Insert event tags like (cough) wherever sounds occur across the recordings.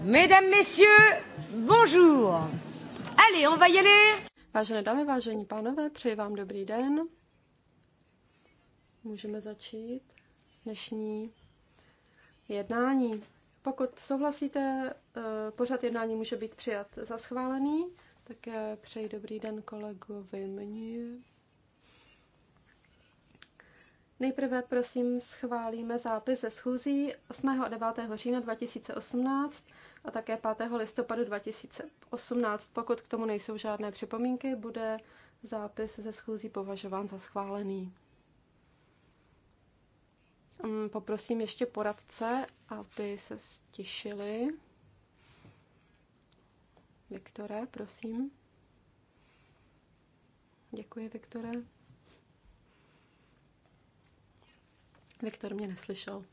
Mesdames, messieurs, bonjour. Allez, on va y aller. Vážené dámy, vážení pánové, přeji vám dobrý den. Můžeme začít dnešní jednání. Pokud souhlasíte, eh, pořad jednání může být přijat za schválený, tak přeji dobrý den kolegovi mně. Nejprve prosím schválíme zápis ze schůzí 8. a 9. října 2018, a také 5. listopadu 2018. Pokud k tomu nejsou žádné připomínky, bude zápis ze schůzí považován za schválený. Mm, poprosím ještě poradce, aby se stišili. Viktore, prosím. Děkuji, Viktore. Viktor mě neslyšel.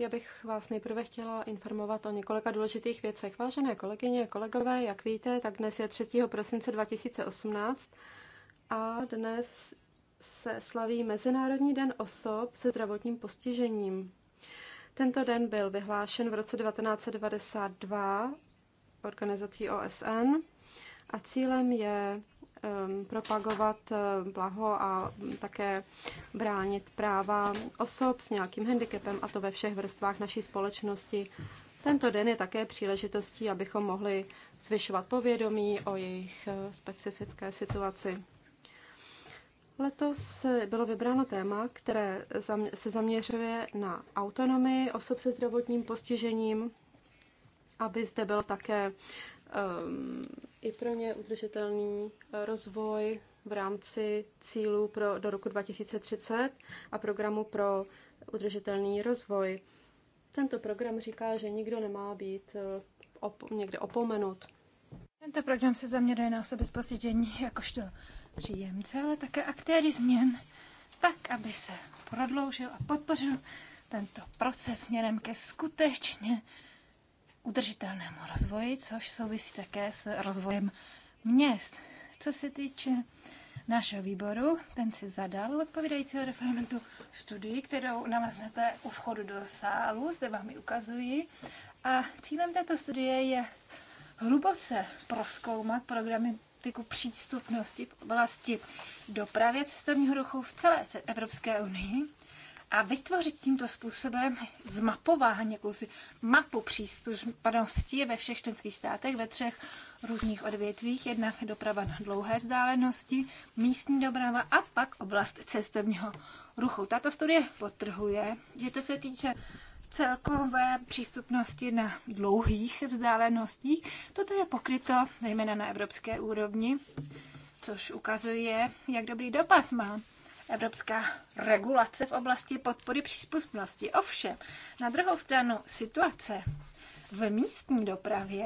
Já bych vás nejprve chtěla informovat o několika důležitých věcech. Vážené kolegyně, kolegové, jak víte, tak dnes je 3. prosince 2018 a dnes se slaví Mezinárodní den osob se zdravotním postižením. Tento den byl vyhlášen v roce 1992 organizací OSN a cílem je Um, propagovat um, blaho a také bránit práva osob s nějakým handicapem, a to ve všech vrstvách naší společnosti. Tento den je také příležitostí, abychom mohli zvyšovat povědomí o jejich uh, specifické situaci. Letos bylo vybráno téma, které se zaměřuje na autonomii osob se zdravotním postižením, aby zde byl také um, i pro ně udržitelný eh, rozvoj v rámci cílů pro, do roku 2030 a programu pro udržitelný rozvoj. Tento program říká, že nikdo nemá být eh, op, někde opomenut. Tento program se zaměřuje na osoby s postižení jakožto příjemce, ale také aktéry změn, tak, aby se prodloužil a podpořil tento proces směrem ke skutečně udržitelnému rozvoji, což souvisí také s rozvojem měst. Co se týče našeho výboru, ten si zadal odpovídajícího referendu studii, kterou naleznete u vchodu do sálu, zde vám ji ukazuji. A cílem této studie je hluboce proskoumat programy politiku přístupnosti v oblasti dopravy cestovního ruchu v celé Evropské unii a vytvořit tímto způsobem zmapování, jakousi mapu přístupnosti ve všech členských státech, ve třech různých odvětvích, jednak doprava na dlouhé vzdálenosti, místní doprava a pak oblast cestovního ruchu. Tato studie potrhuje, že to se týče celkové přístupnosti na dlouhých vzdálenostích. Toto je pokryto zejména na evropské úrovni, což ukazuje, jak dobrý dopad má evropská regulace v oblasti podpory přizpůsobivosti. Ovšem, na druhou stranu situace v místní dopravě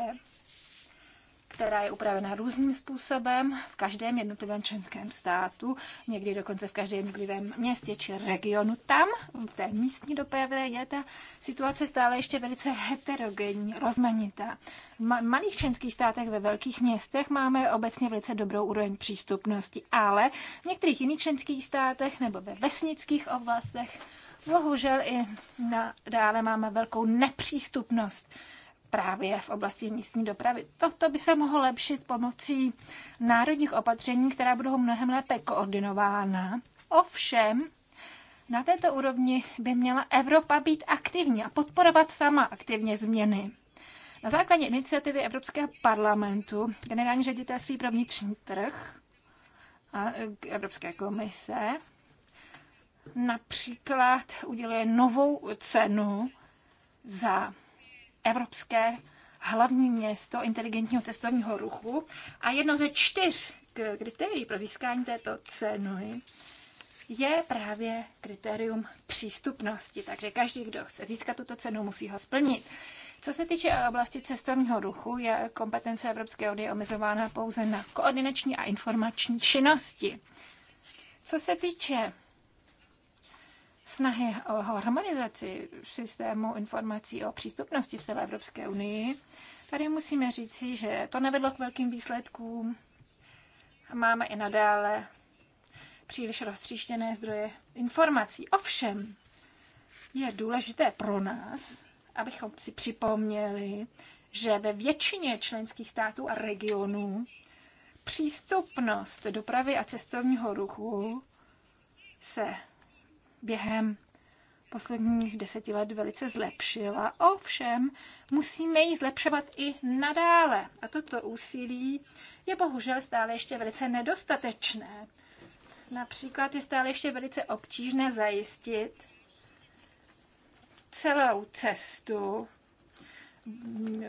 která je upravena různým způsobem v každém jednotlivém členském státu, někdy dokonce v každém jednotlivém městě či regionu. Tam, v té místní dopravě, je ta situace stále ještě velice heterogenní, rozmanitá. V malých členských státech ve velkých městech máme obecně velice dobrou úroveň přístupnosti, ale v některých jiných členských státech nebo ve vesnických oblastech bohužel i nadále máme velkou nepřístupnost právě v oblasti místní dopravy. Toto by se mohlo lepšit pomocí národních opatření, která budou mnohem lépe koordinována. Ovšem, na této úrovni by měla Evropa být aktivní a podporovat sama aktivně změny. Na základě iniciativy Evropského parlamentu, generální ředitelství pro vnitřní trh a e, Evropské komise například uděluje novou cenu za evropské hlavní město inteligentního cestovního ruchu a jedno ze čtyř kritérií pro získání této ceny je právě kritérium přístupnosti. Takže každý, kdo chce získat tuto cenu, musí ho splnit. Co se týče oblasti cestovního ruchu, je kompetence Evropské unie omezována pouze na koordinační a informační činnosti. Co se týče snahy o harmonizaci systému informací o přístupnosti v celé Evropské unii, tady musíme říci, že to nevedlo k velkým výsledkům. Máme i nadále příliš roztříštěné zdroje informací. Ovšem, je důležité pro nás, abychom si připomněli, že ve většině členských států a regionů přístupnost dopravy a cestovního ruchu se během posledních deseti let velice zlepšila. Ovšem, musíme ji zlepšovat i nadále. A toto úsilí je bohužel stále ještě velice nedostatečné. Například je stále ještě velice obtížné zajistit celou cestu Mm,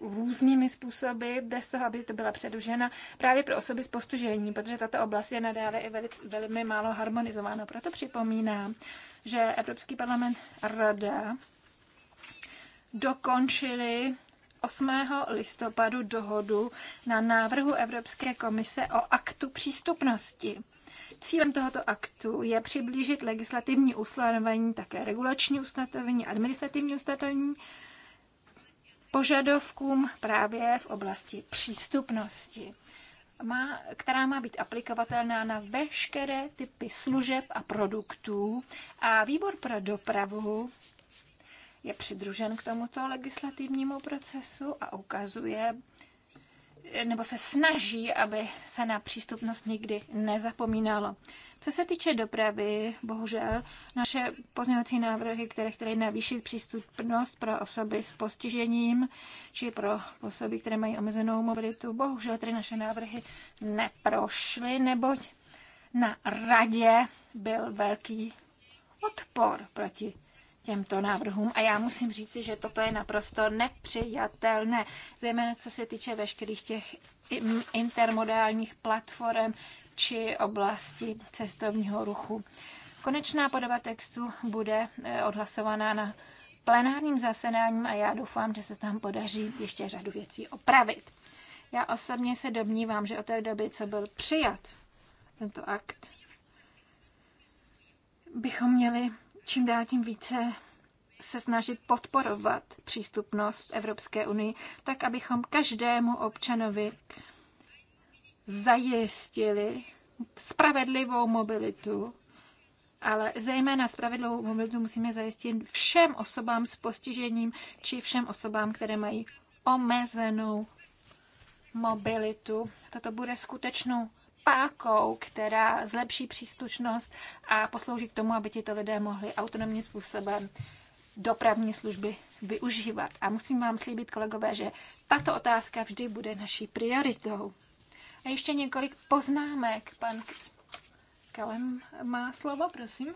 různými způsoby, bez toho, aby to byla předužena právě pro osoby s postižením, protože tato oblast je nadále i velic, velmi málo harmonizována. Proto připomínám, že Evropský parlament a Rada dokončili 8. listopadu dohodu na návrhu Evropské komise o aktu přístupnosti. Cílem tohoto aktu je přiblížit legislativní ustanovení, také regulační ustanovení, administrativní ustanovení požadovkům právě v oblasti přístupnosti, má, která má být aplikovatelná na veškeré typy služeb a produktů. A výbor pro dopravu je přidružen k tomuto legislativnímu procesu a ukazuje nebo se snaží, aby se na přístupnost nikdy nezapomínalo. Co se týče dopravy, bohužel naše pozměňovací návrhy, které chtěly navýšit přístupnost pro osoby s postižením či pro osoby, které mají omezenou mobilitu, bohužel tedy naše návrhy neprošly, neboť na radě byl velký odpor proti těmto návrhům. A já musím říci, že toto je naprosto nepřijatelné, zejména co se týče veškerých těch intermodálních platform či oblasti cestovního ruchu. Konečná podoba textu bude eh, odhlasovaná na plenárním zasedáním a já doufám, že se tam podaří ještě řadu věcí opravit. Já osobně se domnívám, že od té doby, co byl přijat tento akt, bychom měli čím dál tím více se snažit podporovat přístupnost Evropské unii, tak abychom každému občanovi zajistili spravedlivou mobilitu, ale zejména spravedlivou mobilitu musíme zajistit všem osobám s postižením či všem osobám, které mají omezenou mobilitu. Toto bude skutečnou pákou, která zlepší přístupnost a poslouží k tomu, aby tito lidé mohli autonomním způsobem dopravní služby využívat. A musím vám slíbit, kolegové, že tato otázka vždy bude naší prioritou. A ještě několik poznámek. Pan Kalem má slovo, prosím.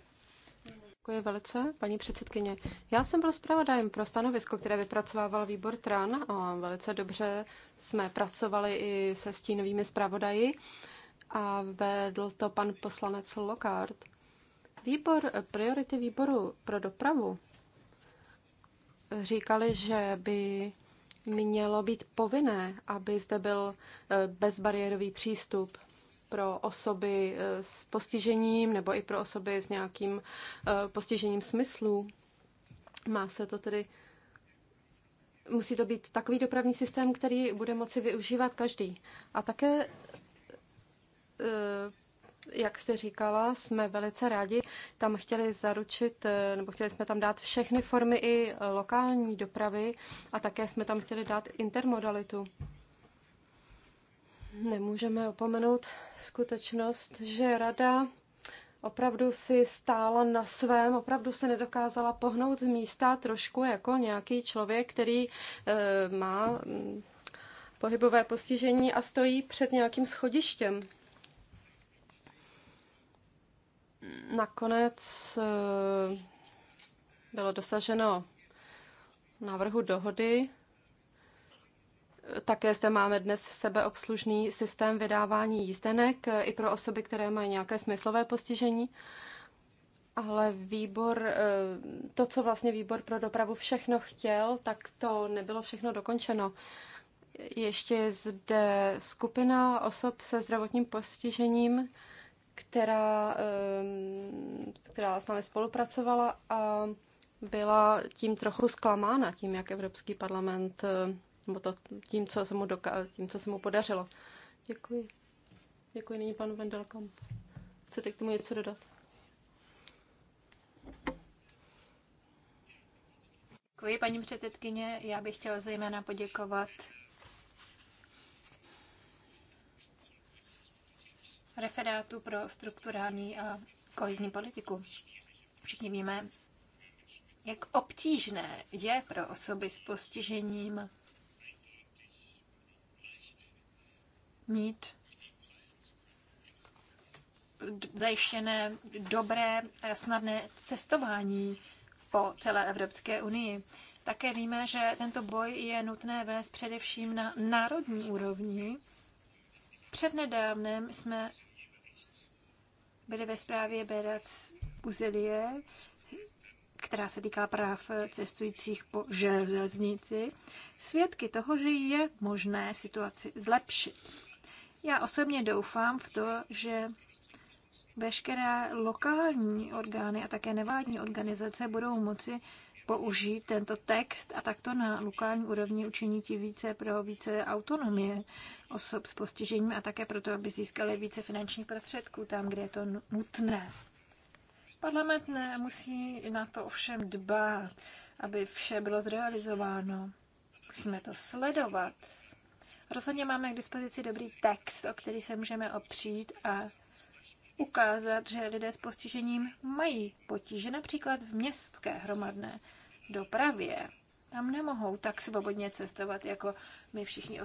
Děkuji velice, paní předsedkyně. Já jsem byl zpravodajem pro stanovisko, které vypracovával výbor TRAN a velice dobře jsme pracovali i se stínovými zpravodaji a vedl to pan poslanec Lockhart. Výbor, priority výboru pro dopravu říkali, že by mělo být povinné, aby zde byl eh, bezbariérový přístup pro osoby eh, s postižením nebo i pro osoby s nějakým eh, postižením smyslu. Má se to tedy musí to být takový dopravní systém, který bude moci využívat každý. A také Eh, jak jste říkala, jsme velice rádi tam chtěli zaručit, eh, nebo chtěli jsme tam dát všechny formy i lokální dopravy a také jsme tam chtěli dát intermodalitu. Nemůžeme opomenout skutečnost, že rada opravdu si stála na svém, opravdu se nedokázala pohnout z místa trošku jako nějaký člověk, který e, má mm, pohybové postižení a stojí před nějakým schodištěm. nakonec eh, bylo dosaženo návrhu dohody. Také zde máme dnes sebeobslužný systém vydávání jízdenek eh, i pro osoby, které mají nějaké smyslové postižení. Ale výbor, eh, to, co vlastně výbor pro dopravu všechno chtěl, tak to nebylo všechno dokončeno. Ještě je zde skupina osob se zdravotním postižením, která, ehm, která s námi spolupracovala a byla tím trochu zklamána, tím, jak Evropský parlament, eh, nebo to, tím, co se mu, doka- tím, co se mu podařilo. Děkuji. Děkuji nyní panu Vendelkamp. Chcete k tomu něco dodat? Děkuji, paní předsedkyně. Já bych chtěla zejména poděkovat referátu pro strukturální a kohezní politiku. Všichni víme, jak obtížné je pro osoby s postižením mít zajištěné dobré a snadné cestování po celé Evropské unii. Také víme, že tento boj je nutné vést především na národní úrovni Přednedávnem jsme byli ve zprávě Berac Buzelie, která se týká práv cestujících po železnici, svědky toho, že je možné situaci zlepšit. Já osobně doufám v to, že veškeré lokální orgány a také nevládní organizace budou moci použít tento text a takto na lokální úrovni učinit více pro více autonomie osob s postižením a také proto, aby získali více finančních prostředků tam, kde je to nutné. Parlament ne, musí na to ovšem dbát, aby vše bylo zrealizováno. Musíme to sledovat. Rozhodně máme k dispozici dobrý text, o který se můžeme opřít a ukázat, že lidé s postižením mají potíže například v městské hromadné dopravě. Tam nemohou tak svobodně cestovat, jako my všichni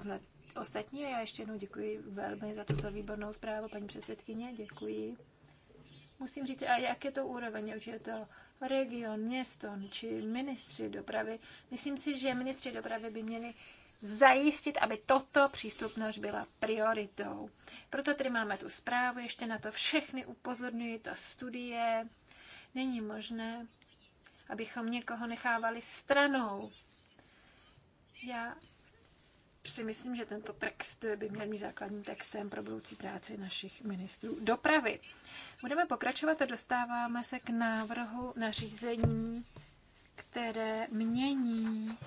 ostatní. A já ještě jednou děkuji velmi za tuto výbornou zprávu, paní předsedkyně, děkuji. Musím říct, a jak je to úroveň, už je to region, město či ministři dopravy. Myslím si, že ministři dopravy by měli zajistit, aby toto přístupnost byla prioritou. Proto tady máme tu zprávu, ještě na to všechny upozorňuji, ta studie. Není možné, abychom někoho nechávali stranou. Já si myslím, že tento text by měl být základním textem pro budoucí práci našich ministrů dopravy. Budeme pokračovat a dostáváme se k návrhu nařízení, které mění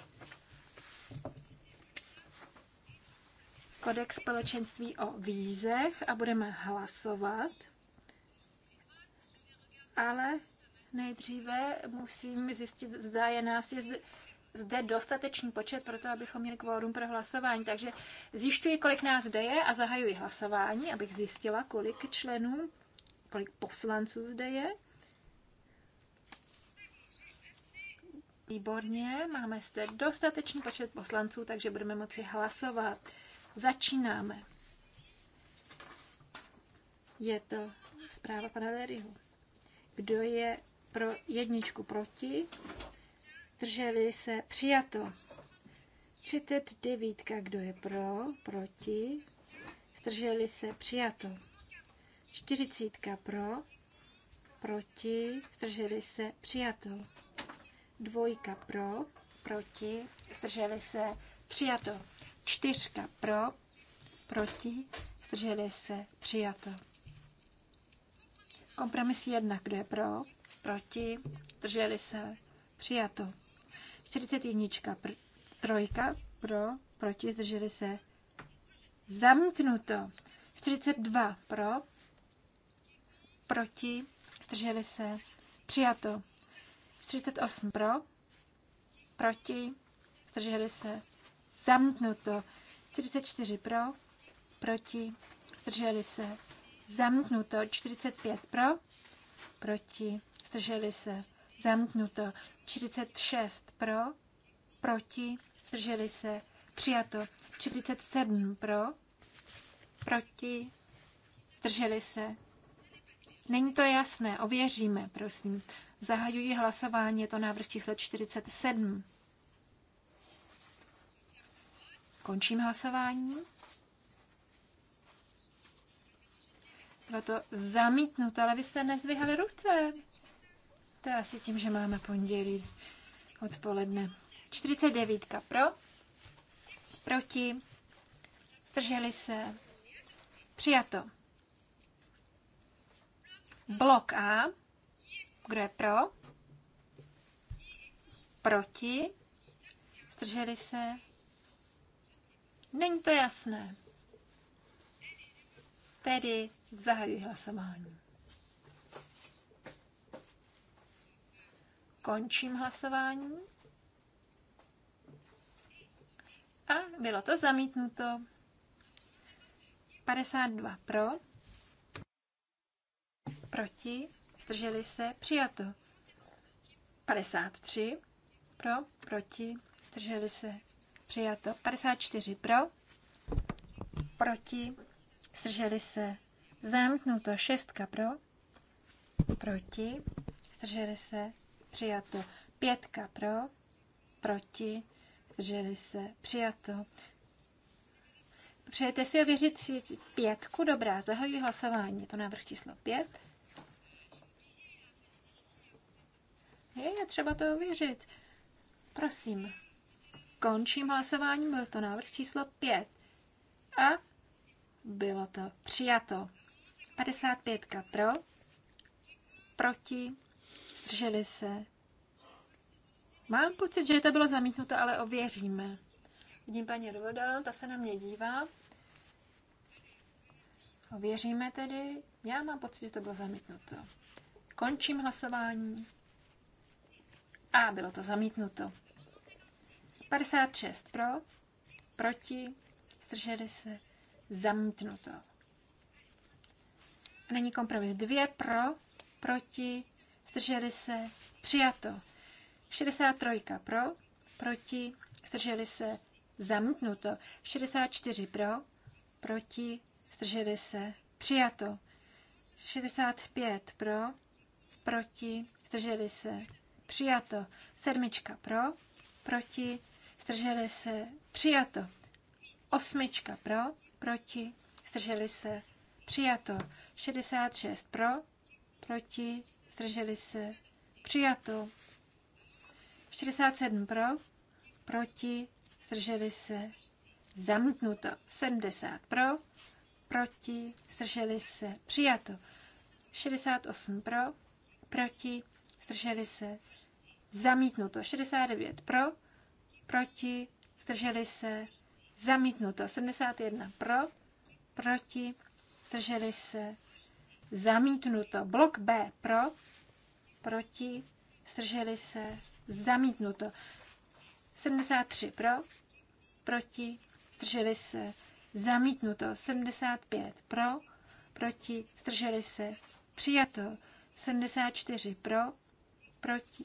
kodex společenství o vízech a budeme hlasovat. Ale nejdříve musím zjistit, zda je nás je zde zde dostatečný počet pro to, abychom měli kvórum pro hlasování. Takže zjišťuji, kolik nás zde je a zahajuji hlasování, abych zjistila, kolik členů, kolik poslanců zde je. Výborně, máme zde dostatečný počet poslanců, takže budeme moci hlasovat. Začínáme. Je to zpráva pana Leryho. Kdo je pro jedničku proti? zdrželi se, přijato. 39. kdo je pro, proti, zdrželi se, přijato. 40 pro, proti, zdrželi se, přijato. Dvojka pro, proti, zdrželi se, přijato. Čtyřka pro, proti, zdrželi se, přijato. Kompromis jedna, kdo je pro, proti, zdrželi se, přijato. 41. Pr- trojka pro, proti, zdrželi se. Zamknuto. 42 pro, proti, zdrželi se. Přijato. 48 pro, proti, zdrželi se. Zamknuto. 44 pro, proti, zdrželi se. Zamknuto. 45 pro, proti, zdrželi se zamknuto. 46 pro, proti, zdrželi se, přijato. 47 pro, proti, zdrželi se. Není to jasné, ověříme, prosím. Zahajuji hlasování, je to návrh číslo 47. Končím hlasování. Bylo to zamítnuto, ale vy jste nezvyhali ruce. To asi tím, že máme pondělí odpoledne. 49 pro, proti, zdrželi se, přijato. Blok A, kdo je pro, proti, zdrželi se, není to jasné. Tedy zahajuji hlasování. Končím hlasování. A bylo to zamítnuto. 52 pro, proti, zdrželi se, přijato. 53 pro, proti, zdrželi se, přijato. 54 pro, proti, zdrželi se, zamítnuto. 6 pro, proti, zdrželi se, přijato. Pětka pro, proti, zdrželi se, přijato. Přejete si ověřit pětku? Dobrá, zahajuji hlasování. Je to návrh číslo pět. Je, je třeba to ověřit. Prosím. Končím hlasování, byl to návrh číslo pět A bylo to přijato. 55 pro, proti, zdrželi se. Mám pocit, že to bylo zamítnuto, ale ověříme. Vidím paní Rovodalon, ta se na mě dívá. Ověříme tedy. Já mám pocit, že to bylo zamítnuto. Končím hlasování. A bylo to zamítnuto. 56 pro, proti, zdrželi se, zamítnuto. A není kompromis dvě pro, proti, zdrželi se, přijato. 63 pro, proti, zdrželi se, zamítnuto. 64 pro, proti, zdrželi se, přijato. 65 pro, proti, zdrželi se, přijato. Sedmička pro, proti, zdrželi se, přijato. Osmička pro, proti, zdrželi se, přijato. 66 pro, proti, zdrželi se, přijato. 67 pro, proti, zdrželi se, zamítnuto. 70 pro, proti, zdrželi se, přijato. 68 pro, proti, zdrželi se, zamítnuto. 69 pro, proti, zdrželi se, zamítnuto. 71 pro, proti, zdrželi se, zamítnuto. Blok B pro, proti, zdrželi se, zamítnuto. 73 pro, proti, zdrželi se, zamítnuto. 75 pro, proti, zdrželi se, přijato. 74 pro, proti.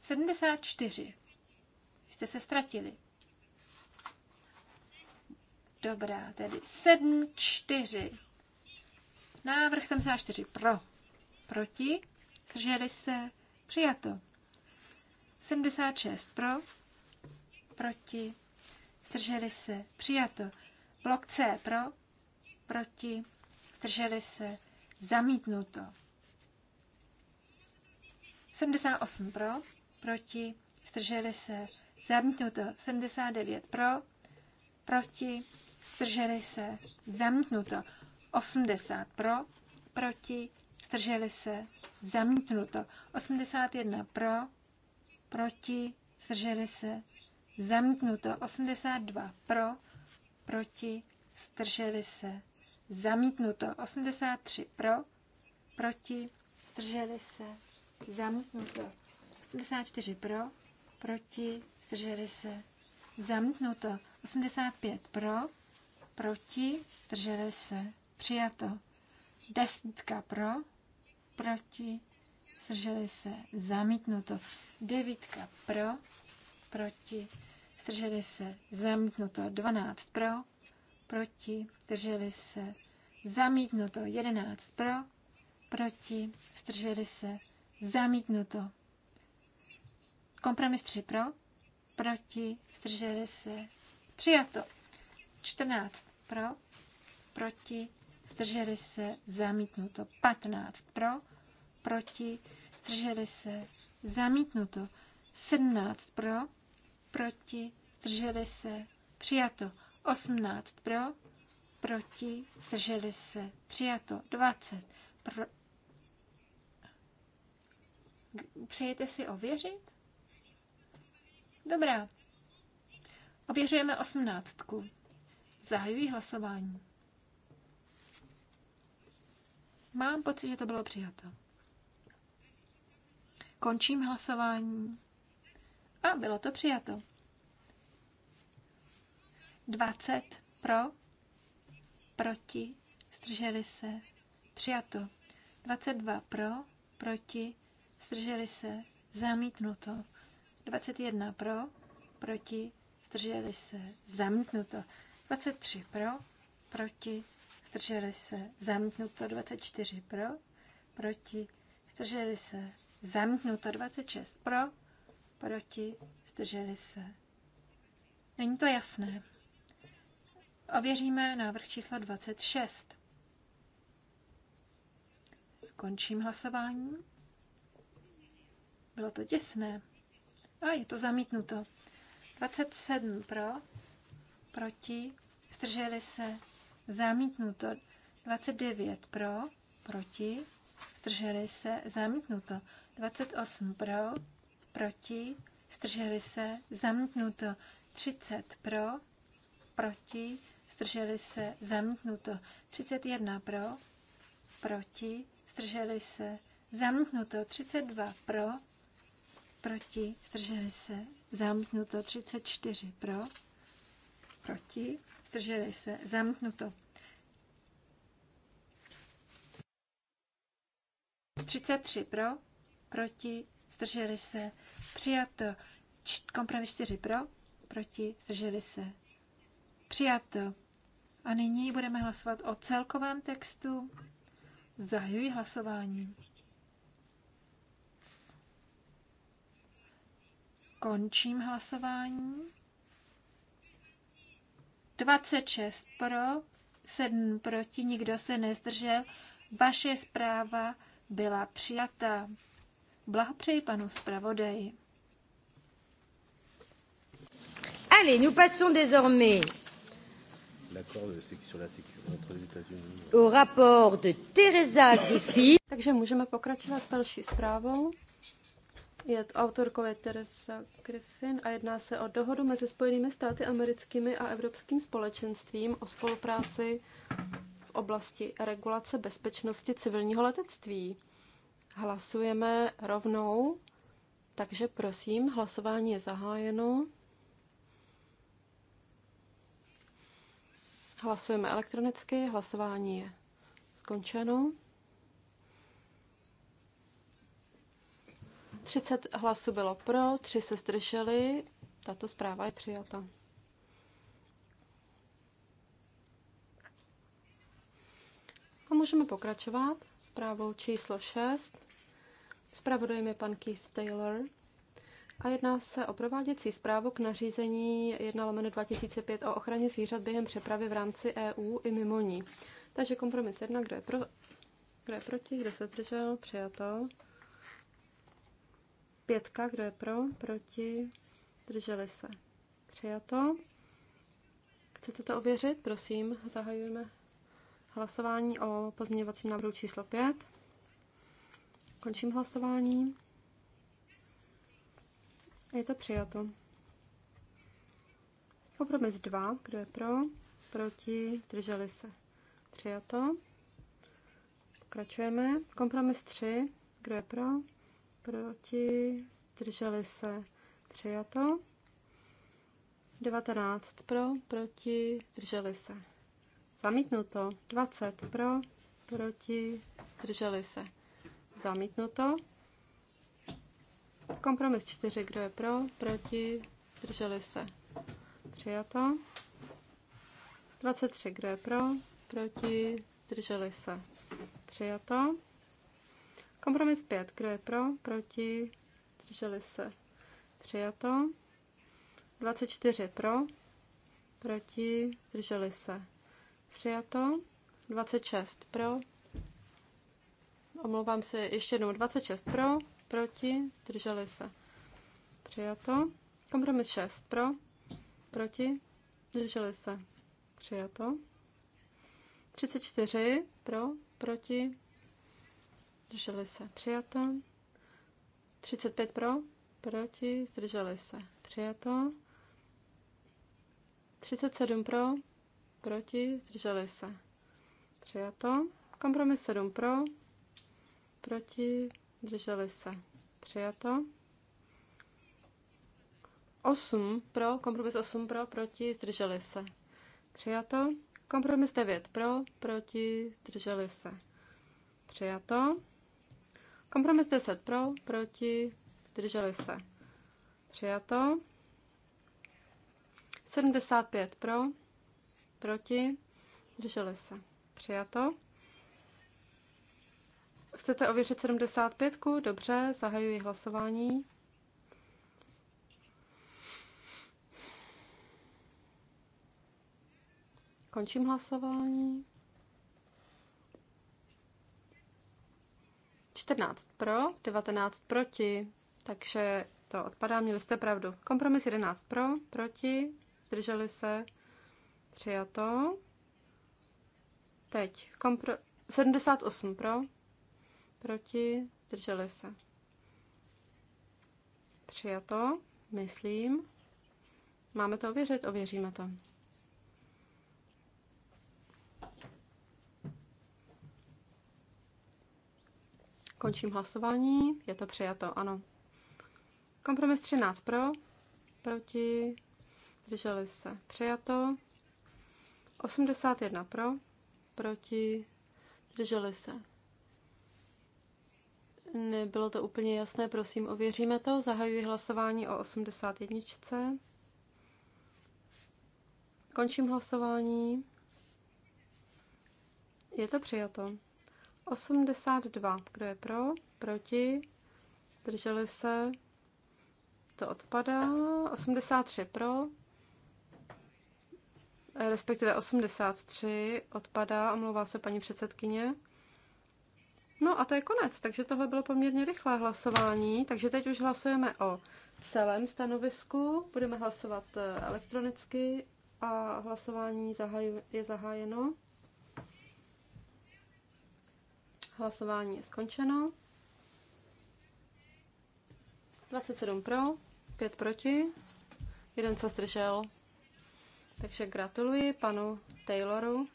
74. Jste se ztratili. Dobrá, tedy 7, 4. Návrh 74 pro, proti, zdrželi se, přijato. 76 pro, proti, zdrželi se, přijato. Blok C pro, proti, zdrželi se, zamítnuto. 78 pro, proti, zdrželi se, zamítnuto. 79 pro, proti, zdrželi se, zamítnuto. 80 pro, proti, zdrželi se, zamítnuto. 81 pro, proti, zdrželi se, zamítnuto. 82 pro, proti, zdrželi se, zamítnuto. 83 pro, proti, zdrželi se, zamítnuto. 84 pro, proti, zdrželi se, zamítnuto. 85 pro, proti, zdrželi se, Přijato. Desítka pro, proti, zdrželi se, zamítnuto. Devítka pro, proti, zdrželi se, zamítnuto. Dvanáct pro, proti, zdrželi se, zamítnuto. Jedenáct pro, proti, zdrželi se, zamítnuto. Kompromis 3 pro, proti, zdrželi se, přijato. 14 pro, proti, zdrželi se, zamítnuto. 15 pro, proti, zdrželi se, zamítnuto. 17 pro, proti, zdrželi se, přijato. 18 pro, proti, zdrželi se, přijato. 20 pro. Přejete si ověřit? Dobrá. Ověřujeme osmnáctku. Zahajuji hlasování. Mám pocit, že to bylo přijato. Končím hlasování. A bylo to přijato. 20 pro, proti, zdrželi se, přijato. 22 pro, proti, zdrželi se, zamítnuto. 21 pro, proti, zdrželi se, zamítnuto. 23 pro, proti, zdrželi se, zamítnuto 24 pro, proti, zdrželi se, zamítnuto 26 pro, proti, zdrželi se. Není to jasné. Ověříme návrh číslo 26. Končím hlasování. Bylo to těsné. A je to zamítnuto. 27 pro, proti, zdrželi se, Zamítnuto. 29 pro, proti, zdrželi se, zamítnuto. 28 pro, proti, zdrželi se, zamítnuto. 30 pro, proti, zdrželi se, zamítnuto. 31 pro, proti, zdrželi se, zamítnuto. 32 pro, proti, zdrželi se, zamítnuto. 34 pro, proti, zdrželi se, zamknuto. 33 pro, proti, zdrželi se, přijato. Kompromis 4 pro, proti, zdrželi se, přijato. A nyní budeme hlasovat o celkovém textu. Zahajuji hlasování. Končím hlasování. 26 pro, 7 proti, nikdo se nezdržel. Vaše zpráva byla přijata. Blahopřeji panu zpravodaji. Allez, nous passons désormais au rapport de Teresa Griffith. Takže můžeme pokračovat s další zprávou je autorkou je Teresa Griffin a jedná se o dohodu mezi Spojenými státy americkými a Evropským společenstvím o spolupráci v oblasti regulace bezpečnosti civilního letectví. Hlasujeme rovnou, takže prosím, hlasování je zahájeno. Hlasujeme elektronicky, hlasování je skončeno. 30 hlasů bylo pro, 3 se zdrželi. Tato zpráva je přijata. A můžeme pokračovat zprávou číslo 6. Zpravodajem je pan Keith Taylor. A jedná se o prováděcí zprávu k nařízení 1 lomeno 2005 o ochraně zvířat během přepravy v rámci EU i mimo ní. Takže kompromis 1, kdo je, pro, kdo je proti, kdo se zdržel, přijato. Pětka, kdo je pro, proti, drželi se. Přijato. Chcete to ověřit? Prosím, zahajujeme hlasování o pozměňovacím návrhu číslo 5. Končím hlasování. Je to přijato. Kompromis 2. Kdo je pro? Proti? Drželi se. Přijato. Pokračujeme. Kompromis 3. Kdo je pro? proti, zdrželi se, přijato. 19 pro, proti, zdrželi se. Zamítnuto. 20 pro, proti, zdrželi se. Zamítnuto. Kompromis 4, kdo je pro, proti, zdrželi se. Přijato. 23, kdo je pro, proti, zdrželi se. Přijato. Kompromis 5. Kdo je pro? Proti? Drželi se. Přijato. 24 pro. Proti? Drželi se. Přijato. 26 pro. Omlouvám se ještě jednou. 26 pro. Proti? Drželi se. Přijato. Kompromis 6 pro. Proti? Drželi se. Přijato. 34 pro. Proti? zdrželi se, přijato. 35 pro, proti, zdrželi se, přijato. 37 pro, proti, zdrželi se, přijato. Kompromis 7 pro, proti, zdrželi se, přijato. 8 pro, kompromis 8 pro, proti, zdrželi se, přijato. Kompromis 9 pro, proti, zdrželi se, přijato. Kompromis 10 pro, proti, zdrželi se. Přijato. 75 pro, proti, zdrželi se. Přijato. Chcete ověřit 75? -ku? Dobře, zahajuji hlasování. Končím hlasování. 14 pro, 19 proti, takže to odpadá, měli jste pravdu. Kompromis 11 pro, proti, zdrželi se, přijato. Teď kompro- 78 pro, proti, zdrželi se. Přijato, myslím. Máme to ověřit, ověříme to. Končím hlasování. Je to přijato, ano. Kompromis 13 pro, proti, drželi se, přijato. 81 pro, proti, drželi se. Nebylo to úplně jasné, prosím, ověříme to. Zahajuji hlasování o 81. Končím hlasování. Je to přijato. 82. Kdo je pro? Proti? Drželi se? To odpadá. 83 pro. Eh, respektive 83 odpadá, omlouvá se paní předsedkyně. No a to je konec, takže tohle bylo poměrně rychlé hlasování, takže teď už hlasujeme o celém stanovisku, budeme hlasovat eh, elektronicky a hlasování je zahájeno. Hlasování je skončeno. 27 pro, 5 proti, jeden se zdržel. Takže gratuluji panu Tayloru.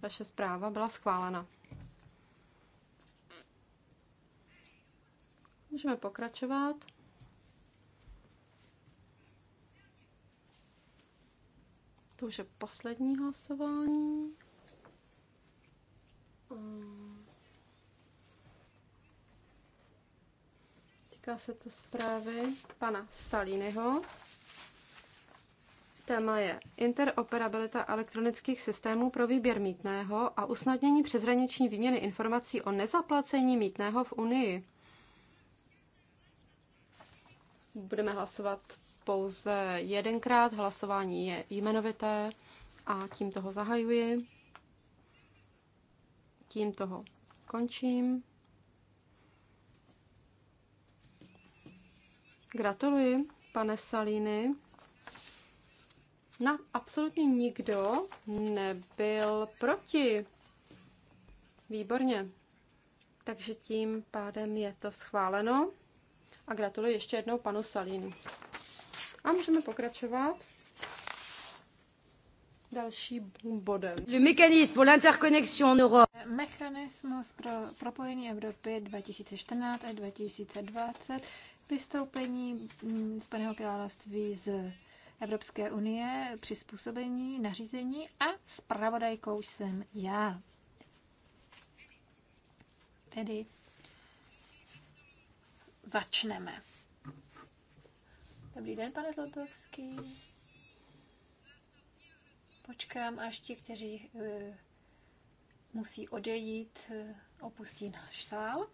Vaše zpráva byla schválena. Můžeme pokračovat. To už je poslední hlasování. Um. Týká se to zprávy pana Salínyho. Téma je interoperabilita elektronických systémů pro výběr mítného a usnadnění přeshraniční výměny informací o nezaplacení mítného v Unii. Budeme hlasovat pouze jedenkrát, hlasování je jmenovité a tím toho zahajuji. Tím toho končím. Gratuluji, pane Salíny. Na absolutně nikdo nebyl proti. Výborně. Takže tím pádem je to schváleno. A gratuluji ještě jednou panu Salínu. A můžeme pokračovat Další bodem. Le mécanisme pour l'interconnexion en Europe. Mechanismus pro propojení Evropy 2014 a 2020 vystoupení mm, Spojeného království z Evropské unie, přizpůsobení, nařízení a zpravodajkou jsem já. Tedy začneme. Dobrý den, pane Zlotovský. Počkám, až ti, kteří uh, musí odejít, eh, opustí náš sál.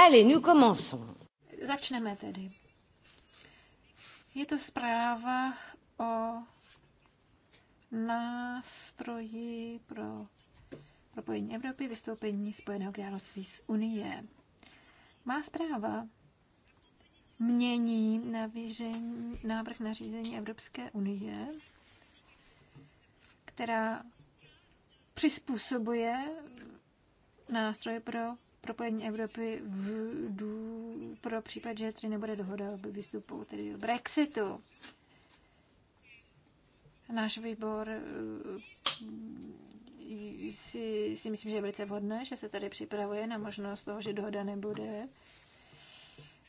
Allez, nous commençons. Začneme tedy. Je to zpráva o nástroji pro propojení Evropy, vystoupení Spojeného království z Unie. Má zpráva mění navíření, návrh nařízení Evropské unie, která přizpůsobuje nástroje pro propojení Evropy v, dů, pro případ, že tady nebude dohoda o vystupu, tedy o Brexitu. Náš výbor eh, si, si myslím, že je velice vhodné, že se tady připravuje na možnost toho, že dohoda nebude.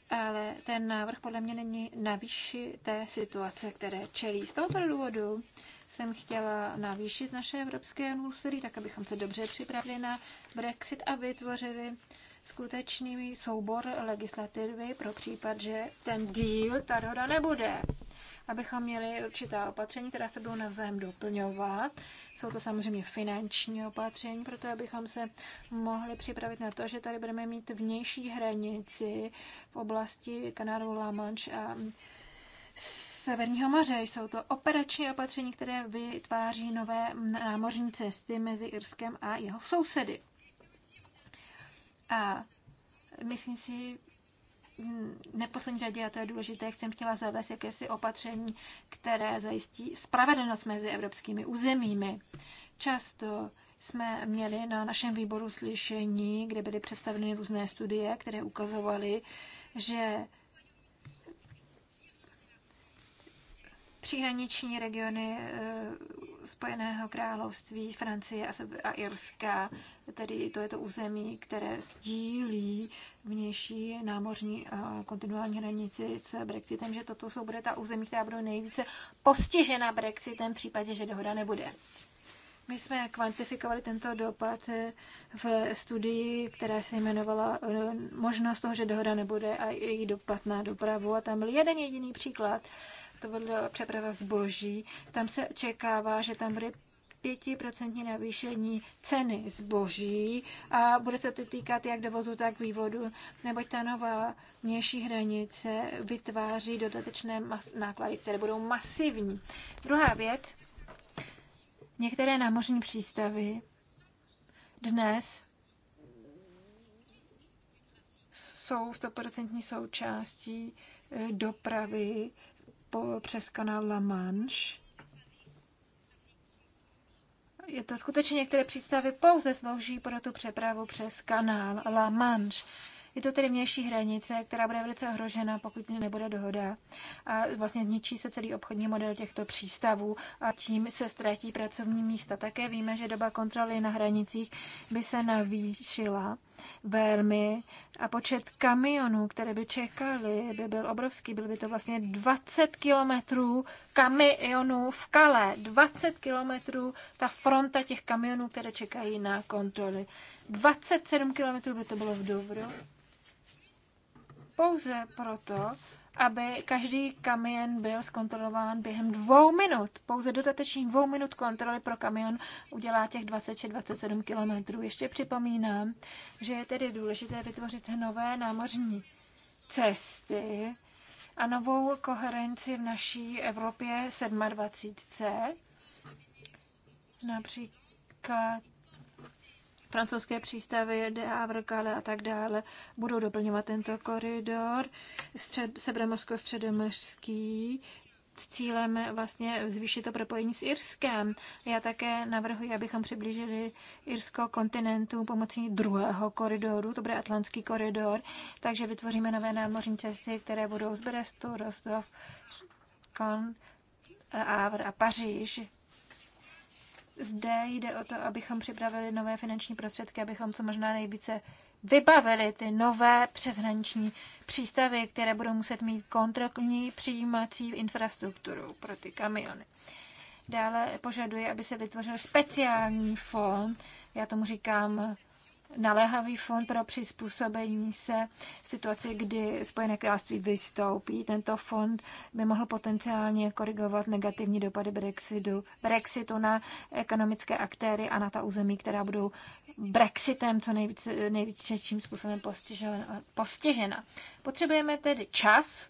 Ale ten návrh podle mě není na výši té situace, které čelí. Z tohoto důvodu jsem chtěla navýšit naše evropské úsilí, tak abychom se dobře připravili na Brexit a vytvořili skutečný soubor legislativy pro případ, že ten díl, ta roda nebude. Abychom měli určitá opatření, která se budou navzájem doplňovat. Jsou to samozřejmě finanční opatření, proto abychom se mohli připravit na to, že tady budeme mít vnější hranici v oblasti kanálu La Manche a Severního moře. Jsou to operační opatření, které vytváří nové námořní cesty mezi Irskem a jeho sousedy. A myslím si, neposlední řadě, a to je důležité, jsem chtěla zavést jakési opatření, které zajistí spravedlnost mezi evropskými územími. Často jsme měli na našem výboru slyšení, kde byly představeny různé studie, které ukazovaly, že příhraniční regiony eh, Spojeného království, Francie a Irska, tedy to je to území, které sdílí vnější námořní eh, kontinuální hranici s Brexitem, že toto jsou bude ta území, která budou nejvíce postižena Brexitem v případě, že dohoda nebude. My jsme kvantifikovali tento dopad eh, v studii, která se jmenovala možnost toho, že dohoda nebude a její dopad na dopravu. A tam byl jeden jediný příklad, to byla přeprava zboží, tam se očekává, že tam bude 5% navýšení ceny zboží a bude se to týkat jak dovozu, tak vývodu, neboť ta nová vnější hranice vytváří dodatečné náklady, které budou masivní. Druhá věc, některé námořní přístavy dnes jsou 100% součástí eh, dopravy po, přes kanál La Manche. Je to skutečně některé přístavy pouze slouží pro tu přepravu přes kanál La Manche. Je to tedy vnější hranice, která bude velice ohrožena, pokud nebude dohoda. A vlastně zničí se celý obchodní model těchto přístavů a tím se ztratí pracovní místa. Také víme, že doba kontroly na hranicích by se navýšila velmi a počet kamionů, které by čekaly, by byl obrovský. Byl by to vlastně 20 kilometrů kamionů v Kale. 20 kilometrů ta fronta těch kamionů, které čekají na kontroly. 27 kilometrů by to bylo v Dovru. Pouze proto, aby každý kamion byl zkontrolován během dvou minut. Pouze dodatečných dvou minut kontroly pro kamion udělá těch 20 či 27 kilometrů. Ještě připomínám, že je tedy důležité vytvořit nové námořní cesty a novou koherenci v naší Evropě 27. Například francouzské přístavy, de Havre, a tak dále, budou doplňovat tento koridor střed, severomorsko-středomořský s cílem vlastně zvýšit to propojení s Irskem. Já také navrhuji, abychom přiblížili Irsko kontinentu pomocí druhého koridoru, to bude Atlantský koridor, takže vytvoříme nové námořní cesty, které budou z Brestu, Rostov, Kon, Avr a Paříž zde jde o to, abychom připravili nové finanční prostředky, abychom co možná nejvíce vybavili ty nové přeshraniční přístavy, které budou muset mít kontrolní přijímací infrastrukturu pro ty kamiony. Dále požaduje, aby se vytvořil speciální fond, já tomu říkám naléhavý fond pro přizpůsobení se v situaci, kdy Spojené království vystoupí. Tento fond by mohl potenciálně korigovat negativní dopady Brexitu, Brexitu na ekonomické aktéry a na ta území, která budou Brexitem co nejvíce, největším způsobem postižena. Potřebujeme tedy čas,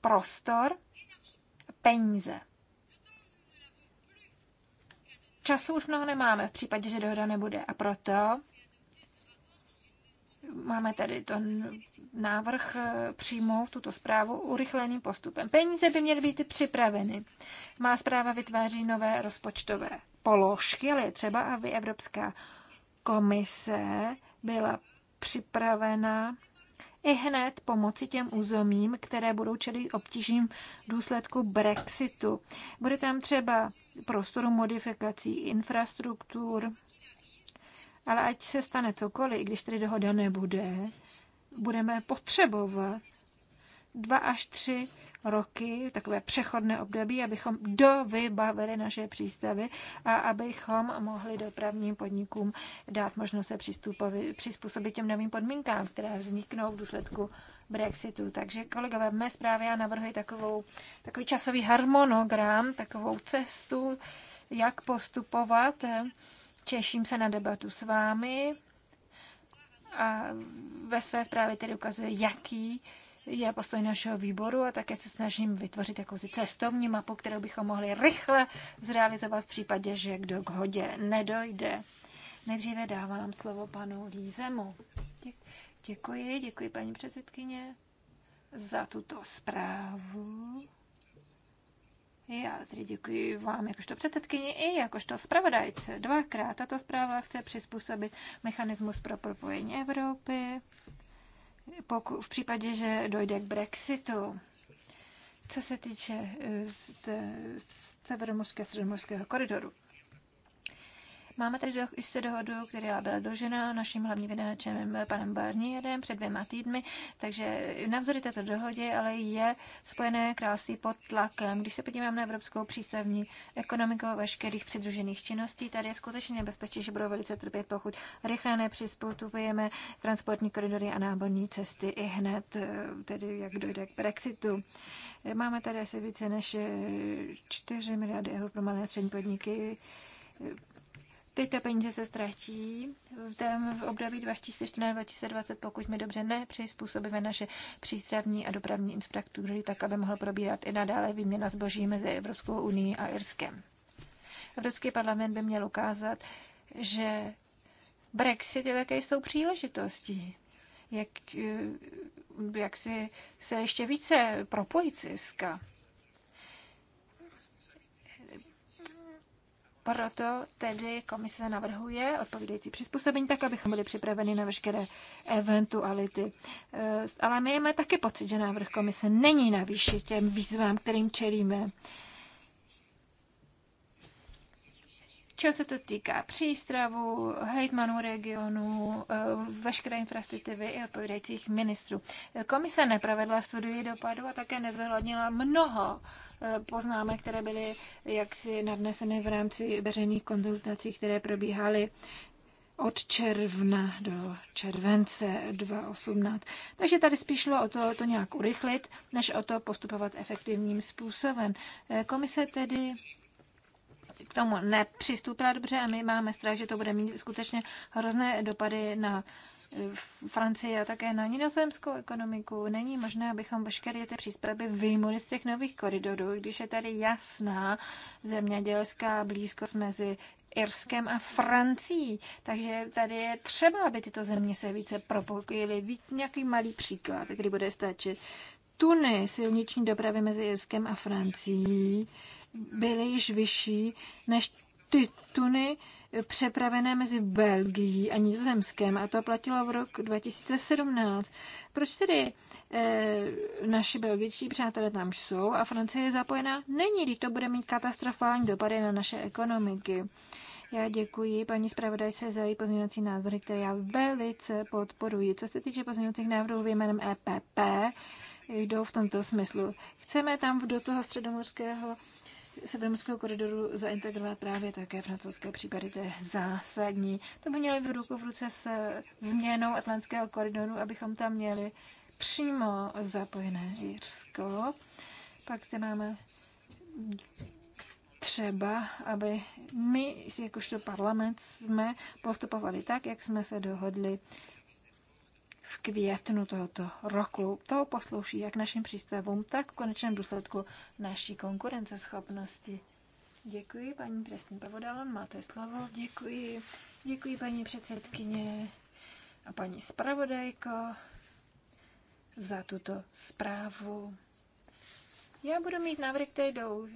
prostor peníze času už mnoho nemáme v případě, že dohoda nebude. A proto máme tady ten návrh e, přijmout tuto zprávu urychleným postupem. Peníze by měly být připraveny. Má zpráva vytváří nové rozpočtové položky, ale je třeba, aby Evropská komise byla připravena i hned pomoci těm územím, které budou čelit obtížím důsledku Brexitu. Bude tam třeba prostoru modifikací infrastruktur. Ale ať se stane cokoliv, i když tedy dohoda nebude, budeme potřebovat dva až tři roky, takové přechodné období, abychom dovybavili naše přístavy a abychom mohli dopravním podnikům dát možnost se přizpůsobit těm novým podmínkám, které vzniknou v důsledku Brexitu. Takže kolegové, v mé zprávě já navrhuji takovou, takový časový harmonogram, takovou cestu, jak postupovat. Těším se na debatu s vámi a ve své zprávě tedy ukazuje, jaký je postoj našeho výboru a také se snažím vytvořit jakousi cestovní mapu, kterou bychom mohli rychle zrealizovat v případě, že kdo k hodě nedojde. Nejdříve dávám slovo panu Lízemu. Děkuji. Děkuji, děkuji paní předsedkyně za tuto zprávu. Já tedy děkuji vám jakožto předsedkyni i jakožto zpravodajce. Dvakrát tato zpráva chce přizpůsobit mechanismus pro propojení Evropy pokud, v případě, že dojde k Brexitu. Co se týče severomorského a středomorského koridoru. Máme tady do, se dohodu, která byla dožena naším hlavním vydáčem panem Barnierem před dvěma týdny, takže navzory této dohodě, ale je spojené krásy pod tlakem. Když se podíváme na evropskou přístavní ekonomiku veškerých přidružených činností, tady je skutečně nebezpečí, že budou velice trpět, pokud rychle nepřizpůsobujeme transportní koridory a náborní cesty i hned, eh, tedy jak dojde k Brexitu. Máme tady asi více než 4 eh, miliardy eur pro malé a střední podniky Tyto peníze se ztratí v, tém, v období 2014-2020, pokud my dobře nepřizpůsobíme naše přístavní a dopravní infrastruktury, tak aby mohl probírat i nadále výměna zboží mezi Evropskou unii a Irskem. Evropský parlament by měl ukázat, že Brexit je také jsou příležitostí, jak, jak si se ještě více propojit s Irska. Proto tedy komise navrhuje odpovídající přizpůsobení tak, abychom byli připraveni na veškeré eventuality. Eh, ale my máme taky pocit, že návrh komise není na výši těm výzvám, kterým čelíme. Čeho se to týká? Přístravu, hejtmanů regionu, eh, veškeré infrastruktury i odpovídajících ministrů. Komise nepravedla studii dopadu a také nezohlednila mnoho eh, poznámek, které byly jaksi nadneseny v rámci veřejných konzultací, které probíhaly od června do července 2018. Takže tady spíš šlo o to, to nějak urychlit, než o to postupovat efektivním způsobem. Eh, komise tedy k tomu nepřistoupila dobře a my máme strach, že to bude mít skutečně hrozné dopady na eh, Francii a také na nizozemskou ekonomiku. Není možné, abychom veškeré ty příspěvky vyjmuli z těch nových koridorů, když je tady jasná zemědělská blízkost mezi Irskem a Francií. Takže tady je třeba, aby tyto země se více propojily. Nějaký malý příklad, kdy bude stačit tuny silniční dopravy mezi Irskem a Francií byly již vyšší než ty tuny přepravené mezi Belgií a Nizozemskem a to platilo v rok 2017. Proč tedy e, naši belgičtí přátelé tam jsou a Francie je zapojená? Není, když to bude mít katastrofální dopady na naše ekonomiky. Já děkuji paní zpravodajce za její pozměňovací návrhy, které já velice podporuji. Co se týče pozměňovacích návrhů jménem EPP, jdou v tomto smyslu. Chceme tam do toho středomorského severomorského koridoru zaintegrovat právě také francouzské případy, to je zásadní. To by měli v ruku v ruce s změnou Atlantského koridoru, abychom tam měli přímo zapojené Jirsko. Pak zde máme třeba, aby my, jakožto parlament, jsme postupovali tak, jak jsme se dohodli v květnu tohoto roku. To poslouší jak našim přístavům, tak v konečném důsledku naší konkurenceschopnosti. Děkuji, paní Presný Pavodalon, máte slovo. Děkuji. Děkuji, paní předsedkyně a paní zpravodajko, za tuto zprávu. Já budu mít návrhy, které jdou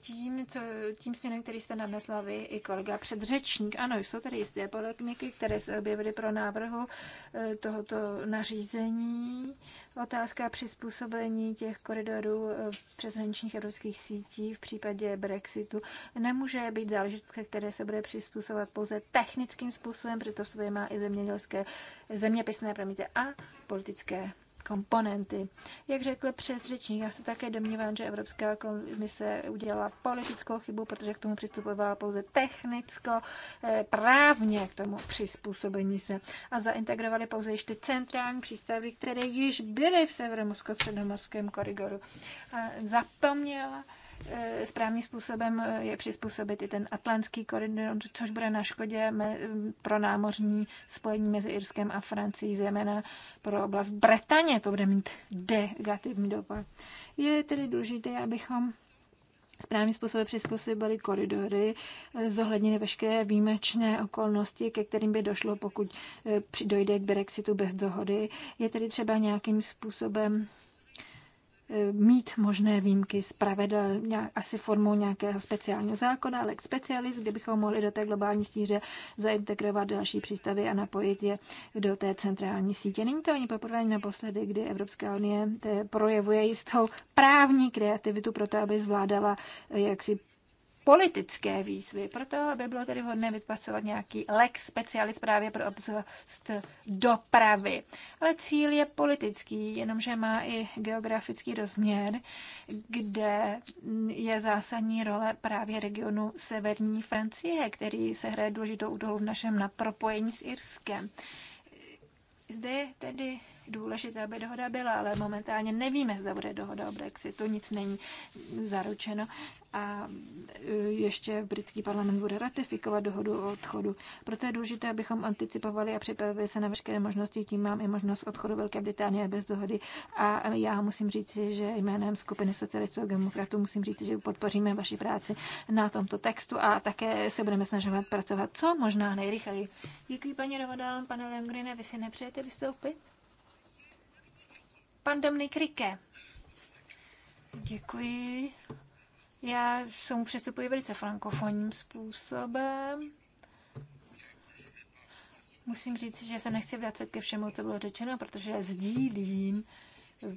tím, co, tím směrem, který jste nadnesla vy i kolega předřečník. Ano, jsou tady jisté polemiky, které se objevily pro návrhu eh, tohoto nařízení. Otázka přizpůsobení těch koridorů eh, přeshraničních evropských sítí v případě Brexitu nemůže být záležitost, které se bude přizpůsobovat pouze technickým způsobem, protože to v sobě má i zemědělské, zeměpisné promíte a politické komponenty. Jak řekl přes řečník, já se také domnívám, že Evropská komise udělala politickou chybu, protože k tomu přistupovala pouze technicko, eh, právně k tomu přizpůsobení se a zaintegrovali pouze ještě centrální přístavy, které již byly v severomosko-středomorském koridoru. Zapomněla Eh, správným způsobem eh, je přizpůsobit i ten atlantský koridor, což bude na škodě mm, pro námořní spojení mezi Irskem a Francií, zejména pro oblast Bretaně. To bude mít negativní dopad. Je tedy důležité, abychom správným způsobem přizpůsobili koridory, eh, zohledněny veškeré výjimečné okolnosti, ke kterým by došlo, pokud dojde k Brexitu bez dohody. Je tedy třeba nějakým způsobem mít možné výjimky z pravidel asi formou nějakého speciálního zákona, ale specialist, kde bychom mohli do té globální stíře zaintegrovat další přístavy a napojit je do té centrální sítě. Není to ani poprvé ani naposledy, kdy Evropská unie projevuje jistou právní kreativitu pro to, aby zvládala eh, jaksi politické výzvy. Proto by bylo tedy vhodné vypracovat nějaký lex specialis právě pro oblast dopravy. Ale cíl je politický, jenomže má i geografický rozměr, kde je zásadní role právě regionu severní Francie, který se hraje důležitou úlohu v našem napropojení s Irskem. Zde je tedy důležité, aby dohoda byla, ale momentálně nevíme, zda bude dohoda o Brexitu, nic není zaručeno a e, ještě britský parlament bude ratifikovat dohodu o odchodu. Proto je důležité, abychom anticipovali a připravili se na veškeré možnosti, tím mám i možnost odchodu Velké Británie bez dohody a já musím říct, že jménem skupiny socialistů a demokratů musím říct, že podpoříme vaši práci na tomto textu a také se budeme snažit pracovat co možná nejrychleji. Děkuji paní Rovodal, pane Lengrine, vy si nepřejete vystoupit? Pan Dominik Rike. Děkuji. Já se mu přistupuji velice frankofonním způsobem. Musím říct, že se nechci vracet ke všemu, co bylo řečeno, protože sdílím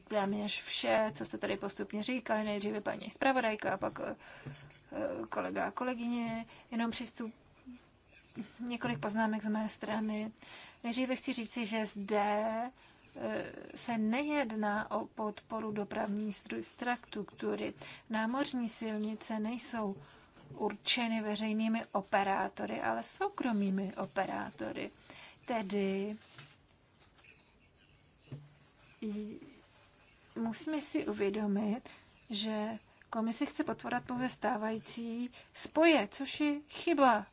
téměř vše, co jste tady postupně říkali, nejdříve paní zpravodajka a pak eh, kolega a kolegyně, jenom přistup několik poznámek z mé strany. Nejdříve chci říci, že zde se nejedná o podporu dopravní struktury. Námořní silnice nejsou určeny veřejnými operátory, ale soukromými operátory. Tedy musíme si uvědomit, že komise chce potvorat pouze stávající spoje, což je chyba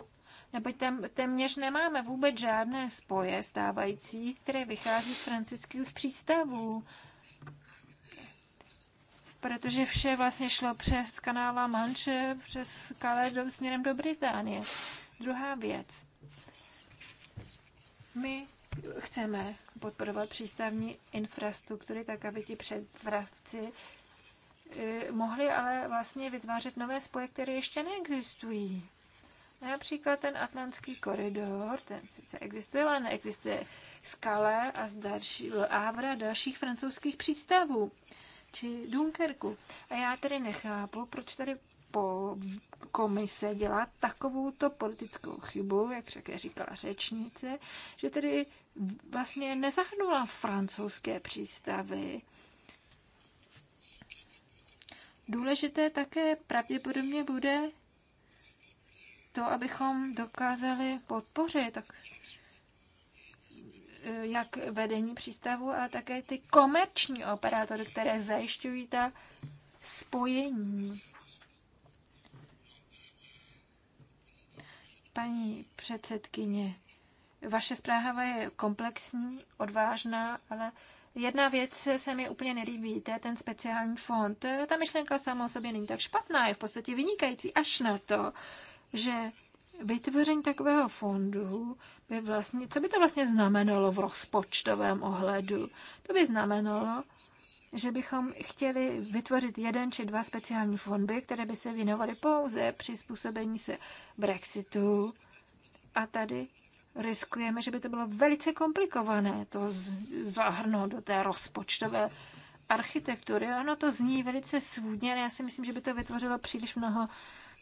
neboť tam téměř nemáme vůbec žádné spoje stávající, které vychází z franciských přístavů. Protože vše vlastně šlo přes kanála Manche, přes Calais do, směrem do Británie. Druhá věc. My chceme podporovat přístavní infrastruktury tak, aby ti předvravci eh, mohli ale vlastně vytvářet nové spoje, které ještě neexistují. Například ten atlantský koridor, ten sice existuje, ale neexistuje Skale a z další, Havra dalších francouzských přístavů či Dunkerku. A já tedy nechápu, proč tady po komise dělá takovouto politickou chybu, jak řekla říkala řečnice, že tedy vlastně nezahrnula francouzské přístavy. Důležité také pravděpodobně bude to, abychom dokázali podpořit tak e, jak vedení přístavu, ale také ty komerční operátory, které zajišťují ta spojení. Paní předsedkyně, vaše zpráva je komplexní, odvážná, ale jedna věc se mi úplně nelíbí, to je ten speciální fond. Ta myšlenka sama o sobě není tak špatná, je v podstatě vynikající, až na to, že vytvoření takového fondu by vlastně, co by to vlastně znamenalo v rozpočtovém ohledu? To by znamenalo, že bychom chtěli vytvořit jeden či dva speciální fondy, které by se věnovaly pouze při způsobení se Brexitu. A tady riskujeme, že by to bylo velice komplikované to zahrnout do té rozpočtové architektury. Ono to zní velice svůdně, ale já si myslím, že by to vytvořilo příliš mnoho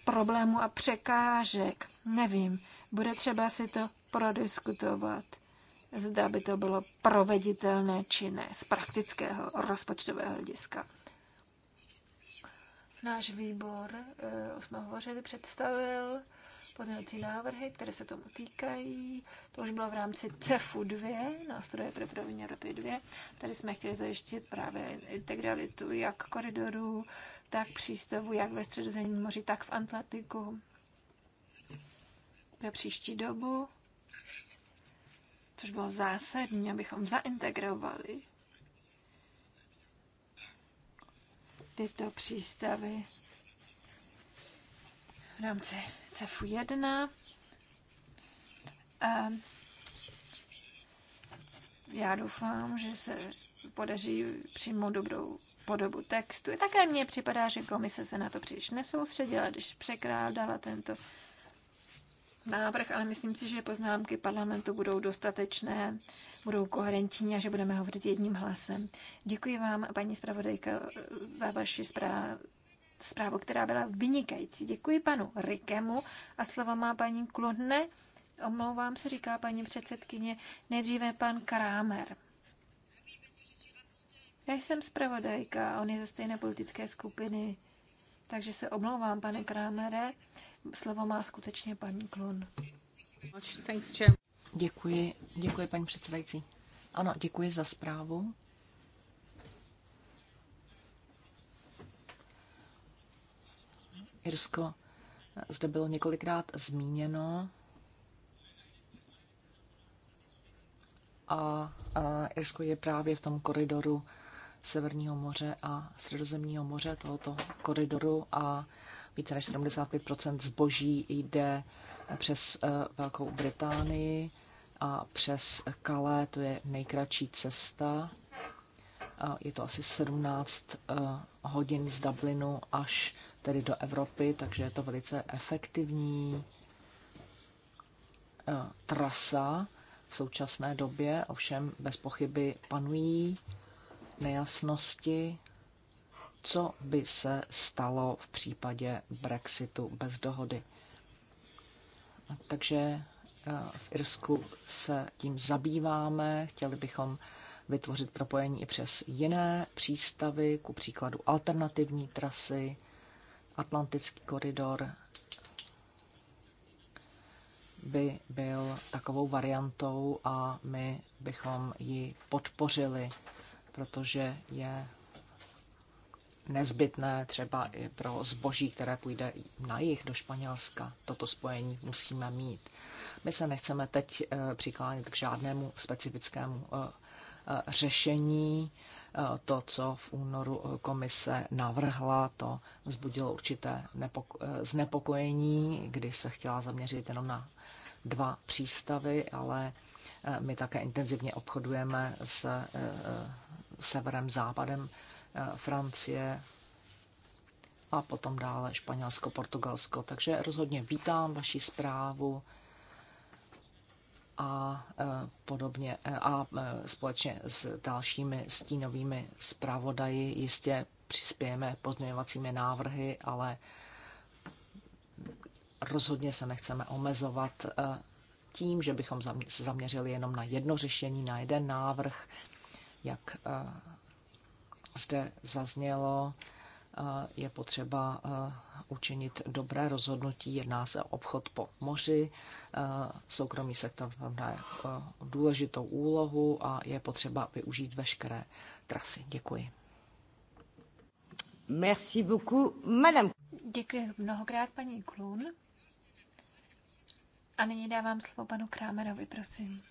problémů a překážek. Nevím, bude třeba si to prodiskutovat, zda by to bylo proveditelné či ne z praktického rozpočtového hlediska. Náš výbor, o eh, jsme hovořili, představil pozměňovací návrhy, které se tomu týkají. To už bylo v rámci CEFu 2, nástroje pro provedení Evropy 2. Tady jsme chtěli zajištit právě integralitu jak koridorů, tak přístavu jak ve Středozemním moři, tak v Atlantiku. Ve příští dobu, což bylo zásadní, abychom zaintegrovali tyto přístavy v rámci CEFu 1. Já doufám, že se podaří přijmout dobrou podobu textu. Také mně připadá, že komise se na to příliš nesoustředila, když překrádala tento návrh, ale myslím si, že poznámky parlamentu budou dostatečné, budou koherentní a že budeme hovořit jedním hlasem. Děkuji vám, paní zpravodajka, za vaši zprávu zprávu, která byla vynikající. Děkuji panu Rikemu a slovo má paní Klodne Omlouvám se, říká paní předsedkyně, nejdříve pan Krámer. Já jsem zpravodajka, on je ze stejné politické skupiny, takže se omlouvám, pane Krámere. Slovo má skutečně paní Klun. Děkuji, děkuji paní předsedající. Ano, děkuji za zprávu. Irsko zde bylo několikrát zmíněno. a Irsko je právě v tom koridoru Severního moře a Středozemního moře tohoto koridoru a více než 75 zboží jde přes e, Velkou Británii a přes Kalé, to je nejkratší cesta. Je to asi 17 e, hodin z Dublinu až tedy do Evropy, takže je to velice efektivní e, trasa v současné době, ovšem bez pochyby panují nejasnosti, co by se stalo v případě Brexitu bez dohody. Takže eh, v Irsku se tím zabýváme, chtěli bychom vytvořit propojení i přes jiné přístavy, ku příkladu alternativní trasy, Atlantický koridor by byl takovou variantou a my bychom ji podpořili, protože je nezbytné třeba i pro zboží, které půjde na jich do Španělska. Toto spojení musíme mít. My se nechceme teď eh, přiklánit k žádnému specifickému eh, eh, řešení. To, co v únoru komise navrhla, to vzbudilo určité znepokojení, kdy se chtěla zaměřit jenom na dva přístavy, ale eh, my také intenzivně obchodujeme s eh, eh, severem, západem Francie a potom dále Španělsko, Portugalsko. Takže rozhodně vítám vaši zprávu a podobně a společně s dalšími stínovými zpravodaji jistě přispějeme pozměňovacími návrhy, ale rozhodně se nechceme omezovat eh, tím, že bychom se zaměřili jenom na jedno řešení, na jeden návrh, jak eh, zde zaznělo, eh, je potřeba učinit dobré rozhodnutí. Jedná se o obchod po moři. Soukromý sektor má důležitou úlohu a je potřeba využít veškeré trasy. Děkuji. Merci beaucoup, madame. Děkuji mnohokrát, paní Klun. A nyní dávám slovo panu Krámerovi, prosím.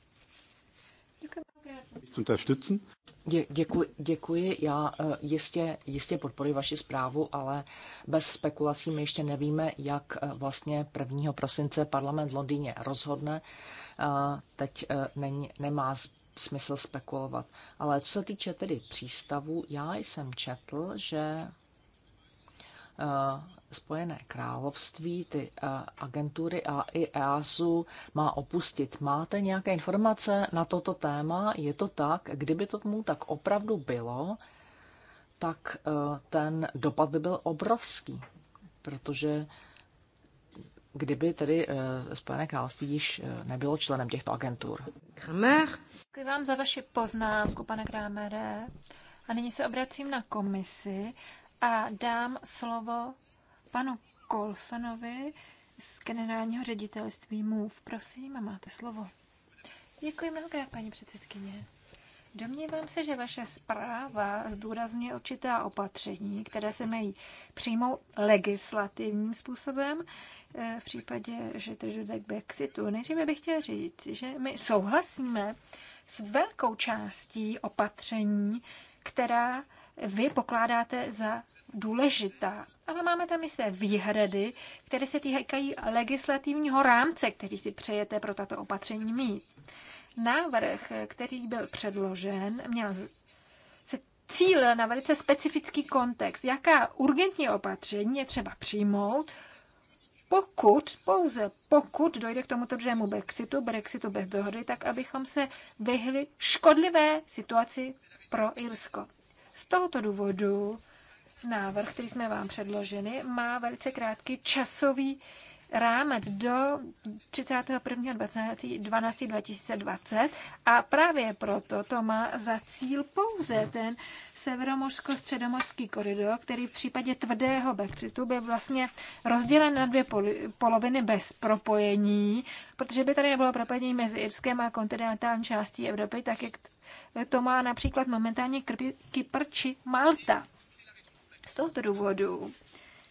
Děkuji. děkuji, děkuji. Já eh, jistě, jistě podporuji vaši zprávu, ale bez spekulací my ještě nevíme, jak eh, vlastně 1. prosince parlament v Londýně rozhodne. Eh, teď není, nemá smysl spekulovat. Ale co se týče tedy přístavu, já jsem četl, že Spojené království, ty eh, agentury a i EASu má opustit. Máte nějaké informace na toto téma? Je to tak? Kdyby to tomu tak opravdu bylo, tak eh, ten dopad by byl obrovský, protože kdyby tedy eh, Spojené království již nebylo členem těchto agentur. Kramer. Děkuji vám za vaši poznámku, pane Krámere. A nyní se obracím na komisi a dám slovo panu Kolsonovi z generálního ředitelství MOVE. Prosím, máte slovo. Děkuji mnohokrát, paní předsedkyně. Domnívám se, že vaše zpráva zdůrazňuje určitá opatření, které se mají přijmout legislativním způsobem eh, v případě, že to jde k Brexitu. Nejdříve bych chtěla říct, že my souhlasíme s velkou částí opatření, která vy pokládáte za důležitá ale máme tam i se výhrady, které se týkají legislativního rámce, který si přejete pro tato opatření mít. Návrh, který byl předložen, měl se cíl na velice specifický kontext. Jaká urgentní opatření je třeba přijmout, pokud, pouze pokud dojde k tomuto druhému Brexitu, Brexitu bez dohody, tak abychom se vyhli škodlivé situaci pro Irsko. Z tohoto důvodu návrh, který jsme vám předloženi, má velice krátký časový rámec do 31.12.2020 a právě proto to má za cíl pouze ten severomořsko-středomořský koridor, který v případě tvrdého Brexitu by vlastně rozdělen na dvě poloviny bez propojení, protože by tady nebylo propojení mezi Irskem a kontinentální částí Evropy, tak jak to má například momentálně Kypr či Malta. Z tohoto důvodu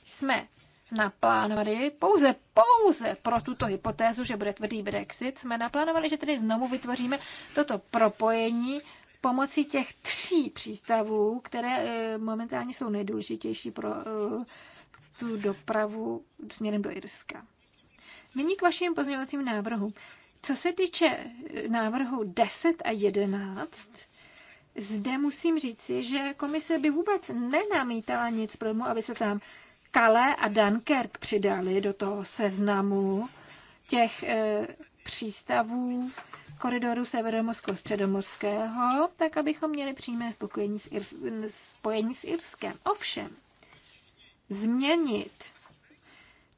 jsme naplánovali pouze, pouze pro tuto hypotézu, že bude tvrdý Brexit, jsme naplánovali, že tedy znovu vytvoříme toto propojení pomocí těch tří přístavů, které eh, momentálně jsou nejdůležitější pro eh, tu dopravu směrem do Irska. Nyní k vašim pozměňovacím návrhům. Co se týče eh, návrhu 10 a 11, zde musím říci, že komise by vůbec nenamítala nic pro mu, aby se tam Kale a Dunkirk přidali do toho seznamu těch e, přístavů koridoru severomorsko-středomorského, tak abychom měli přímé spokojení s, Irs- spojení s Irskem. Ovšem, změnit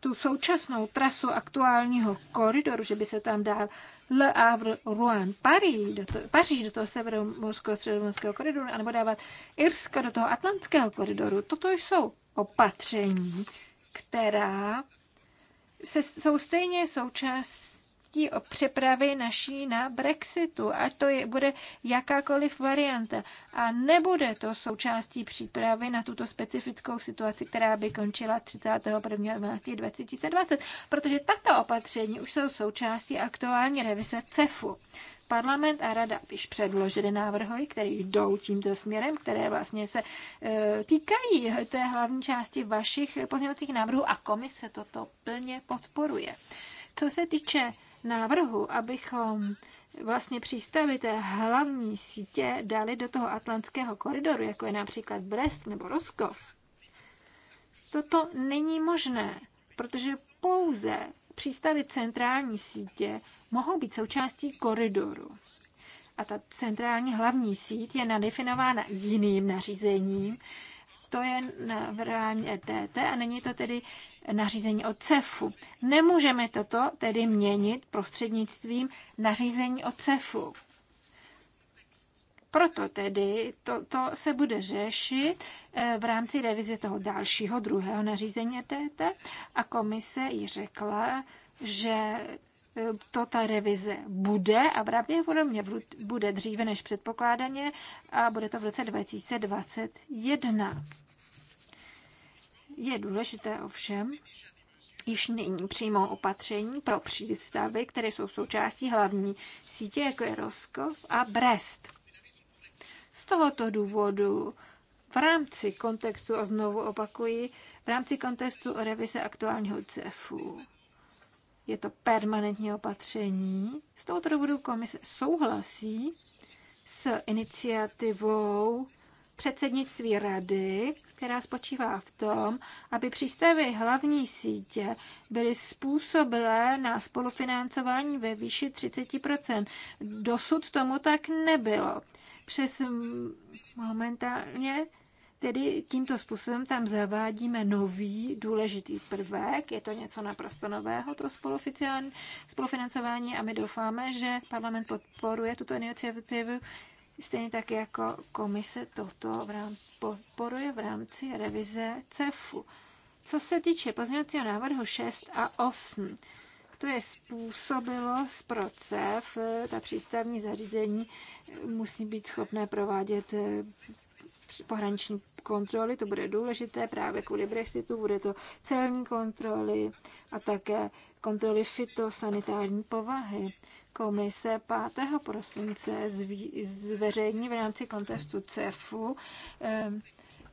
tu současnou trasu aktuálního koridoru, že by se tam dál Le Havre, Rouen, Paris, do to, Paříž do toho severomorského středomorského koridoru, anebo dávat Irsko do toho atlantského koridoru. Toto jsou opatření, která se, jsou stejně součást rozhodnutí o přepravě naší na Brexitu, ať to je, bude jakákoliv varianta. A nebude to součástí přípravy na tuto specifickou situaci, která by končila 31.12.2020, protože tato opatření už jsou součástí aktuální revize CEFu. Parlament a rada již předložili návrhy, které jdou tímto směrem, které vlastně se e, týkají té hlavní části vašich pozměňovacích návrhů a komise toto plně podporuje. Co se týče návrhu, abychom vlastně přístavy té hlavní sítě dali do toho atlantského koridoru, jako je například Brest nebo Roskov, toto není možné, protože pouze přístavy centrální sítě mohou být součástí koridoru. A ta centrální hlavní síť je nadefinována jiným nařízením, to je navrání ETT a není to tedy nařízení o CEFu. Nemůžeme toto tedy měnit prostřednictvím nařízení o CEFu. Proto tedy to, to se bude řešit eh, v rámci revize toho dalšího, druhého nařízení ETT a komise ji řekla, že eh, to ta revize bude a pravděpodobně bude dříve než předpokládaně a bude to v roce 2021. Je důležité ovšem již nyní přímo opatření pro přístavy, které jsou součástí hlavní sítě, jako je Roskov a Brest. Z tohoto důvodu v rámci kontextu, a znovu opakuji, v rámci kontextu o revize aktuálního CEFu je to permanentní opatření. Z tohoto důvodu komise souhlasí s iniciativou předsednictví rady, která spočívá v tom, aby přístavy hlavní sítě byly způsobilé na spolufinancování ve výši 30 Dosud tomu tak nebylo. Přes momentálně Tedy tímto způsobem tam zavádíme nový důležitý prvek. Je to něco naprosto nového, to spolufinancování a my doufáme, že parlament podporuje tuto iniciativu Stejně tak jako komise toto v rám, podporuje v rámci revize CEFu. Co se týče pozměňovacího návrhu 6 a 8, to je způsobilost pro CEF, ta přístavní zařízení musí být schopné provádět eh, pohraniční kontroly, to bude důležité právě kvůli Brexitu, bude to celní kontroly a také kontroly fitosanitární povahy komise 5. prosince zveřejní v rámci kontextu CEFu eh,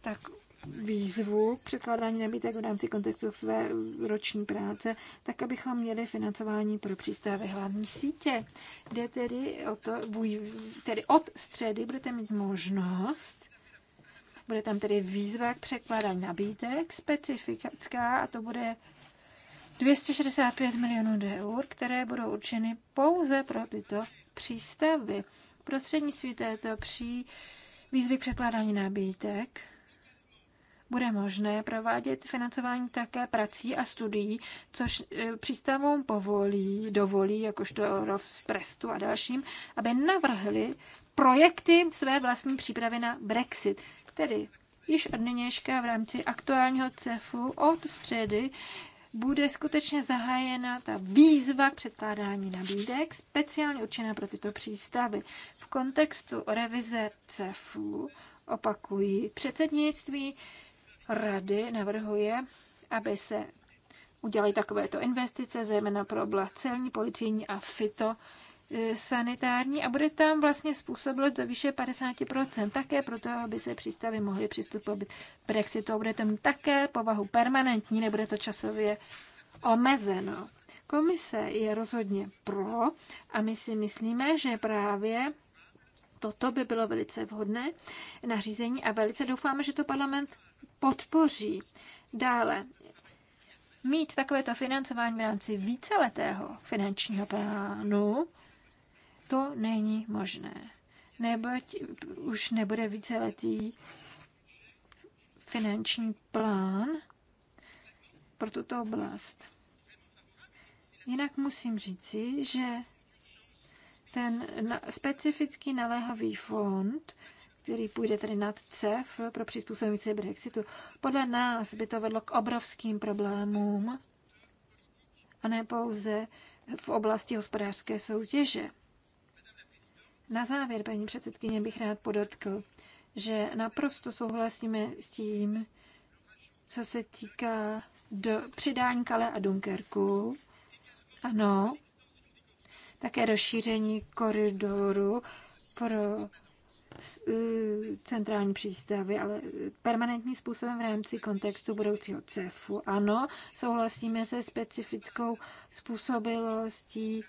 tak výzvu k překládání nabídek v rámci kontextu své roční práce, tak abychom měli financování pro přístavy hlavní sítě. Jde tedy, o to, tedy od středy budete mít možnost bude tam tedy výzva k překladání nabídek, specifická, a to bude 265 milionů eur, které budou určeny pouze pro tyto přístavy. Prostřednictví této pří výzvy k překládání nabídek bude možné provádět financování také prací a studií, což e, přístavům povolí, dovolí, jakožto Rov, a dalším, aby navrhli projekty své vlastní přípravy na Brexit. který již od nynějška v rámci aktuálního CEFu od středy bude skutečně zahájena ta výzva k předkládání nabídek speciálně určená pro tyto přístavy. V kontextu revize CEFu opakují předsednictví rady navrhuje, aby se udělali takovéto investice, zejména pro oblast celní, policijní a fito Eh, sanitární a bude tam vlastně způsobilost do výše 50%, také proto, aby se přístavy mohly přistupovat Brexitu. Bude tam také povahu permanentní, nebude to časově omezeno. Komise je rozhodně pro a my si myslíme, že právě toto by bylo velice vhodné nařízení a velice doufáme, že to parlament podpoří. Dále, mít takovéto financování v rámci víceletého finančního plánu to není možné, neboť už nebude víceletý finanční plán pro tuto oblast. Jinak musím říci, že ten specifický naléhavý fond, který půjde tedy nad CEF pro přizpůsobující Brexitu, podle nás by to vedlo k obrovským problémům a ne pouze v oblasti hospodářské soutěže. Na závěr, paní předsedkyně, bych rád podotkl, že naprosto souhlasíme s tím, co se týká do přidání Kale a Dunkerku. Ano, také rozšíření koridoru pro e, centrální přístavy, ale permanentním způsobem v rámci kontextu budoucího CEFu. Ano, souhlasíme se specifickou způsobilostí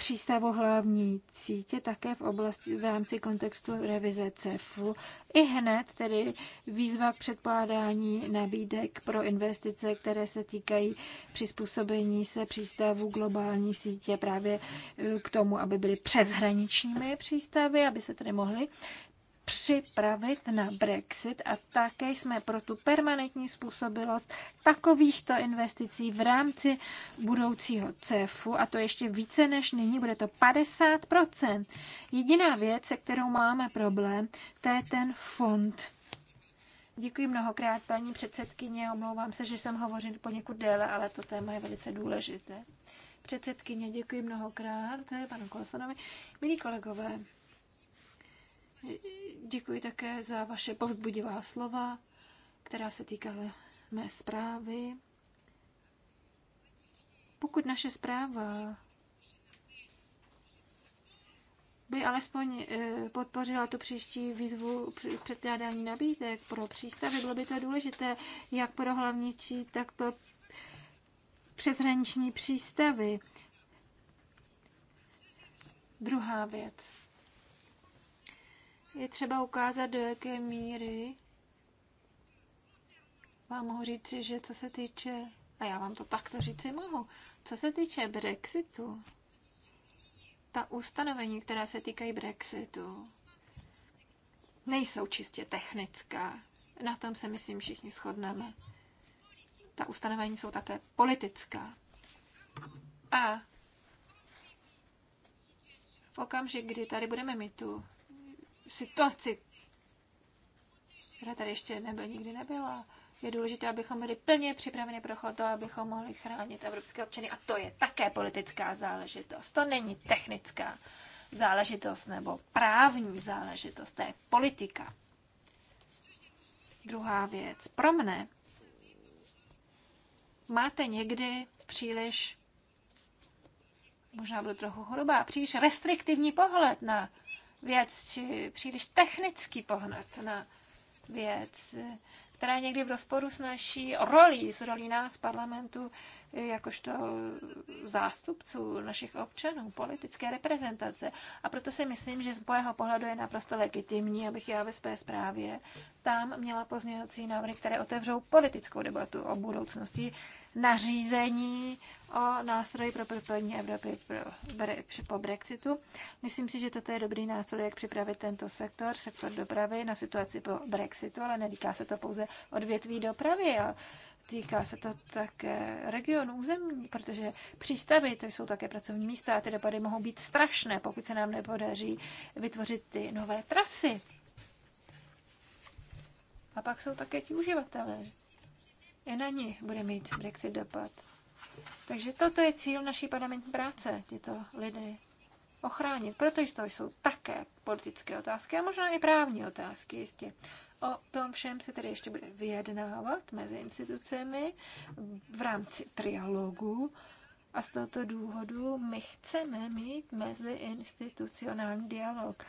přístavu hlavní cítě také v oblasti v rámci kontextu revize CEFu. I hned tedy výzva k předpládání nabídek pro investice, které se týkají přizpůsobení se přístavu globální sítě právě eh, k tomu, aby byly přeshraničními přístavy, aby se tedy mohly připravit na Brexit a také jsme pro tu permanentní způsobilost takovýchto investicí v rámci budoucího CEFu a to ještě více než nyní, bude to 50%. Jediná věc, se kterou máme problém, to je ten fond. Děkuji mnohokrát, paní předsedkyně. Omlouvám se, že jsem hovořil poněkud déle, ale to téma je velice důležité. Předsedkyně, děkuji mnohokrát panu Kolsonovi. Milí kolegové, Děkuji také za vaše povzbudivá slova, která se týkala mé zprávy. Pokud naše zpráva by alespoň eh, podpořila tu příští výzvu předkládání nabídek pro přístavy, bylo by to důležité jak pro hlavničí, tak pro přeshraniční přístavy. Druhá věc je třeba ukázat, do jaké míry vám mohu říci, že co se týče, a já vám to takto říci mohu, co se týče Brexitu, ta ustanovení, která se týkají Brexitu, nejsou čistě technická. Na tom se, myslím, všichni shodneme. Ta ustanovení jsou také politická. A v okamžik, kdy tady budeme mít tu situaci, která tady ještě nebyl, nikdy nebyla. Je důležité, abychom byli plně připraveni pro to, abychom mohli chránit evropské občany. A to je také politická záležitost. To není technická záležitost nebo právní záležitost. To je politika. Druhá věc. Pro mne máte někdy příliš, možná budu trochu chorobá, příliš restriktivní pohled na věc, či příliš technický pohled na věc, která je někdy v rozporu s naší rolí, s rolí nás, parlamentu, jakožto zástupců našich občanů, politické reprezentace. A proto si myslím, že z mojeho pohledu je naprosto legitimní, abych já ve své zprávě tam měla pozměňovací návrhy, které otevřou politickou debatu o budoucnosti nařízení o nástroji pro propojení Evropy po Brexitu. Myslím si, že toto je dobrý nástroj, jak připravit tento sektor, sektor dopravy na situaci po Brexitu, ale netýká se to pouze odvětví dopravy. A týká se to také regionu, území, protože přístavy, to jsou také pracovní místa a ty dopady mohou být strašné, pokud se nám nepodaří vytvořit ty nové trasy. A pak jsou také ti uživatelé, i na ní bude mít Brexit dopad. Takže toto je cíl naší parlamentní práce, tyto lidé ochránit, protože to jsou také politické otázky a možná i právní otázky jistě. O tom všem se tedy ještě bude vyjednávat mezi institucemi v rámci trialogu a z tohoto důvodu my chceme mít meziinstitucionální dialog.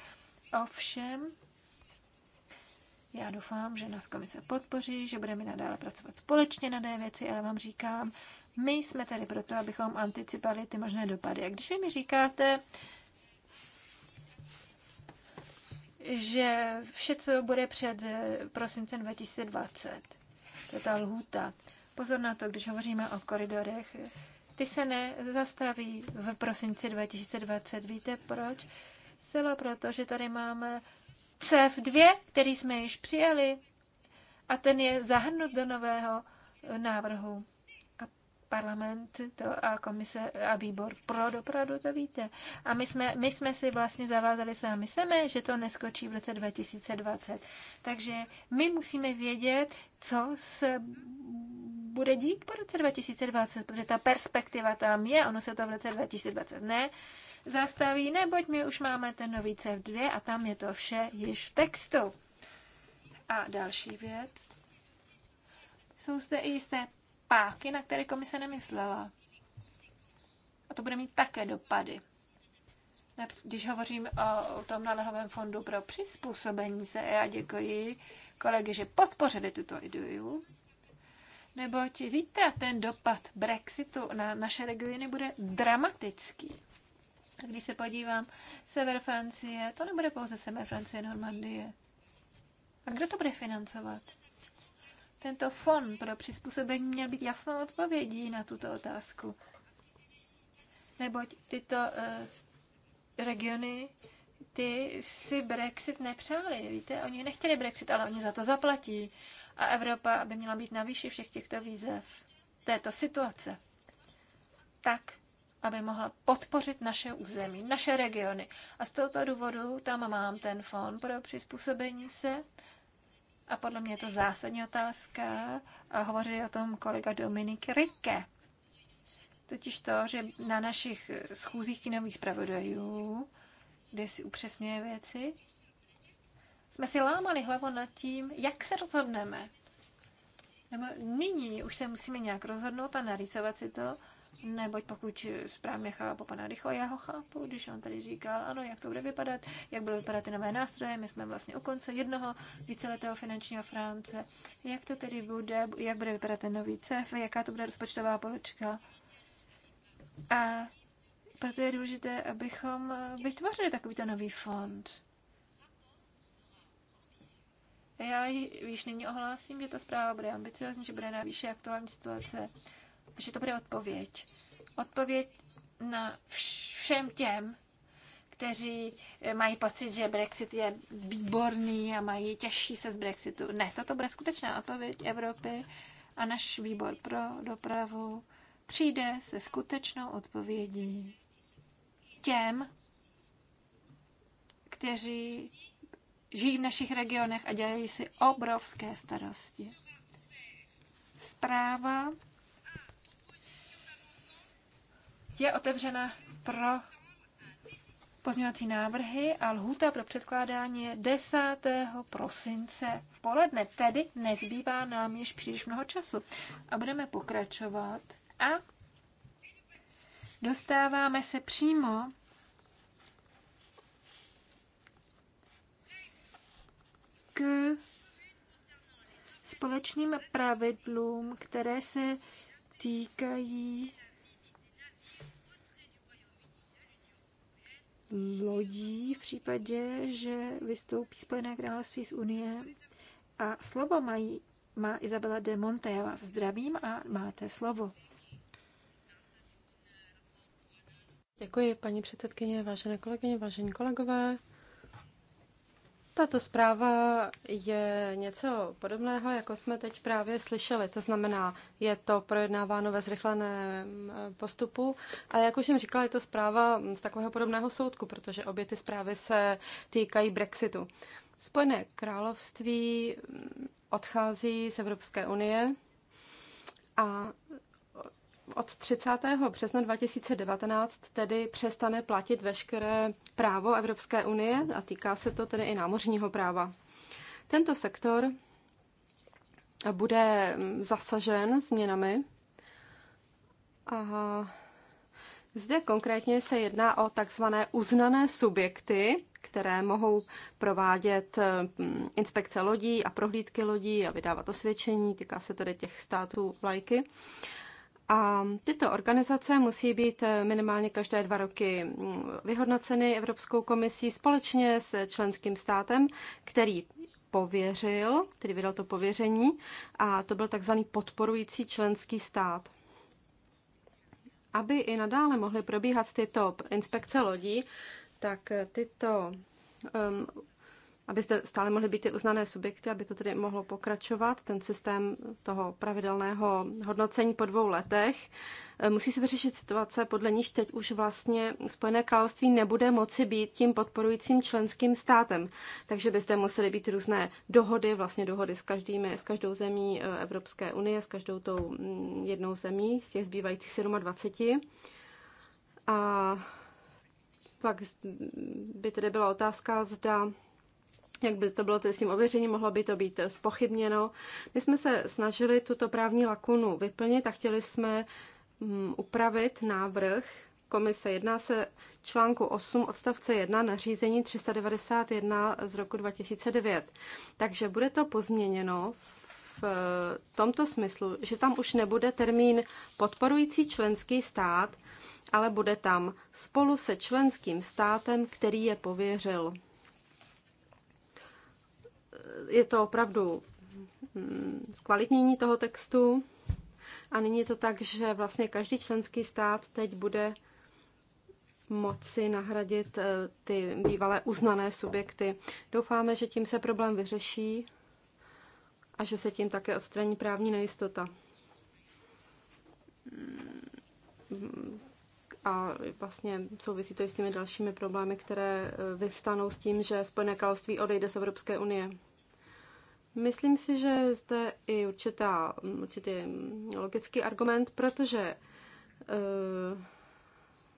Ovšem, já doufám, že nás komise podpoří, že budeme nadále pracovat společně na té věci, ale vám říkám, my jsme tady proto, abychom anticipovali ty možné dopady. A když vy mi říkáte, že vše, co bude před eh, prosincem 2020, to je ta lhůta. Pozor na to, když hovoříme o koridorech, ty se nezastaví v prosinci 2020. Víte proč? Celo proto, že tady máme cf 2 který jsme již přijali, a ten je zahrnut do nového eh, návrhu. A parlament to a komise a výbor pro dopravu to víte. A my jsme, my jsme si vlastně zavázali sami sebe, že to neskočí v roce 2020. Takže my musíme vědět, co se bude dít po roce 2020, protože ta perspektiva tam je, ono se to v roce 2020 ne zastaví, neboť my už máme ten nový CEF2 a tam je to vše již v textu. A další věc. Jsou zde i jisté páky, na které komise nemyslela. A to bude mít také dopady. Když hovořím o tom nalehovém fondu pro přizpůsobení se, já děkuji kolegy, že podpořili tuto ideu, neboť zítra ten dopad Brexitu na naše regiony bude dramatický. A když se podívám, sever Francie, to nebude pouze sever Francie, Normandie. A kdo to bude financovat? Tento fond pro přizpůsobení měl být jasnou odpovědí na tuto otázku. Neboť tyto uh, regiony, ty si Brexit nepřáli, víte? Oni nechtěli Brexit, ale oni za to zaplatí. A Evropa by měla být na výši všech těchto výzev této situace. Tak, aby mohla podpořit naše území, naše regiony. A z tohoto důvodu tam mám ten fond pro přizpůsobení se. A podle mě je to zásadní otázka. A hovoří o tom kolega Dominik Rike. Totiž to, že na našich schůzích stínových zpravodajů, kde si upřesňuje věci, jsme si lámali hlavu nad tím, jak se rozhodneme. Nebo nyní už se musíme nějak rozhodnout a narýsovat si to, neboť pokud správně chápu pana Rycho, já ho chápu, když on tady říkal, ano, jak to bude vypadat, jak budou vypadat ty nové nástroje, my jsme vlastně u konce jednoho víceletého finančního frámce, jak to tedy bude, jak bude vypadat ten nový CEF, jaká to bude rozpočtová poločka. A proto je důležité, abychom vytvořili takovýto nový fond. Já již nyní ohlásím, že ta zpráva bude ambiciozní, že bude na výše aktuální situace že to bude odpověď. Odpověď na všem těm, kteří mají pocit, že Brexit je výborný a mají těžší se z Brexitu. Ne, toto bude skutečná odpověď Evropy a náš výbor pro dopravu přijde se skutečnou odpovědí těm, kteří žijí v našich regionech a dělají si obrovské starosti. Zpráva je otevřena pro pozměňovací návrhy a lhůta pro předkládání je 10. prosince v poledne, tedy nezbývá nám již příliš mnoho času. A budeme pokračovat a dostáváme se přímo k společným pravidlům, které se týkají lodí v případě, že vystoupí Spojené království z Unie. A slovo mají, má Izabela de Monte. Já vás zdravím a máte slovo. Děkuji, paní předsedkyně, vážené kolegyně, vážení kolegové. Tato zpráva je něco podobného, jako jsme teď právě slyšeli. To znamená, je to projednáváno ve zrychleném eh, postupu. A jak už jsem říkala, je to zpráva z takového podobného soudku, protože obě ty zprávy se týkají Brexitu. Spojené království odchází z Evropské unie a od 30. března 2019 tedy přestane platit veškeré právo Evropské unie a týká se to tedy i námořního práva. Tento sektor bude mm, zasažen změnami a zde konkrétně se jedná o takzvané uznané subjekty, které mohou provádět mm, inspekce lodí a prohlídky lodí a vydávat osvědčení, týká se tedy těch států vlajky. A tyto organizace musí být eh, minimálně každé dva roky mm, vyhodnoceny Evropskou komisí společně s členským státem, který pověřil, který vydal to pověření, a to byl takzvaný podporující členský stát. Aby i nadále mohly probíhat tyto inspekce lodí, tak eh, tyto um, aby zde stále mohly být ty uznané subjekty, aby to tedy mohlo pokračovat, ten systém toho pravidelného hodnocení po dvou letech. E, musí se vyřešit situace, podle níž teď už vlastně Spojené království nebude moci být tím podporujícím členským státem. Takže by zde musely být různé dohody, vlastně dohody s, každými, s každou zemí e, Evropské unie, s každou tou jednou zemí, z těch zbývajících 27. A pak by tedy byla otázka, zda jak by to bylo tím ověřením, mohlo by to být spochybněno. My jsme se snažili tuto právní lakunu vyplnit a chtěli jsme mm, upravit návrh komise. Jedná se článku 8 odstavce 1 nařízení 391 z roku 2009. Takže bude to pozměněno v eh, tomto smyslu, že tam už nebude termín podporující členský stát, ale bude tam spolu se členským státem, který je pověřil je to opravdu mm, zkvalitnění toho textu. A nyní je to tak, že vlastně každý členský stát teď bude moci nahradit eh, ty bývalé uznané subjekty. Doufáme, že tím se problém vyřeší a že se tím také odstraní právní nejistota. Mm, a vlastně souvisí to i s těmi dalšími problémy, které eh, vyvstanou s tím, že Spojené království odejde z Evropské unie. Myslím si, že je zde i určitá, určitý logický argument, protože uh,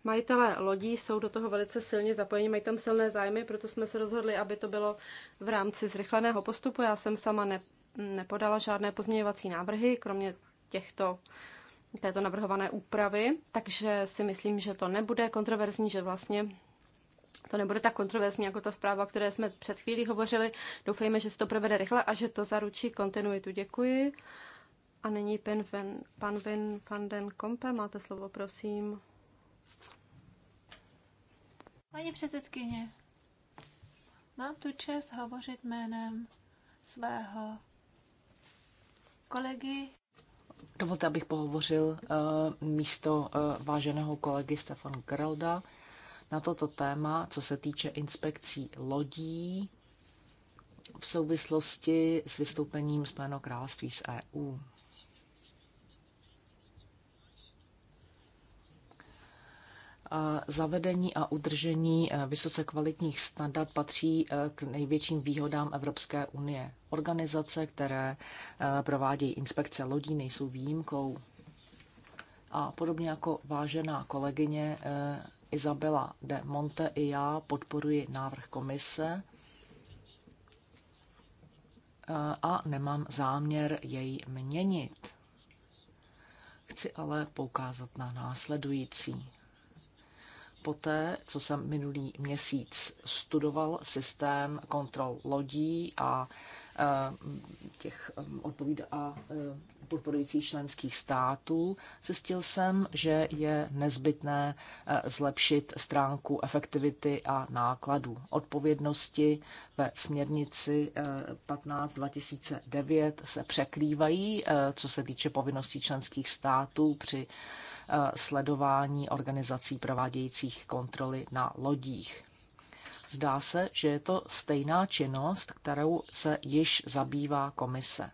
majitelé lodí jsou do toho velice silně zapojeni, mají tam silné zájmy, proto jsme se rozhodli, aby to bylo v rámci zrychleného postupu. Já jsem sama ne, nepodala žádné pozměňovací návrhy, kromě těchto této navrhované úpravy, takže si myslím, že to nebude kontroverzní, že vlastně to nebude tak kontroverzní jako ta zpráva, o které jsme před chvílí hovořili. Doufejme, že se to provede rychle a že to zaručí kontinuitu. Děkuji. A nyní pan Ven, pan Ven van den Kompe, máte slovo, prosím. Paní předsedkyně, mám tu čest hovořit jménem svého kolegy. Dovolte, abych pohovořil uh, místo uh, váženého kolegy Stefan Geralda na toto téma, co se týče inspekcí lodí v souvislosti s vystoupením Spojeného království z EU. Zavedení a udržení e, vysoce kvalitních standard patří e, k největším výhodám Evropské unie. Organizace, které e, provádějí inspekce lodí, nejsou výjimkou. A podobně jako vážená kolegyně Izabela de Monte i já podporuji návrh komise eh, a nemám záměr jej měnit. Chci ale poukázat na následující. Poté, co jsem minulý měsíc studoval systém kontrol lodí a eh, těch eh, odpovíd a podporujících členských států, zjistil jsem, že je nezbytné eh, zlepšit stránku efektivity a nákladů. Odpovědnosti ve směrnici 15-2009 eh, se překrývají, eh, co se týče povinností členských států při sledování organizací provádějících kontroly na lodích. Zdá se, že je to stejná činnost, kterou se již zabývá komise.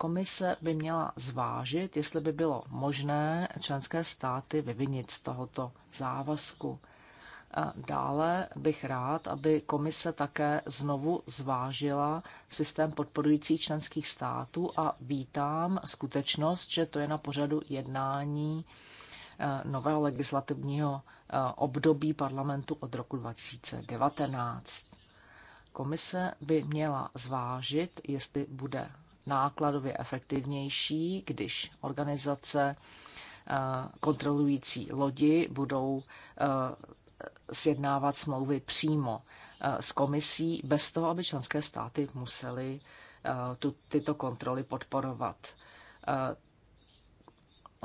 Komise by měla zvážit, jestli by bylo možné členské státy vyvinit z tohoto závazku. Dále bych rád, aby komise také znovu zvážila systém podporující členských států a vítám skutečnost, že to je na pořadu jednání eh, nového legislativního eh, období parlamentu od roku 2019. Komise by měla zvážit, jestli bude nákladově efektivnější, když organizace eh, kontrolující lodi budou eh, sjednávat smlouvy přímo eh, s komisí, bez toho, aby členské státy musely tyto kontroly podporovat.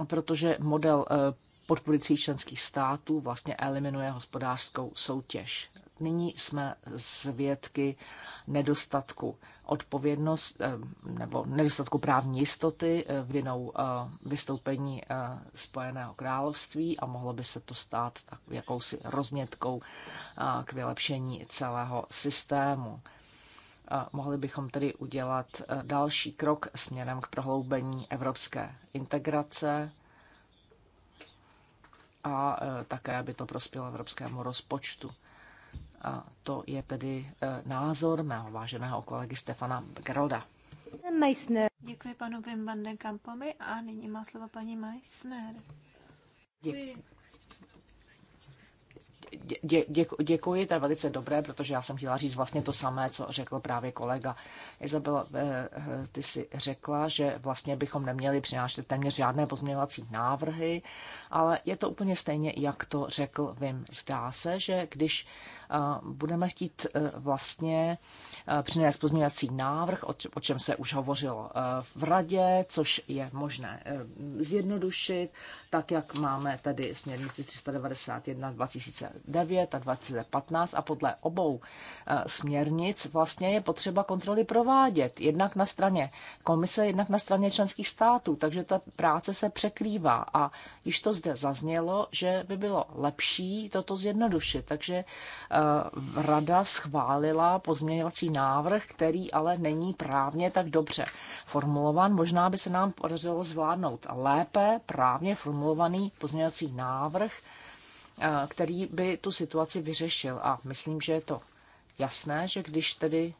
Protože model podporujících členských států vlastně eliminuje hospodářskou soutěž nyní jsme zvědky nedostatku odpovědnost eh, nebo nedostatku právní jistoty eh, vinou eh, vystoupení Spojeného království a mohlo by se to stát tak jakousi roznětkou k vylepšení celého systému. Mohli bychom tedy udělat další krok směrem k prohloubení evropské integrace a také by to prospělo evropskému rozpočtu. A to je tedy e, názor mého váženého kolegy Stefana Gerolda. Meissner. Děkuji panu Wim van den Kampovi a nyní má slovo paní Meissner. Děkuji dě, dě, děkuji, to je velice dobré, protože já jsem chtěla říct vlastně to samé, co řekl právě kolega. Izabela, eh, eh, ty si řekla, že vlastně bychom neměli přinášet téměř žádné pozměňovací návrhy, ale je to úplně stejně, jak to řekl Vim. Zdá se, že když eh, budeme chtít vlastně přinést pozměňovací návrh, o čem se už hovořilo v radě, což je možné zjednodušit, tak jak máme tady směrnici 391 2000 2009 a 2015 a podle obou eh, směrnic vlastně je potřeba kontroly provádět. Jednak na straně komise, jednak na straně členských států, takže ta práce se překrývá a již to zde zaznělo, že by bylo lepší toto zjednodušit, takže eh, rada schválila pozměňovací návrh, který ale není právně tak dobře formulovan. Možná by se nám podařilo zvládnout lépe právně formulovaný pozměňovací návrh, Eh, který by tu situaci vyřešil. A myslím, že je to jasné, že když tedy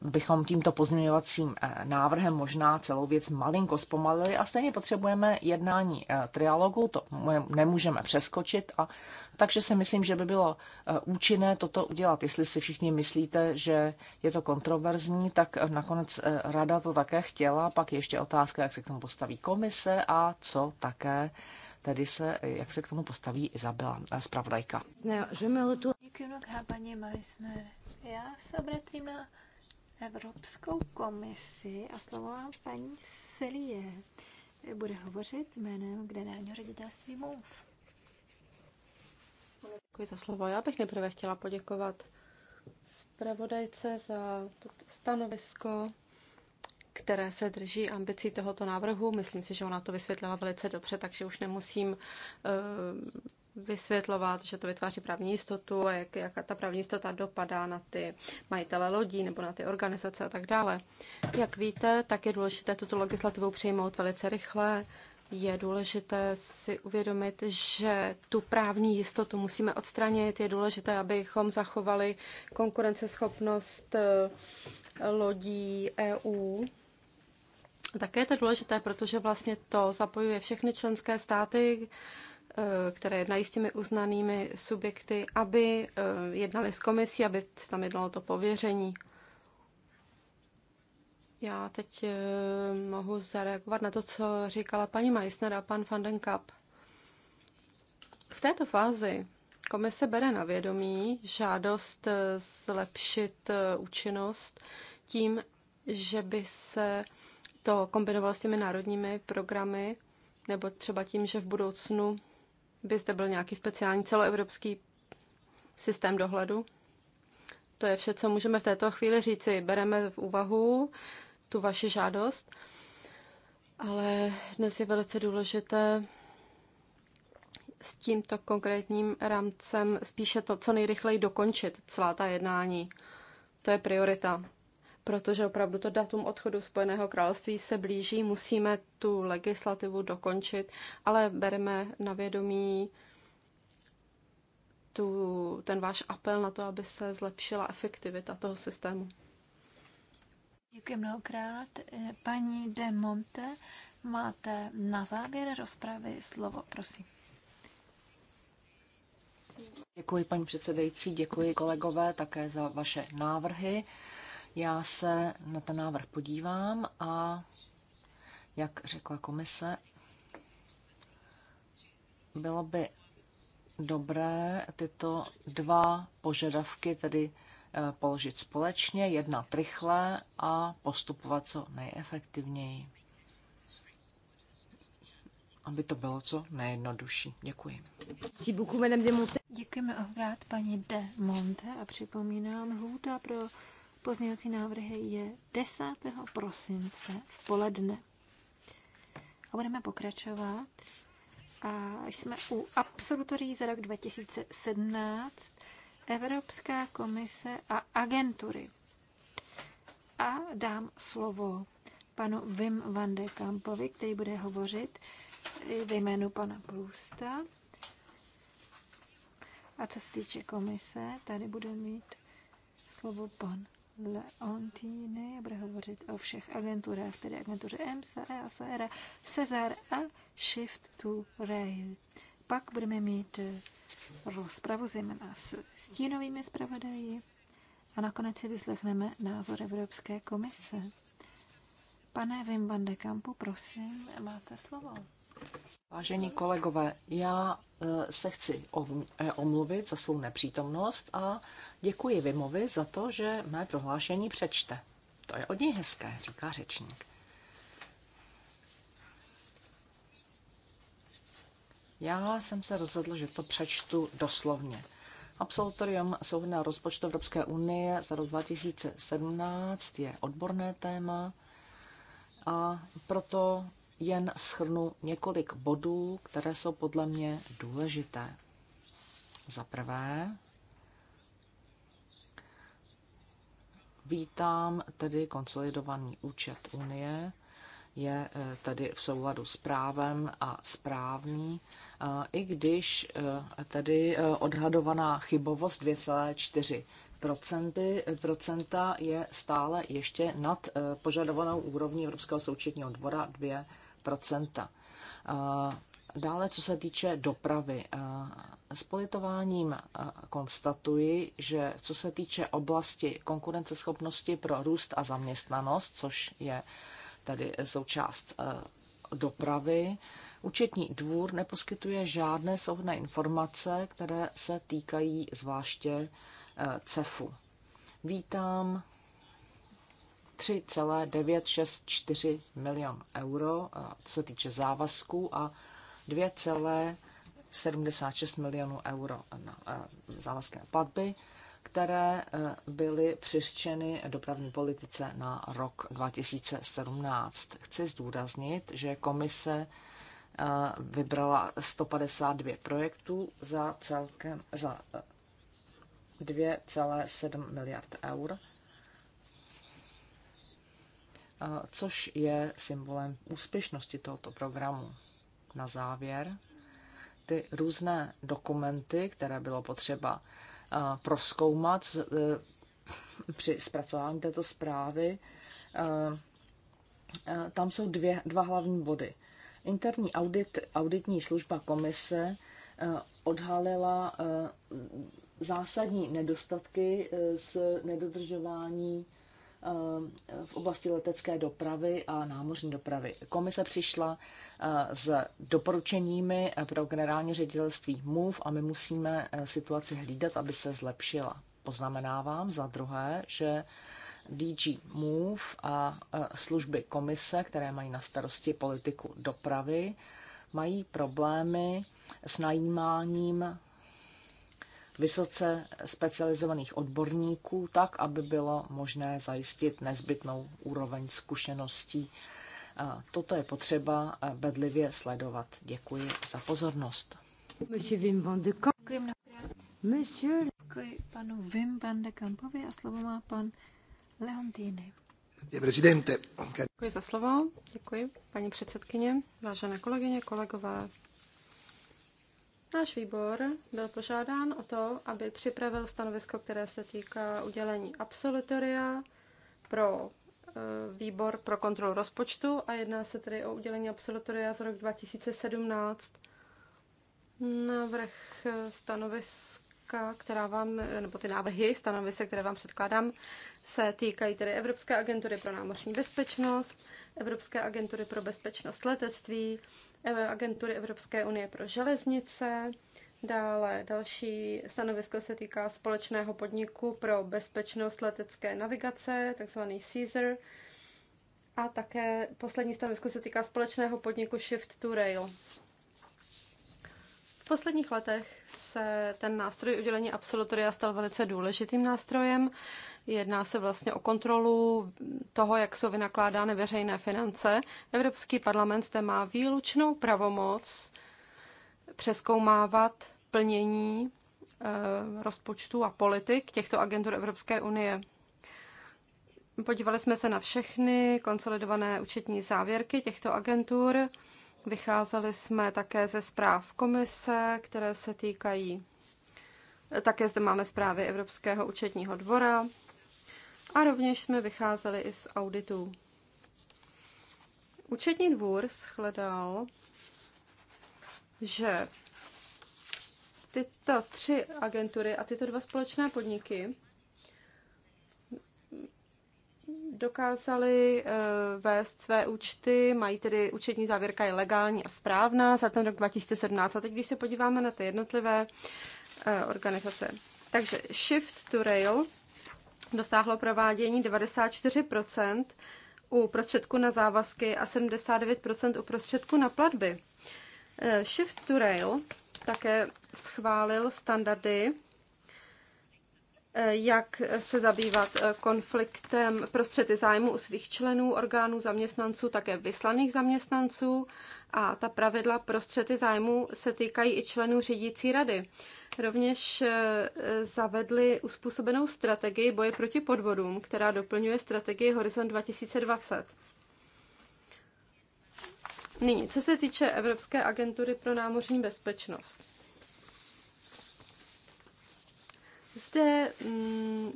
bychom tímto pozměňovacím eh, návrhem možná celou věc malinko zpomalili a stejně potřebujeme jednání eh, trialogu, to nemůžeme přeskočit a takže si myslím, že by bylo účinné toto udělat. Jestli si všichni myslíte, že je to kontroverzní, tak nakonec rada to také chtěla, pak ještě otázka, jak se k tomu postaví komise a co také tedy se, jak se k tomu postaví Izabela, eh, zpravodajka. paní Meissner. Já se obracím na Evropskou komisi a slovo mám paní Selie. Bude hovořit jménem generálního ředitelství MOV. Děkuji za slovo. Já bych nejprve chtěla poděkovat zpravodajce za toto stanovisko které se drží ambicí tohoto návrhu. Myslím si, že ona to vysvětlila velice dobře, takže už nemusím eh, vysvětlovat, že to vytváří právní jistotu a jak, jaká ta právní jistota dopadá na ty majitele lodí nebo na ty organizace a tak dále. Jak víte, tak je důležité tuto legislativu přijmout velice rychle. Je důležité si uvědomit, že tu právní jistotu musíme odstranit. Je důležité, abychom zachovali konkurenceschopnost eh, lodí EU také je to důležité, protože vlastně to zapojuje všechny členské státy, eh, které jednají s těmi uznanými subjekty, aby eh, jednali s komisí, aby tam jednalo to pověření. Já teď eh, mohu zareagovat na to, co říkala paní Meissner a pan van den Kapp. V této fázi komise bere na vědomí žádost zlepšit účinnost tím, že by se to kombinoval s těmi národními programy, nebo třeba tím, že v budoucnu by zde byl nějaký speciální celoevropský systém dohledu. To je vše, co můžeme v této chvíli říci. Bereme v úvahu tu vaši žádost, ale dnes je velice důležité s tímto konkrétním rámcem spíše to, co nejrychleji dokončit celá ta jednání. To je priorita protože opravdu to datum odchodu Spojeného království se blíží, musíme tu legislativu dokončit, ale bereme na vědomí tu, ten váš apel na to, aby se zlepšila efektivita toho systému. Děkuji mnohokrát. Paní De Monte, máte na závěr rozpravy slovo, prosím. Děkuji, paní předsedající, děkuji kolegové také za vaše návrhy. Já se na ten návrh podívám a, jak řekla komise, bylo by dobré tyto dva požadavky tedy eh, položit společně, jednat rychle a postupovat co nejefektivněji. Aby to bylo co nejjednodušší. Děkuji. Děkujeme obrát paní de Monte a připomínám, lhůta pro Pozměňovací návrhy je 10. prosince v poledne. A budeme pokračovat. A jsme u absolutorí za rok 2017 Evropská komise a agentury. A dám slovo panu Wim van de Kampovi, který bude hovořit ve jménu pana Plusta. A co se týče komise, tady bude mít slovo pan já budu hovořit o všech agenturách, tedy agentuře EMSA, EASA, ERA, Cezar a Shift to Rail. Pak budeme mít eh, rozpravu zejména s stínovými zpravodaji a nakonec si vyslechneme názor Evropské komise. Pane Wim van de Kampu, prosím, máte slovo. Vážení kolegové, já e, se chci e, omluvit za svou nepřítomnost a děkuji Vimovi za to, že mé prohlášení přečte. To je od něj hezké, říká řečník. Já jsem se rozhodl, že to přečtu doslovně. Absolutorium souhrnného rozpočtu Evropské unie za rok 2017 je odborné téma a proto jen schrnu několik bodů, které jsou podle mě důležité. Za prvé, vítám tedy konsolidovaný účet Unie, je eh, tedy v souladu s právem a správný, eh, i když eh, tedy odhadovaná chybovost 2,4 procenty, procenta je stále ještě nad požadovanou úrovní Evropského součetního dvora Eh, dále, co se týče dopravy, eh, s politováním eh, konstatuji, že co se týče oblasti konkurenceschopnosti pro růst a zaměstnanost, což je tedy součást dopravy, Účetní dvůr neposkytuje žádné souhrné informace, které se týkají zvláště CEFu. Vítám 3,964 milion euro, co se týče závazků, a 2,76 milionů euro na závazky na platby, které e, byly přiřčeny dopravní politice na rok 2017. Chci zdůraznit, že komise e, vybrala 152 projektů za celkem za 2,7 e, miliard eur což je symbolem úspěšnosti tohoto programu. Na závěr, ty různé dokumenty, které bylo potřeba proskoumat e, (laughs) při zpracování této zprávy, tam jsou dvě, dva hlavní body. Interní audit, auditní služba komise e, odhalila e, zásadní nedostatky z nedodržování Eh, v oblasti letecké dopravy a námořní dopravy. Komise přišla eh, s doporučeními pro generální ředitelství MOVE a my musíme eh, situaci hlídat, aby se zlepšila. Poznamenávám za druhé, že DG Move a služby komise, které mají na starosti politiku dopravy, mají problémy s najímáním vysoce specializovaných odborníků, tak aby bylo možné zajistit nezbytnou úroveň zkušeností. Toto je potřeba eh, bedlivě sledovat. Děkuji za pozornost. Děkuji Děkuji panu Wim van de Kampovi a slovo má pan Leontýny. Děkuji za slovo, děkuji paní předsedkyně, vážené kolegyně, kolegové, Náš výbor byl požádán o to, aby připravil stanovisko, které se týká udělení absolutoria pro eh, výbor pro kontrolu rozpočtu a jedná se tedy o udělení absolutoria z roku 2017. Návrh eh, stanoviska, která vám, eh, nebo ty návrhy stanovisek, které vám předkládám, se týkají tedy Evropské agentury pro námořní bezpečnost, Evropské agentury pro bezpečnost letectví, agentury Evropské unie pro železnice. Dále další stanovisko se týká společného podniku pro bezpečnost letecké navigace, takzvaný CSER. A také poslední stanovisko se týká společného podniku Shift to Rail. V posledních letech se ten nástroj udělení absolutoria stal velice důležitým nástrojem. Jedná se vlastně o kontrolu toho, jak jsou vynakládány veřejné finance. Evropský parlament zde má výlučnou pravomoc přeskoumávat plnění eh, rozpočtu a politik těchto agentur Evropské unie. Podívali jsme se na všechny konsolidované účetní závěrky těchto agentur. Vycházeli jsme také ze zpráv komise, které se týkají. Také zde máme zprávy Evropského účetního dvora a rovněž jsme vycházeli i z auditů. Účetní dvůr shledal, že tyto tři agentury a tyto dva společné podniky dokázali eh, vést své účty, mají tedy účetní závěrka je legální a správná za ten rok 2017. A teď, když se podíváme na ty jednotlivé eh, organizace. Takže Shift to Rail dosáhlo provádění 94% u prostředku na závazky a 79% u prostředku na platby. Eh, Shift to Rail také schválil standardy jak se zabývat eh, konfliktem prostředí zájmu u svých členů, orgánů, zaměstnanců, také vyslaných zaměstnanců. A ta pravidla prostředí zájmu se týkají i členů řídící rady. Rovněž eh, zavedli uspůsobenou strategii boje proti podvodům, která doplňuje strategii Horizon 2020. Nyní, co se týče Evropské agentury pro námořní bezpečnost. Zde mm,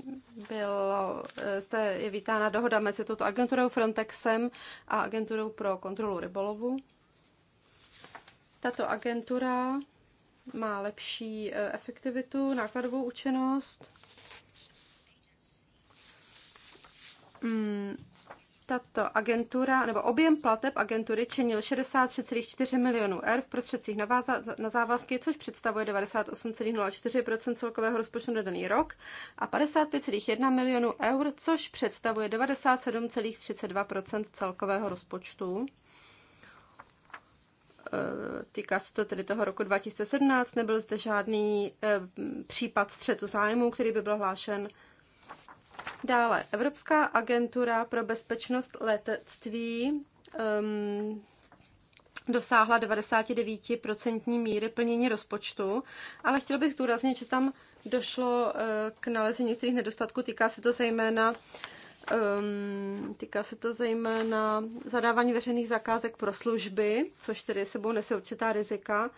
bylo, eh, zde je vítána dohoda mezi touto agenturou Frontexem a agenturou pro kontrolu rybolovu. Tato agentura má lepší eh, efektivitu, nákladovou účinnost. Mm, tato agentura, nebo objem plateb agentury činil 63,4 milionů eur v prostředcích na, na závazky, což představuje 98,04 celkového rozpočtu na daný rok a 55,1 milionů eur, což představuje 97,32 celkového rozpočtu. E, týká se to tedy toho roku 2017, nebyl zde žádný e, případ střetu zájmu, který by byl hlášen Dále Evropská agentura pro bezpečnost letectví um, dosáhla 99% míry plnění rozpočtu, ale chtěl bych zdůraznit, že tam došlo uh, k nalezení některých nedostatků. Týká se to zejména Um, týká se to zejména zadávání veřejných zakázek pro služby, což tedy sebou nese určitá rizika.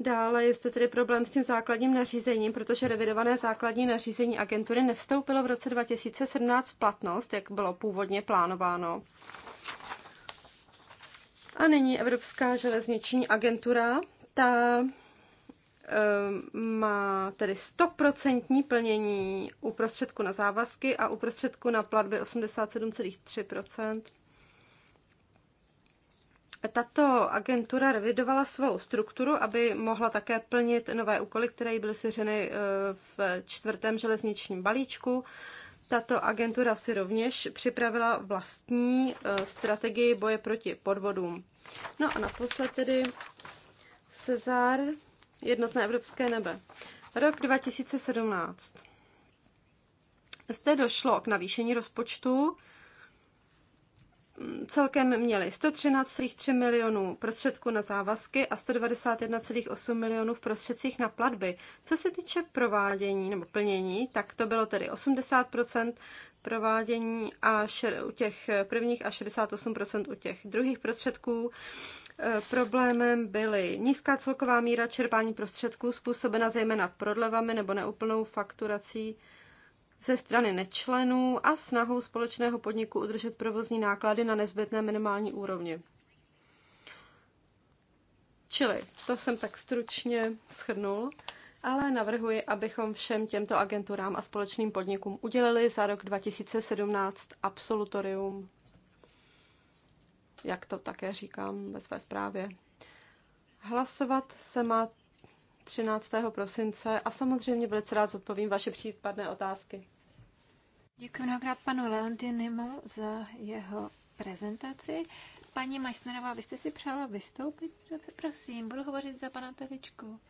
Dále je zde tedy problém s tím základním nařízením, protože revidované základní nařízení agentury nevstoupilo v roce 2017 v platnost, jak bylo původně plánováno. A nyní Evropská železniční agentura, ta ehm, má tedy 100% plnění u prostředku na závazky a u prostředku na platby 87,3%. Tato agentura revidovala svou strukturu, aby mohla také plnit nové úkoly, které jí byly svěřeny eh, v čtvrtém železničním balíčku. Tato agentura si rovněž připravila vlastní eh, strategii boje proti podvodům. No a naposled tedy Cezar, jednotné evropské nebe. Rok 2017. Zde došlo k navýšení rozpočtu celkem měli 113,3 milionů prostředků na závazky a 191,8 milionů v prostředcích na platby. Co se týče provádění nebo plnění, tak to bylo tedy 80% provádění a u těch prvních a 68% u těch druhých prostředků. E, problémem byly nízká celková míra čerpání prostředků způsobena zejména prodlevami nebo neúplnou fakturací ze strany nečlenů a snahou společného podniku udržet provozní náklady na nezbytné minimální úrovni. Čili to jsem tak stručně schrnul, ale navrhuji, abychom všem těmto agenturám a společným podnikům udělili za rok 2017 absolutorium, jak to také říkám ve své zprávě. Hlasovat se má 13. prosince a samozřejmě velice rád zodpovím vaše případné otázky. Děkuji mnohokrát panu Leontinimu za jeho prezentaci. Paní Majsnerová, vy jste si přála vystoupit? Prosím, budu hovořit za pana Teličku.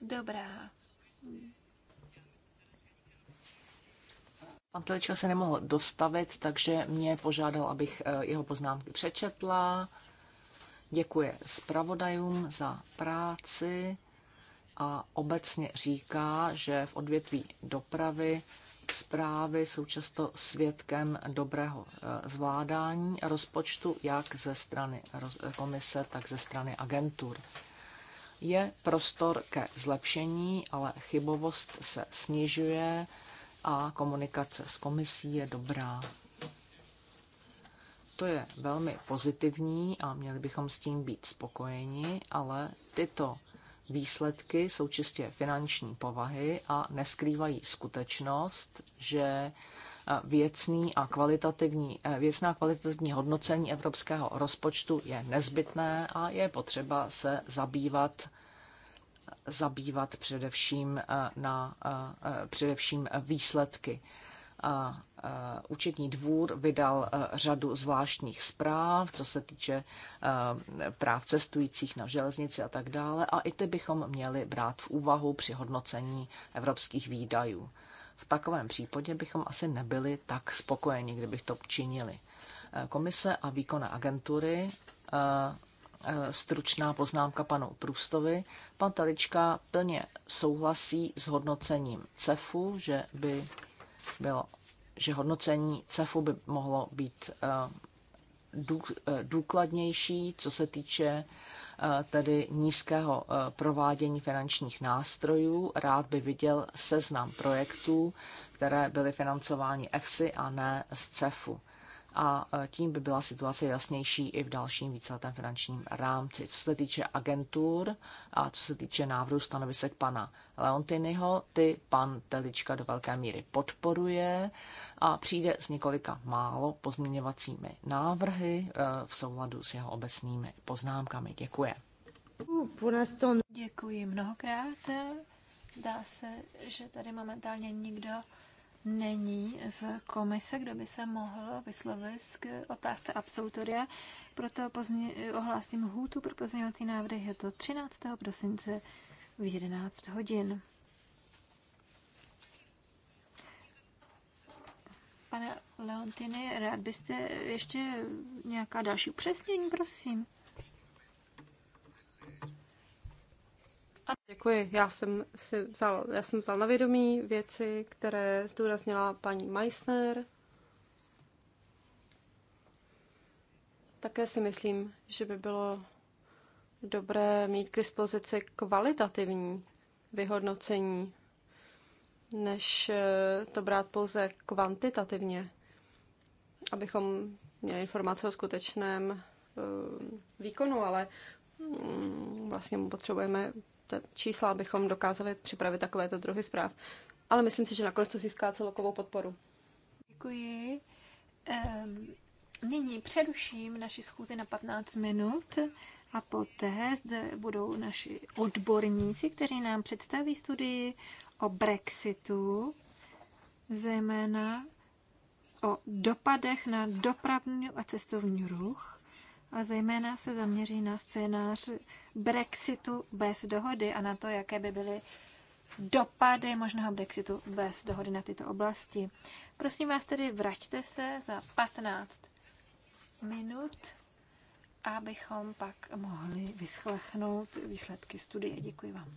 Dobrá. Pan Telička se nemohl dostavit, takže mě požádal, abych eh, jeho poznámky přečetla. Děkuje zpravodajům za práci a obecně říká, že v odvětví dopravy zprávy jsou často svědkem dobrého eh, zvládání rozpočtu jak ze strany eh, komise, tak ze strany agentur. Je prostor ke zlepšení, ale chybovost se snižuje a komunikace s komisí je dobrá. To je velmi pozitivní a měli bychom s tím být spokojeni, ale tyto Výsledky jsou čistě finanční povahy a neskrývají skutečnost, že eh, věcný a kvalitativní, eh, věcná a kvalitativní hodnocení evropského rozpočtu je nezbytné a je potřeba se zabývat zabývat především eh, na především výsledky. Eh, účetní dvůr vydal eh, řadu zvláštních zpráv, co se týče eh, práv cestujících na železnici a tak dále, a i ty bychom měli brát v úvahu při hodnocení evropských výdajů. V takovém případě bychom asi nebyli tak spokojeni, kdybych to učinili. Komise a výkonné agentury stručná poznámka panu Prustovi. Pan Talička plně souhlasí s hodnocením CEFu, že by bylo že hodnocení CEFu by mohlo být eh, eh, důkladnější, co se týče eh, tedy nízkého provádění finančních nástrojů. Rád by viděl seznam projektů, které byly financovány EFSI a ne z CEFu a e, tím by byla situace jasnější i v dalším víceletém finančním rámci. Co se týče agentur a co se týče návrhu stanovisek pana Leontinyho, ty pan Telička do velké míry podporuje a přijde s několika málo pozměňovacími návrhy e, v souladu s jeho obecnými poznámkami. Děkuje. Děkuji mnohokrát. Zdá se, že tady momentálně nikdo není z komise, kdo by se mohl vyslovit k otázce absolutoria. Proto pozně, ohlásím hůtu pro pozměňovací návrhy. Je to 13. prosince v 11 hodin. Pane Leontiny, rád byste ještě nějaká další upřesnění, prosím. Děkuji. Já jsem si vzal, já jsem vzal na vědomí věci, které zdůraznila paní Meissner. Také si myslím, že by bylo dobré mít k dispozici kvalitativní vyhodnocení, než eh, to brát pouze kvantitativně, abychom měli informace o skutečném eh, výkonu, ale mm, vlastně potřebujeme čísla, abychom dokázali připravit takovéto druhy zpráv. Ale myslím si, že nakonec to získá celokovou podporu. Děkuji. Um, nyní přeruším naši schůzi na 15 minut a poté zde budou naši odborníci, kteří nám představí studii o Brexitu, zejména o dopadech na dopravní a cestovní ruch a zejména se zaměří na scénář Brexitu bez dohody a na to, jaké by byly dopady možného Brexitu bez dohody na tyto oblasti. Prosím vás tedy, vraťte se za 15 minut, abychom pak mohli vyslechnout výsledky studie. Děkuji vám.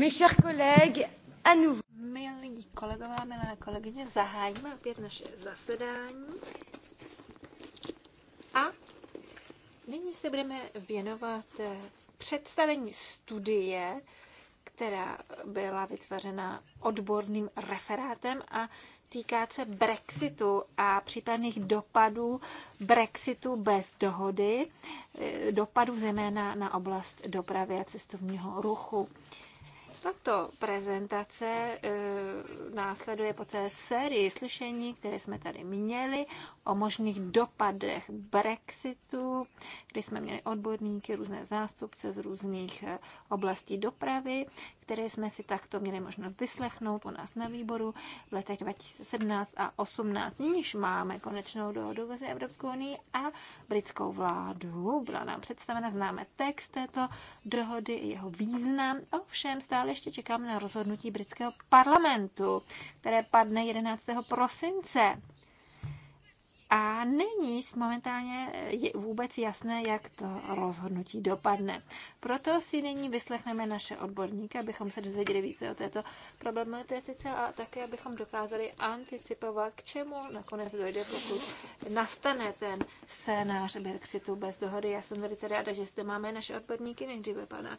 Mes chers collègues, à nouveau. Milí kolegové, milé kolegyně, zahájíme opět naše zasedání. A nyní se budeme věnovat eh, představení studie, která byla vytvořena odborným referátem a týká se Brexitu a případných dopadů Brexitu bez dohody, eh, dopadů zejména na oblast dopravy a cestovního ruchu. Tato prezentace e, následuje po celé sérii slyšení, které jsme tady měli o možných dopadech Brexitu, kdy jsme měli odborníky, různé zástupce z různých eh, oblastí dopravy, které jsme si takto měli možnost vyslechnout u nás na výboru v letech 2017 a 2018. Níž máme konečnou dohodu mezi Evropskou unii a britskou vládu. Byla nám představena, známe text této dohody i jeho význam. Ovšem stále ještě čekáme na rozhodnutí britského parlamentu, které padne 11. prosince. A není momentálně eh, vůbec jasné, jak to rozhodnutí dopadne. Proto si nyní vyslechneme naše odborníky, abychom se dozvěděli více o této problematice a také, abychom dokázali anticipovat, k čemu nakonec dojde, pokud nastane ten scénář Brexitu bez dohody. Já jsem velice ráda, že zde máme naše odborníky, nejdříve pana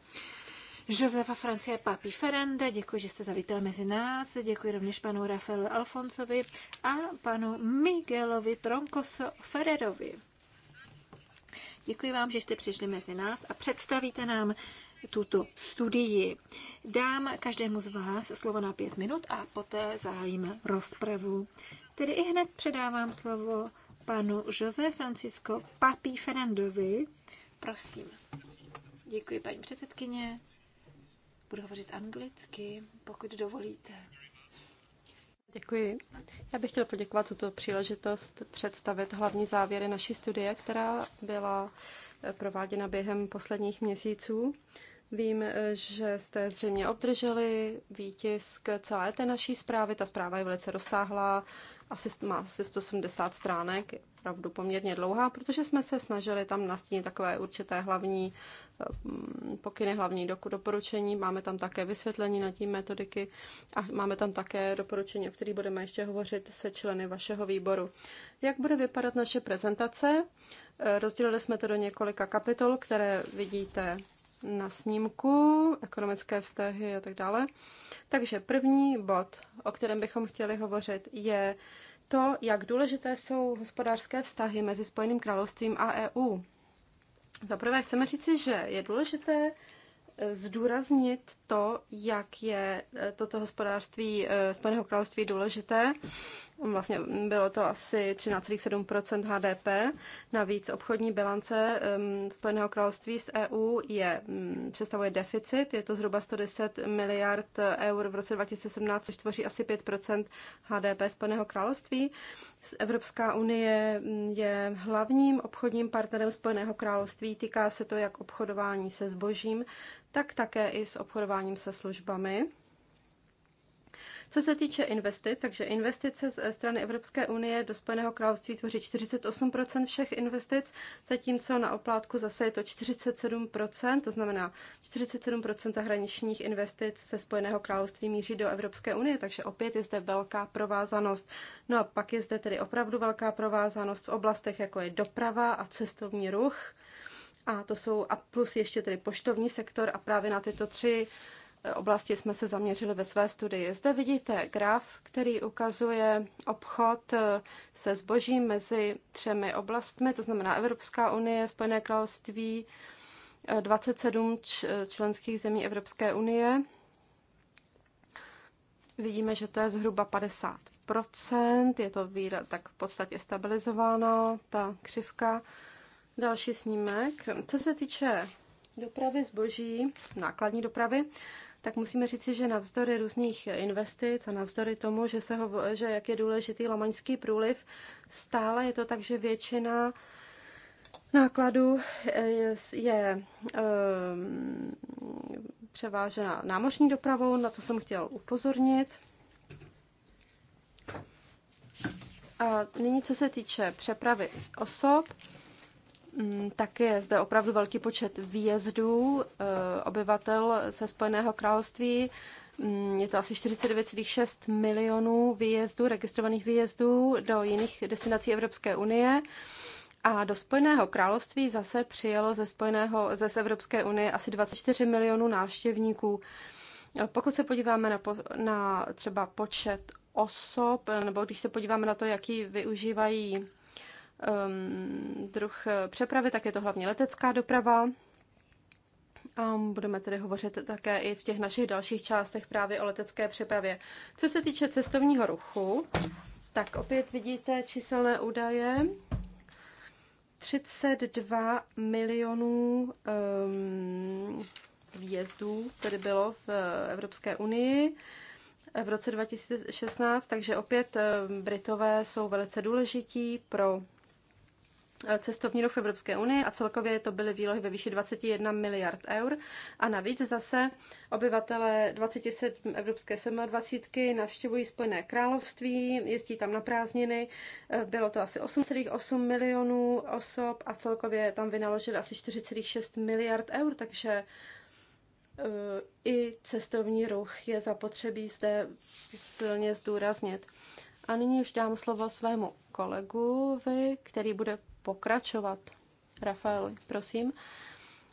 Josefa Francie Papi Ferende. Děkuji, že jste zavítal mezi nás. Děkuji rovněž panu Rafaelu Alfonsovi a panu Miguelovi Tronkoso Ferrerovi. Děkuji vám, že jste přišli mezi nás a představíte nám tuto studii. Dám každému z vás slovo na pět minut a poté zahájím rozpravu. Tedy i hned předávám slovo panu José Francisco Papi Ferendovi, Prosím. Děkuji, paní předsedkyně. Budu hovořit anglicky, pokud dovolíte. Děkuji. Já bych chtěla poděkovat za tu příležitost představit hlavní závěry naší studie, která byla eh, prováděna během posledních měsíců. Vím, eh, že jste zřejmě obdrželi výtisk celé té naší zprávy. Ta zpráva je velice rozsáhlá, asi má asi 180 stránek, je opravdu poměrně dlouhá, protože jsme se snažili tam nastínit takové určité hlavní eh, mm, pokyny, hlavní doporučení. Máme tam také vysvětlení na tím metodiky a máme tam také doporučení, o kterých budeme ještě hovořit se členy vašeho výboru. Jak bude vypadat naše prezentace? Eh, rozdělili jsme to do několika kapitol, které vidíte na snímku, ekonomické vztahy a tak dále. Takže první bod, o kterém bychom chtěli hovořit, je to, jak důležité jsou hospodářské vztahy mezi Spojeným královstvím a EU. Za prvé chceme říci, že je důležité eh, zdůraznit to, jak je eh, toto hospodářství eh, Spojeného království důležité Vlastně bylo to asi 13,7 HDP. Navíc obchodní bilance Spojeného království s EU je, mm, představuje deficit. Je to zhruba 110 miliard eur v roce 2017, což tvoří asi 5 HDP Spojeného království. Evropská unie mm, je hlavním obchodním partnerem Spojeného království. Týká se to jak obchodování se zbožím, tak také i s obchodováním se službami. Co se týče investic, takže investice ze eh, strany Evropské unie do Spojeného království tvoří 48 všech investic, zatímco na oplátku zase je to 47 to znamená 47 zahraničních investic ze Spojeného království míří do Evropské unie, takže opět je zde velká provázanost. No a pak je zde tedy opravdu velká provázanost v oblastech, jako je doprava a cestovní ruch. A to jsou a plus ještě tedy poštovní sektor a právě na tyto tři oblasti jsme se zaměřili ve své studii. Zde vidíte graf, který ukazuje obchod eh, se zbožím mezi třemi oblastmi, to znamená Evropská unie, Spojené království, 27 eh, členských zemí Evropské unie. Vidíme, že to je zhruba 50 je to víra, tak v podstatě stabilizováno, ta křivka. Další snímek. Co se týče dopravy zboží, nákladní dopravy, tak musíme říci, že navzdory různých investic a navzdory tomu, že, se ho, že jak je důležitý lomaňský průliv, stále je to tak, že většina nákladů eh, je, je um, převážena námořní dopravou, na to jsem chtěl upozornit. A nyní, co se týče přepravy osob, Mm, tak je zde opravdu velký počet výjezdů eh, obyvatel ze Spojeného království. Mm, je to asi 49,6 milionů výjezdů, registrovaných výjezdů do jiných destinací Evropské unie. A do Spojeného království zase přijelo ze, Spojeného, ze z Evropské unie asi 24 milionů návštěvníků. Eh, pokud se podíváme na, na třeba počet osob, nebo když se podíváme na to, jaký využívají um, druh eh, přepravy, tak je to hlavně letecká doprava. A budeme tedy hovořit také i v těch našich dalších částech právě o letecké přepravě. Co se týče cestovního ruchu, tak opět vidíte číselné údaje. 32 milionů um, ehm, výjezdů tedy bylo v Evropské unii v roce 2016, takže opět ehm, Britové jsou velice důležití pro cestovní ruch v Evropské unii a celkově to byly výlohy ve výši 21 miliard eur. A navíc zase obyvatele 27, Evropské 27 navštěvují Spojené království, jezdí tam na prázdniny, bylo to asi 8,8 milionů osob a celkově tam vynaložili asi 4,6 miliard eur, takže eh, i cestovní ruch je zapotřebí zde silně zdůraznit. A nyní už dám slovo svému kolegovi, který bude pokračovat. Rafael, prosím.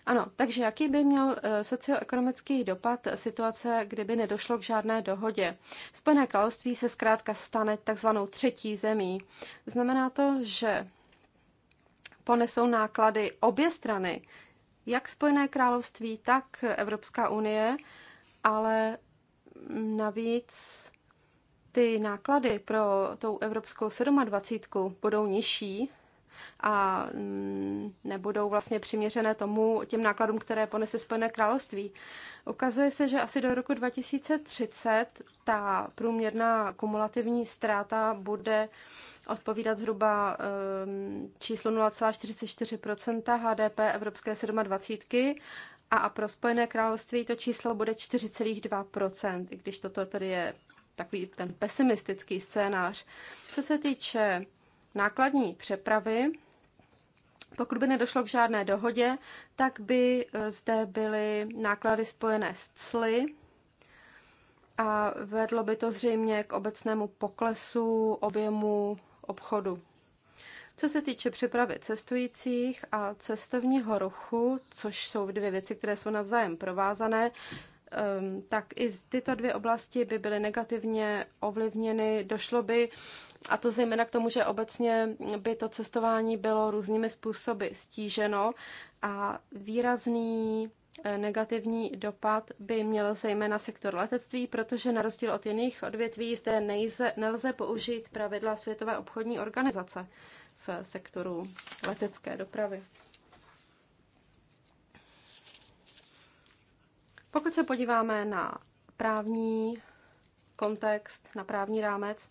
Ano, takže jaký by měl eh, socioekonomický dopad situace, kdyby nedošlo k žádné dohodě? Spojené království se zkrátka stane takzvanou třetí zemí. Znamená to, že ponesou náklady obě strany, jak Spojené království, tak Evropská unie, ale navíc ty náklady pro tou evropskou 27 budou nižší a mm, nebudou vlastně přiměřené tomu těm nákladům, které ponese Spojené království. Ukazuje se, že asi do roku 2030 ta průměrná kumulativní ztráta bude odpovídat zhruba ehm, číslu 0,44 HDP Evropské 27 a pro Spojené království to číslo bude 4,2 i když toto tedy je takový ten pesimistický scénář. Co se týče nákladní přepravy. Pokud by nedošlo k žádné dohodě, tak by eh, zde byly náklady spojené s cly a vedlo by to zřejmě k obecnému poklesu objemu obchodu. Co se týče přepravy cestujících a cestovního ruchu, což jsou dvě věci, které jsou navzájem provázané, ehm, tak i tyto dvě oblasti by byly negativně ovlivněny. Došlo by a to zejména k tomu, že obecně by to cestování bylo různými způsoby stíženo a výrazný eh, negativní dopad by měl zejména sektor letectví, protože na rozdíl od jiných odvětví zde nejze, nelze použít pravidla Světové obchodní organizace v sektoru letecké dopravy. Pokud se podíváme na právní kontext, na právní rámec,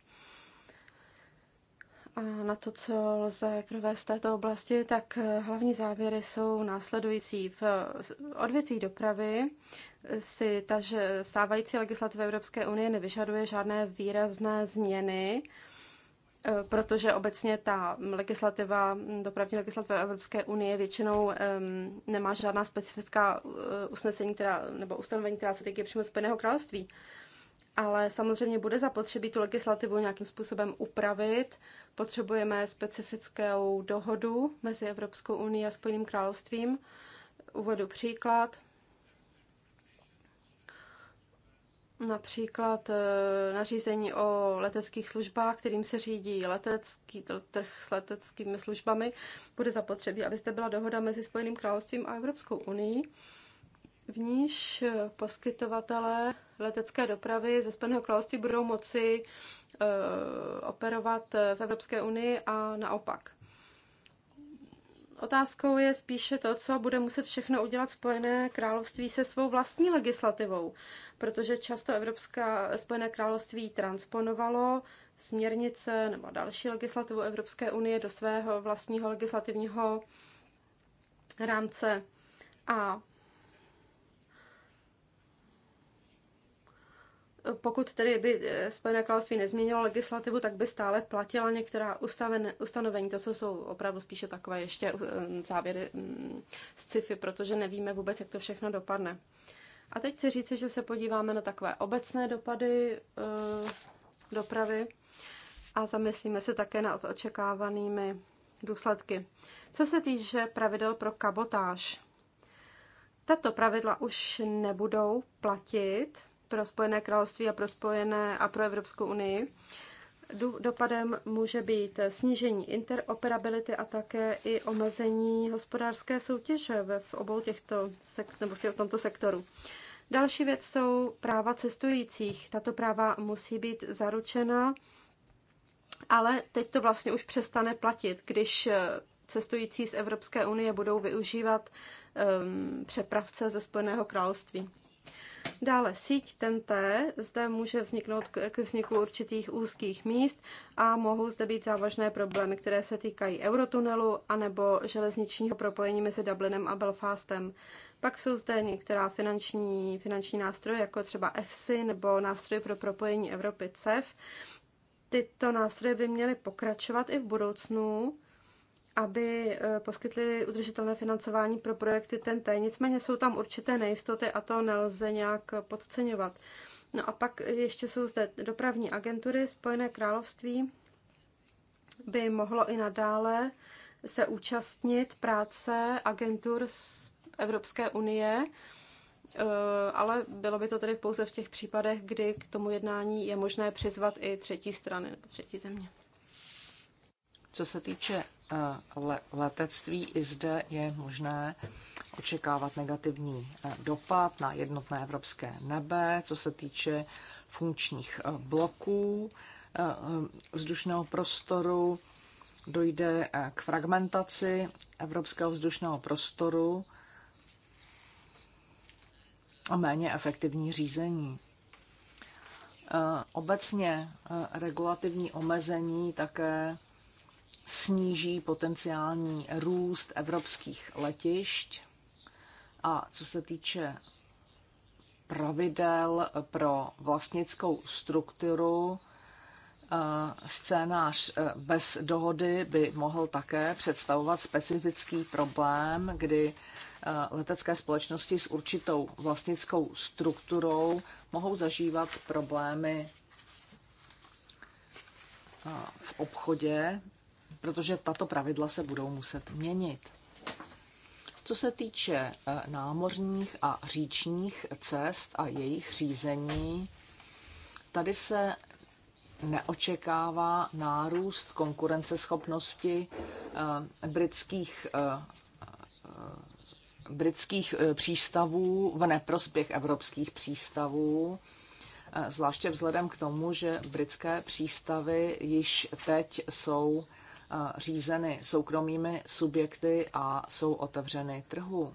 a na to, co lze provést v této oblasti, tak eh, hlavní závěry jsou následující. V eh, odvětví dopravy si ta že stávající legislativa Evropské unie nevyžaduje žádné výrazné změny, eh, protože obecně ta legislativa, dopravní legislativa Evropské unie většinou um, nemá žádná specifická usnesení, která, nebo ustanovení, která se týkají přímo Spojeného království. Uh, ale samozřejmě bude zapotřebí tu legislativu nějakým způsobem upravit. Potřebujeme specifickou dohodu mezi Evropskou unii a Spojeným královstvím. Uvedu příklad. Například eh, nařízení o leteckých službách, kterým se řídí letecký, trh s leteckými službami, bude zapotřebí, aby zde byla dohoda mezi Spojeným královstvím a Evropskou unii v níž eh, poskytovatelé letecké dopravy ze Spojeného království budou moci eh, operovat eh, v Evropské unii a naopak. Otázkou je spíše to, co bude muset všechno udělat Spojené království se svou vlastní legislativou, protože často Evropská, Spojené království transponovalo směrnice nebo další legislativu Evropské unie do svého vlastního legislativního rámce. A Pokud tedy by eh, Spojené království nezměnilo legislativu, tak by stále platila některá ustaven, ustanovení. To jsou opravdu spíše takové ještě eh, závěry z mm, CIFy, protože nevíme vůbec, jak to všechno dopadne. A teď chci říci, že se podíváme na takové obecné dopady eh, dopravy a zamyslíme se také nad očekávanými důsledky. Co se týče pravidel pro kabotáž, tato pravidla už nebudou platit pro Spojené království a pro Spojené a pro Evropskou unii. Dopadem může být snížení interoperability a také i omezení hospodářské soutěže v obou těchto sekt, nebo v tomto sektoru. Další věc jsou práva cestujících. Tato práva musí být zaručena, ale teď to vlastně už přestane platit, když eh, cestující z Evropské unie budou využívat um, přepravce ze Spojeného království. Dále síť TNT, zde může vzniknout k vzniku určitých úzkých míst a mohou zde být závažné problémy, které se týkají eurotunelu anebo železničního propojení mezi Dublinem a Belfastem. Pak jsou zde některá finanční, finanční nástroje, jako třeba EFSI nebo nástroje pro propojení Evropy CEF. Tyto nástroje by měly pokračovat i v budoucnu, aby eh, poskytli udržitelné financování pro projekty TNT. Nicméně jsou tam určité nejistoty a to nelze nějak podceňovat. No a pak ještě jsou zde dopravní agentury Spojené království, by mohlo i nadále se účastnit práce agentur z Evropské unie, eh, ale bylo by to tedy pouze v těch případech, kdy k tomu jednání je možné přizvat i třetí strany nebo třetí země. Co se týče Eh, letectví. I zde je možné očekávat negativní eh, dopad na jednotné evropské nebe, co se týče funkčních eh, bloků vzdušného prostoru. Dojde k fragmentaci evropského vzdušného prostoru a méně efektivní řízení. Obecně regulativní omezení také sníží potenciální růst evropských letišť. A co se týče pravidel pro vlastnickou strukturu, eh, scénář eh, bez dohody by mohl také představovat specifický problém, kdy eh, letecké společnosti s určitou vlastnickou strukturou mohou zažívat problémy v obchodě protože tato pravidla se budou muset měnit. Co se týče eh, námořních a říčních cest a jejich řízení, tady se neočekává nárůst konkurenceschopnosti eh, britských eh, britských přístavů v neprospěch evropských přístavů, zvláště vzhledem k tomu, že britské přístavy již teď jsou řízeny soukromými subjekty a jsou otevřeny trhu.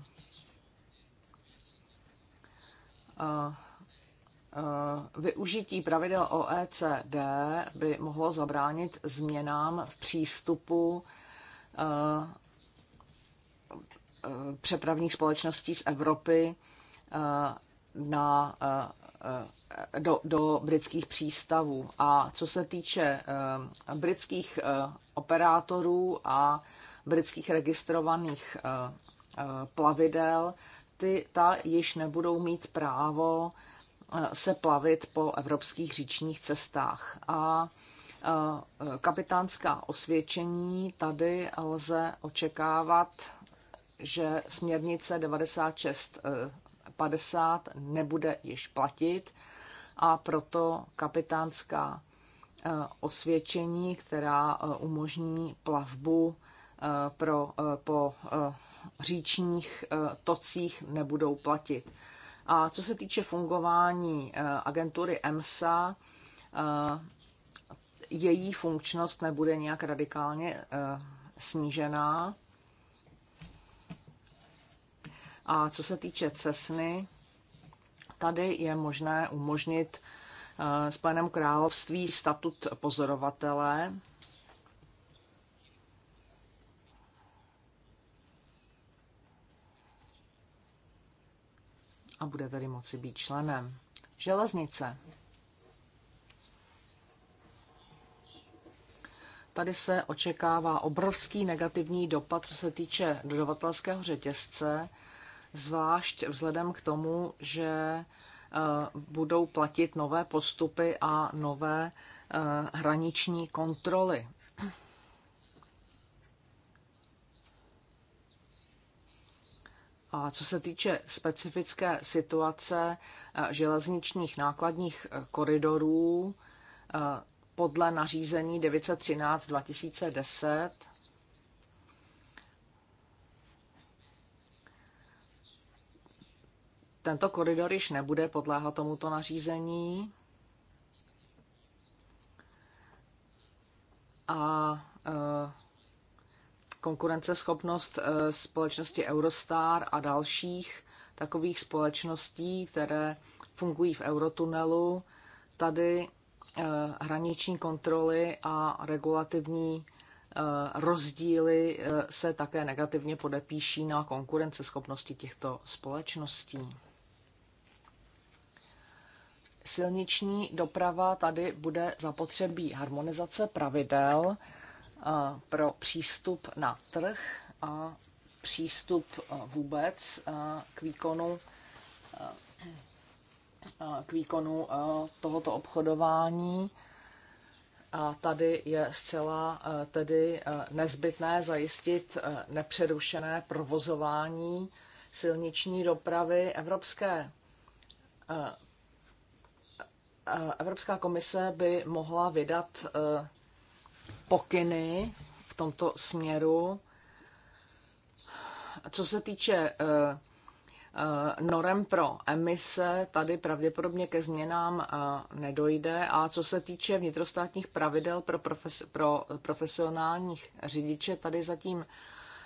Využití pravidel OECD by mohlo zabránit změnám v přístupu přepravních společností z Evropy na, do, do britských přístavů. A co se týče britských operátorů a britských registrovaných eh, eh, plavidel, ty, ta již nebudou mít právo eh, se plavit po evropských říčních cestách. A kapitánská osvědčení tady lze očekávat, že směrnice 9650 nebude již platit a proto kapitánská Eh, osvědčení, která eh, umožní plavbu eh, pro, po říčních tocích nebudou platit. A co se týče fungování agentury EMSA, její funkčnost nebude nějak radikálně snížená. A co se týče cesny, tady je možné umožnit s eh, Spojeném království statut pozorovatele. A bude tedy moci být členem. Železnice. Tady se očekává obrovský negativní dopad, co se týče dodavatelského řetězce, zvlášť vzhledem k tomu, že Eh, budou platit nové postupy a nové eh, hraniční kontroly. A co se týče specifické situace eh, železničních nákladních koridorů, podle nařízení 913 2010 Tento koridor již nebude podléhat tomuto nařízení. A e, konkurenceschopnost e, společnosti Eurostar a dalších takových společností, které fungují v eurotunelu, tady e, hraniční kontroly a regulativní rozdíly se také negativně podepíší na konkurenceschopnosti těchto společností silniční doprava tady bude zapotřebí harmonizace pravidel eh, pro přístup na trh a přístup eh, vůbec eh, k výkonu k výkonu tohoto obchodování. A tady je zcela tedy nezbytné zajistit nepřerušené provozování silniční dopravy. Evropské Eh, Evropská komise by mohla vydat eh, pokyny v tomto směru. Co se týče eh, norem pro emise, tady pravděpodobně ke změnám nedojde. A co se týče vnitrostátních pravidel pro, profes, pro profesionálních řidiče, tady zatím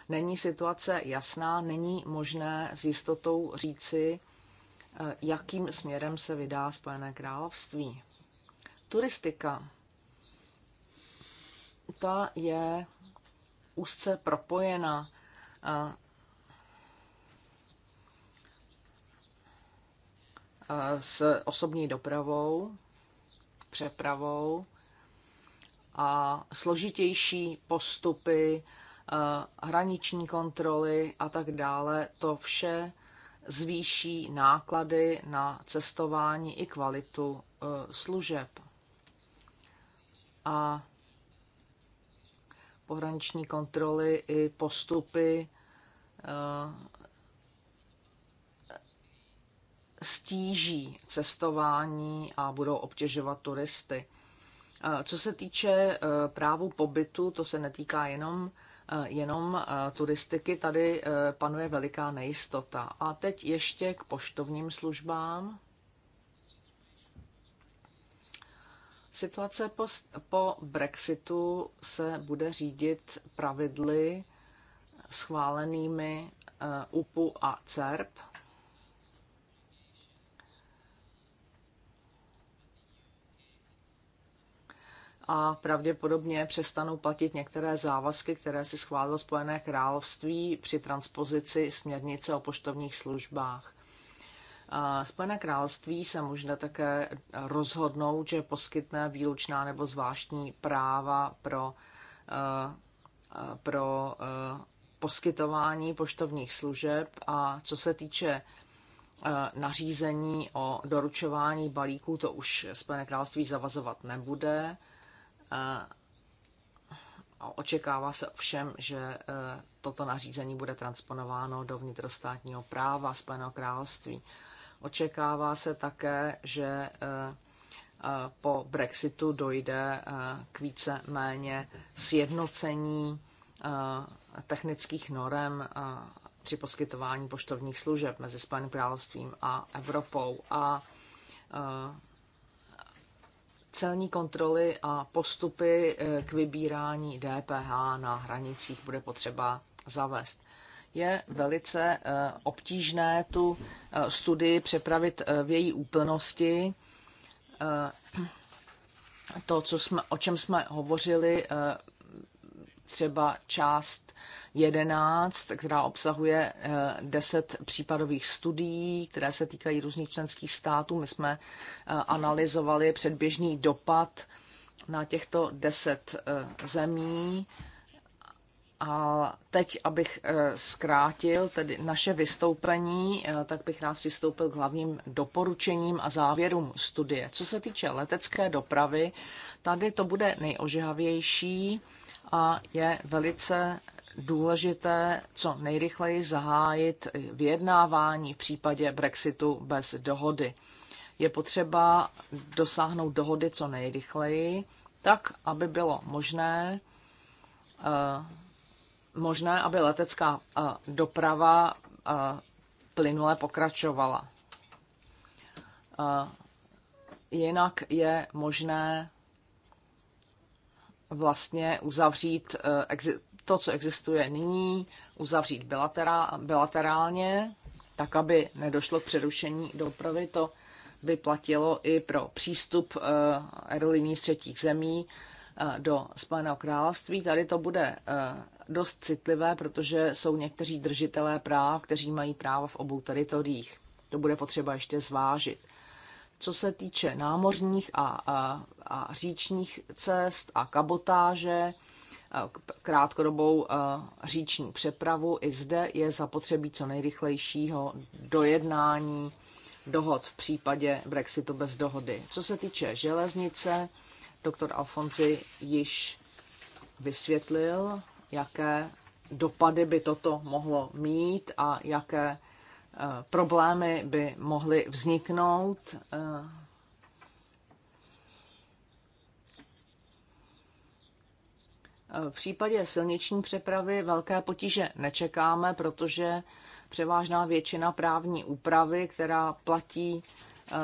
není situace jasná, není možné s jistotou říci, Eh, jakým směrem se vydá Spojené království. Turistika. Ta je úzce propojena eh, s osobní dopravou, přepravou a složitější postupy, eh, hraniční kontroly a tak dále. To vše zvýší náklady na cestování i kvalitu e, služeb. A pohraniční kontroly i postupy e, stíží cestování a budou obtěžovat turisty. E, co se týče právu pobytu, to se netýká jenom Eh, jenom eh, turistiky, tady eh, panuje veliká nejistota. A teď ještě k poštovním službám. Situace po, po Brexitu se bude řídit pravidly schválenými UPU a CERP, a pravděpodobně přestanou platit některé závazky, které si schválilo Spojené království při transpozici směrnice o poštovních službách. Spojené království se možná také rozhodnout, že poskytne výlučná nebo zvláštní práva pro, eh, eh, pro eh, poskytování poštovních služeb a co se týče nařízení o doručování balíků, to už Spojené království zavazovat nebude. Eh, očekává se ovšem, že eh, toto nařízení bude transponováno do vnitrostátního práva Spojeného království. Očekává se také, že eh, po Brexitu dojde k více méně sjednocení technických norem při poskytování poštovních služeb mezi Spojeným královstvím a Evropou a celní kontroly a postupy eh, k vybírání DPH na hranicích bude potřeba zavést. Je velice eh, obtížné tu eh, studii přepravit v její úplnosti. To, co jsme, o čem jsme hovořili třeba část 11, která obsahuje 10 eh, případových studií, které se týkají různých členských států. My jsme eh, analyzovali předběžný dopad na těchto 10 eh, zemí. A teď, abych zkrátil tedy naše vystoupení, tak bych rád přistoupil k hlavním doporučením a závěrům studie. Co se týče letecké dopravy, tady to bude nejožehavější a je velice důležité co nejrychleji zahájit vyjednávání v případě Brexitu bez dohody. Je potřeba dosáhnout dohody co nejrychleji, tak aby bylo možné, eh, možné aby letecká eh, doprava eh, plynule pokračovala. Jinak je možné vlastně uzavřít eh, to, co existuje nyní, uzavřít bilaterálně, tak aby nedošlo k přerušení dopravy. To by platilo i pro přístup eh, aerolinií třetích zemí eh, do Spojeného království. Tady to bude dost citlivé, protože jsou někteří držitelé práv, kteří mají práva v obou teritoriích. To bude potřeba ještě zvážit. Co se týče námořních a, a, a říčních cest a kabotáže, krátkodobou říční přepravu. I zde je zapotřebí co nejrychlejšího dojednání dohod v případě Brexitu bez dohody. Co se týče železnice, doktor Alfonzi již vysvětlil, jaké dopady by toto mohlo mít a jaké Eh, problémy by mohly vzniknout. Eh, v případě silniční přepravy velké potíže nečekáme, protože převážná většina právní úpravy, která platí eh,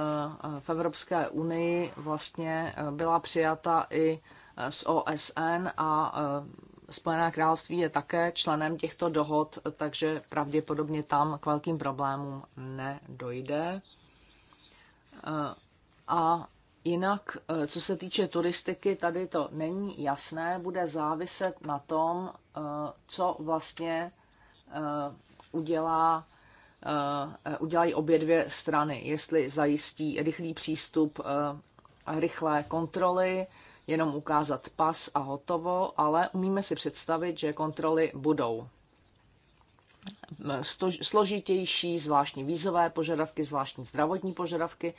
v Evropské unii, vlastně byla přijata i z OSN a Spojené království je také členem těchto dohod, takže pravděpodobně tam k velkým problémům nedojde. A jinak, co se týče turistiky, tady to není jasné, bude záviset na tom, co vlastně eh, udělá eh, udělají obě dvě strany, jestli zajistí rychlý přístup, eh, rychlé kontroly, jenom ukázat pas a hotovo, ale umíme si představit, že kontroly budou složitější, zvláštní vízové požadavky, zvláštní zdravotní požadavky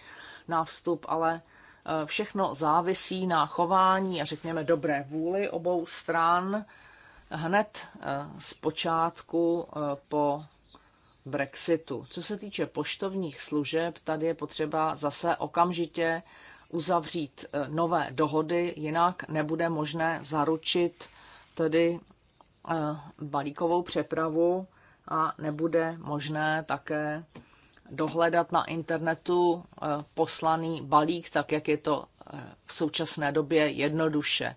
na vstup, ale eh, všechno závisí na chování a řekněme dobré vůli obou stran hned eh, z počátku eh, po Brexitu. Co se týče poštovních služeb, tady je potřeba zase okamžitě uzavřít eh, nové dohody, jinak nebude možné zaručit tedy eh, balíkovou přepravu a nebude možné také dohledat na internetu eh, poslaný balík, tak jak je to v současné době jednoduše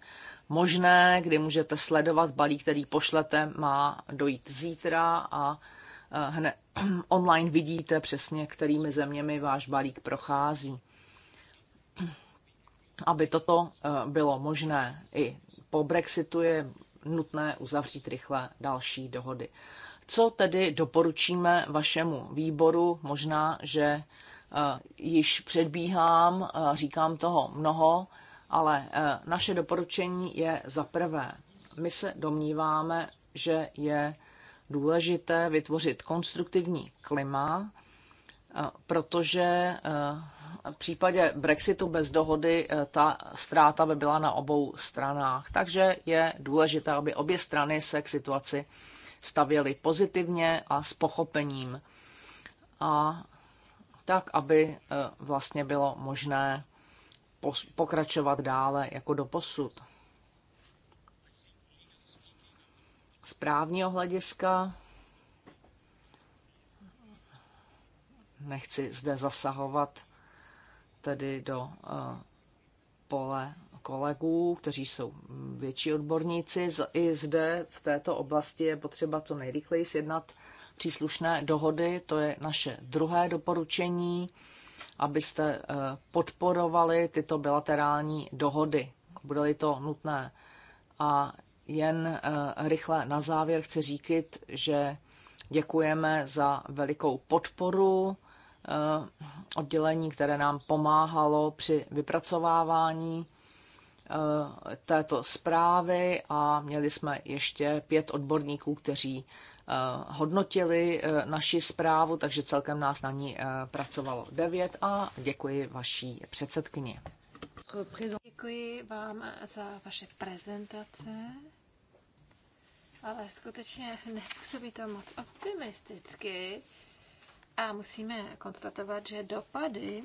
možné, kdy můžete sledovat balík, který pošlete, má dojít zítra a hned (clears throat) online vidíte přesně, kterými zeměmi váš balík prochází aby toto eh, bylo možné i po Brexitu, je nutné uzavřít rychle další dohody. Co tedy doporučíme vašemu výboru? Možná, že eh, již předbíhám, eh, říkám toho mnoho, ale naše doporučení je za prvé. My se domníváme, že je důležité vytvořit konstruktivní klima, protože v případě Brexitu bez dohody eh, ta ztráta by byla na obou stranách. Takže je důležité, aby obě strany se k situaci stavěly pozitivně a s pochopením. A tak, aby eh, vlastně bylo možné pokračovat dále jako do posud. Z právního hlediska nechci zde zasahovat tedy do eh, pole kolegů, kteří jsou větší odborníci. I zde v této oblasti je potřeba co nejrychleji sjednat příslušné dohody. To je naše druhé doporučení, abyste eh, podporovali tyto bilaterální dohody. Bude-li to nutné. A jen eh, rychle na závěr chci říkat, že děkujeme za velikou podporu Eh, oddělení, které nám pomáhalo při vypracovávání eh, této zprávy a měli jsme ještě pět odborníků, kteří eh, hodnotili naši zprávu, takže celkem nás na ní pracovalo devět a děkuji vaší předsedkyni. Děkuji vám za vaše prezentace, ale skutečně nepůsobí to moc optimisticky. A musíme konstatovat, že dopady,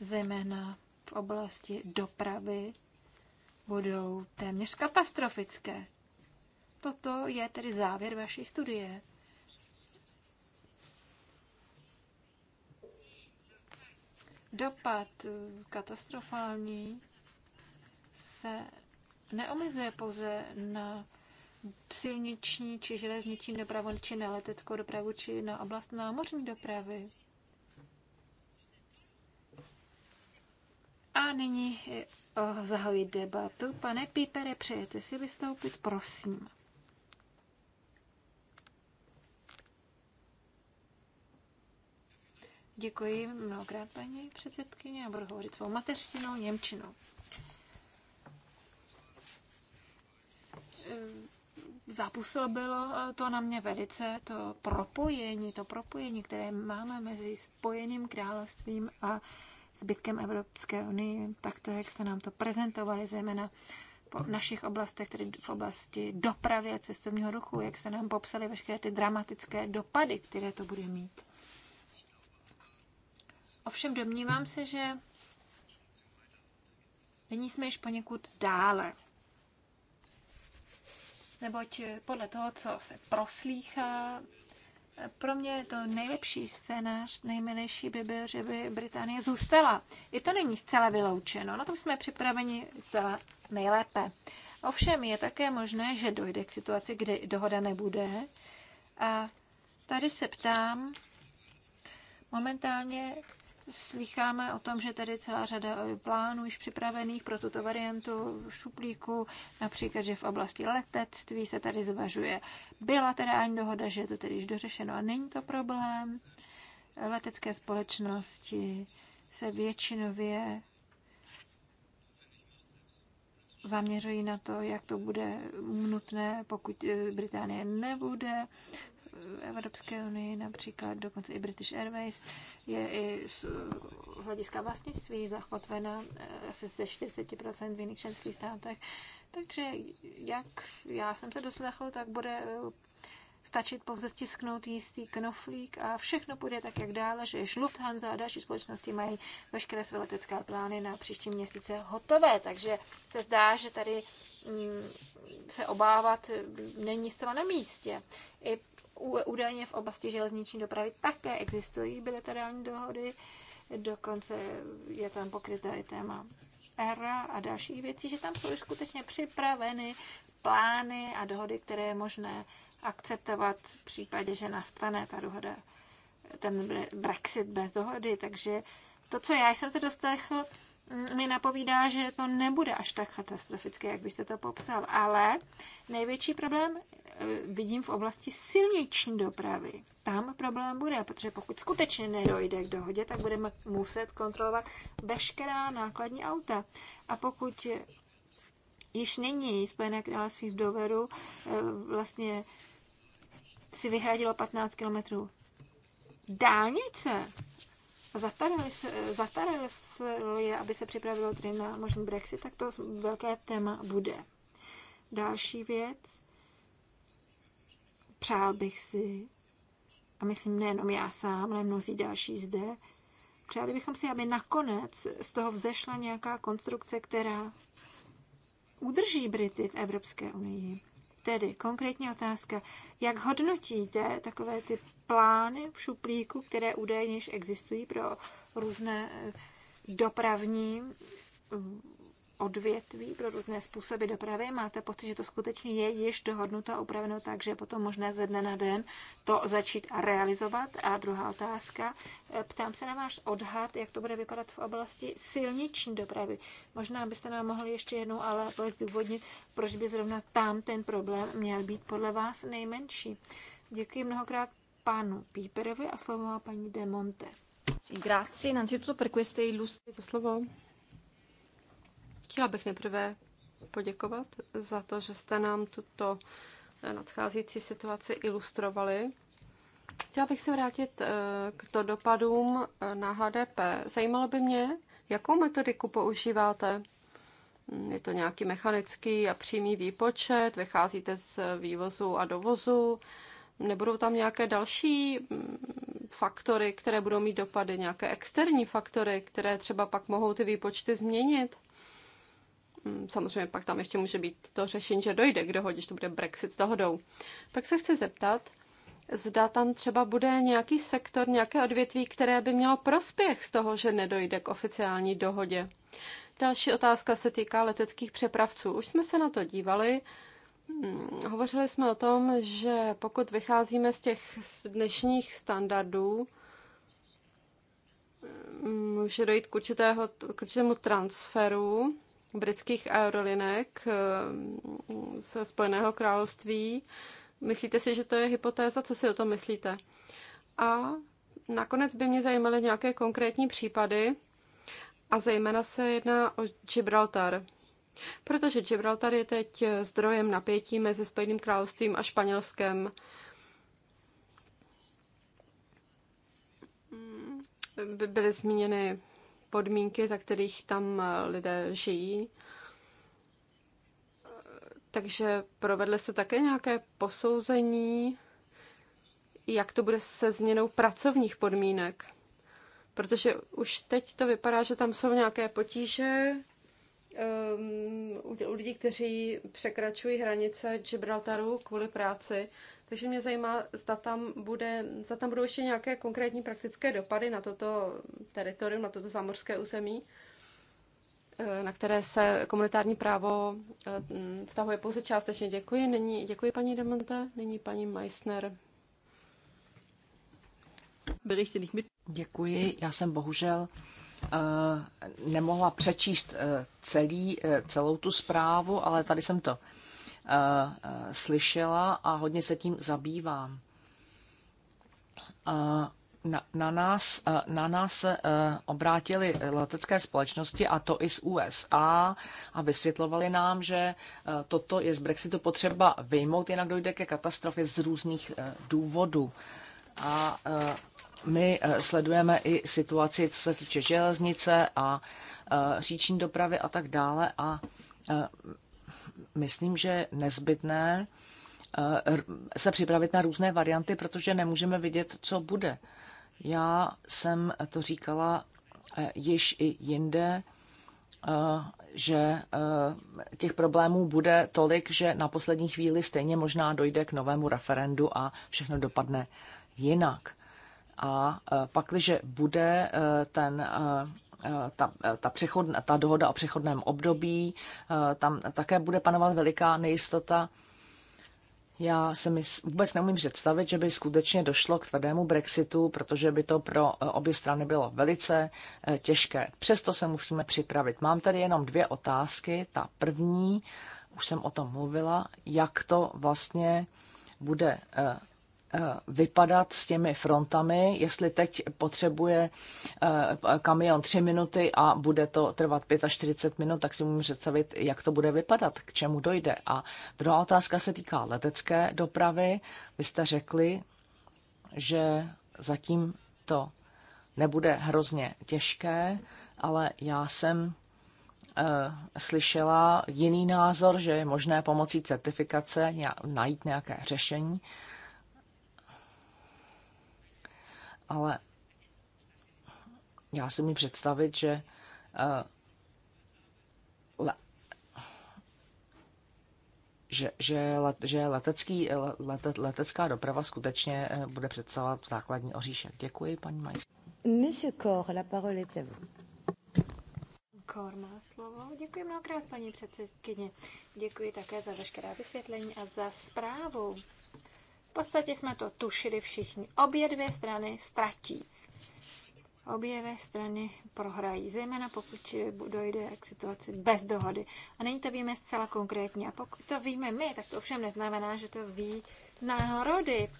zejména v oblasti dopravy, budou téměř katastrofické. Toto je tedy závěr vaší studie. Dopad eh, katastrofální se neomezuje pouze na silniční či železniční dopravu, či na leteckou dopravu, či na oblast námořní dopravy. A nyní zahojí debatu. Pane Pípere, přejete si vystoupit? Prosím. Děkuji mnohokrát, paní předsedkyně. a budu hovořit svou mateřštinou, Němčinou. Zapůsobilo eh, to na mě velice, to propojení, to propojení, které máme mezi Spojeným královstvím a zbytkem Evropské unie, tak to, jak se nám to prezentovali, zejména po našich oblastech, tedy v oblasti dopravy a cestovního ruchu, jak se nám popsaly veškeré ty dramatické dopady, které to bude mít. Ovšem domnívám se, že nyní jsme již poněkud dále neboť eh, podle toho, co se proslýchá, eh, pro mě to nejlepší scénář, nejmenší by byl, že by Británie zůstala. I to není zcela vyloučeno, na tom jsme připraveni zcela nejlépe. Ovšem je také možné, že dojde k situaci, kdy dohoda nebude. A tady se ptám, momentálně Slycháme o tom, že tady celá řada eh, plánů již připravených pro tuto variantu v šuplíku, například, že v oblasti letectví se tady zvažuje bilaterální dohoda, že je to tedy již dořešeno a není to problém. Letecké společnosti se většinově zaměřují na to, jak to bude nutné, pokud eh, Británie nebude Evropské unii, například dokonce i British Airways, je i z hlediska vlastnictví zachotvena asi ze 40% v jiných členských státech. Takže jak já jsem se doslechl, tak bude eh, stačit pouze stisknout jistý knoflík a všechno půjde tak, jak dále, že již Lufthansa a další společnosti mají veškeré své letecké plány na příští měsíce hotové, takže se zdá, že tady mm, se obávat není zcela na místě. I Údajně v oblasti železniční dopravy také existují bilaterální dohody, dokonce je tam pokryté i téma ERA a dalších věcí, že tam jsou skutečně připraveny plány a dohody, které je možné akceptovat v případě, že nastane ta dohoda, ten Brexit bez dohody. Takže to, co já jsem se dostal mi napovídá, že to nebude až tak katastrofické, jak byste to popsal. Ale největší problém eh, vidím v oblasti silniční dopravy. Tam problém bude, protože pokud skutečně nedojde k dohodě, tak budeme muset kontrolovat veškerá nákladní auta. A pokud již nyní Spojené království v Doveru eh, vlastně si vyhradilo 15 kilometrů dálnice, je, aby se připravilo tedy na možný Brexit, tak to velké téma bude. Další věc, přál bych si, a myslím nejenom já sám, ale mnozí další zde, přáli bychom si, aby nakonec z toho vzešla nějaká konstrukce, která udrží Brity v Evropské unii. Tedy konkrétní otázka, jak hodnotíte takové ty plány v šuplíku, které údajně již existují pro různé eh, dopravní odvětví, pro různé způsoby dopravy. Máte pocit, že to skutečně je již dohodnuto a upraveno tak, že je potom možné ze dne na den to začít realizovat? A druhá otázka, eh, ptám se na váš odhad, jak to bude vypadat v oblasti silniční dopravy. Možná byste nám mohli ještě jednou ale zdůvodnit, proč by zrovna tam ten problém měl být podle vás nejmenší. Děkuji mnohokrát panu Píperovi a slovo má paní Demonte. Grazie innanzitutto per queste illustrazioni. Chtěla bych nejprve poděkovat za to, že jste nám tuto eh, nadcházející situaci ilustrovali. Chtěla bych se vrátit eh, k to dopadům eh, na HDP. Zajímalo by mě, jakou metodiku používáte. Mm, je to nějaký mechanický a přímý výpočet, vycházíte z vývozu a dovozu, nebudou tam nějaké další mm, faktory, které budou mít dopady, nějaké externí faktory, které třeba pak mohou ty výpočty změnit. Mm, samozřejmě pak tam ještě může být to řešení, že dojde k dohodě, že to bude Brexit s dohodou. Tak se chci zeptat, zda tam třeba bude nějaký sektor, nějaké odvětví, které by mělo prospěch z toho, že nedojde k oficiální dohodě. Další otázka se týká leteckých přepravců. Už jsme se na to dívali. Mm, hovořili jsme o tom, že pokud vycházíme z těch dnešních standardů, mm, může dojít k, určitého, k určitému transferu britských aerolinek eh, ze Spojeného království. Myslíte si, že to je hypotéza? Co si o tom myslíte? A nakonec by mě zajímaly nějaké konkrétní případy, a zejména se jedná o Gibraltar. Protože Gibraltar je teď zdrojem napětí mezi Spojeným královstvím a Španělskem. byly zmíněny podmínky, za kterých tam eh, lidé žijí. Takže provedly se také nějaké posouzení, jak to bude se změnou pracovních podmínek. Protože už teď to vypadá, že tam jsou nějaké potíže um, u lidí, kteří překračují hranice Gibraltaru kvůli práci. Takže mě zajímá, zda tam, bude, zda tam budou ještě nějaké konkrétní praktické dopady na toto teritorium, na toto zámořské území, eh, na které se komunitární právo eh, mm, vztahuje pouze částečně. Děkuji. Nyní, děkuji paní Demonte, nyní paní Meissner. Děkuji. Já jsem bohužel eh, nemohla přečíst celý, celou tu zprávu, ale tady jsem to slyšela a hodně se tím zabývám. Eh, na, na, nás, eh, na nás se eh, obrátili letecké společnosti, a to i z USA, a vysvětlovali nám, že toto je z Brexitu potřeba vyjmout, jinak dojde ke katastrofě z různých důvodů. A my sledujeme i situaci, co se týče železnice a říční dopravy a tak dále. A myslím, že nezbytné eh, se připravit na různé varianty, protože nemůžeme vidět, co bude. Já jsem to říkala eh, již i jinde, eh, že těch problémů bude tolik, že na poslední chvíli stejně možná dojde k novému referendu a všechno dopadne jinak. A pakliže bude ten Eh, ta, eh, ta, přechodna, ta dohoda o přechodném období, eh, tam také bude panovat veliká nejistota. Já se mi vůbec neumím představit, že by skutečně došlo k tvrdému Brexitu, protože by to pro obě strany bylo velice těžké. Přesto se musíme připravit. Mám tady jenom dvě otázky. Ta první, už jsem o tom mluvila, jak to vlastně bude Eh, vypadat s těmi frontami, jestli teď potřebuje eh, kamion 3 minuty a bude to trvat 45 minut, tak si můžeme představit, jak to bude vypadat, k čemu dojde. A druhá otázka se týká letecké dopravy. Vy jste řekli, že zatím to nebude hrozně těžké, ale já jsem eh, slyšela jiný názor, že je možné pomocí certifikace najít nějaké řešení. ale já si mi představit, že eh, le, že, že, let, že letecký, lete, letecká doprava skutečně eh, bude představovat základní oříšek. Děkuji, paní Majs. Monsieur Kor, la parole est à vous. Kor má slovo. Děkuji mnohokrát, paní předsedkyně. Děkuji také za veškerá vysvětlení a za zprávu podstatě jsme to tušili všichni. Obě dvě strany ztratí. Obě dvě strany prohrají, zejména pokud dojde k situaci bez dohody. A není to víme zcela konkrétně. A pokud to víme my, tak to ovšem neznamená, že to ví národy.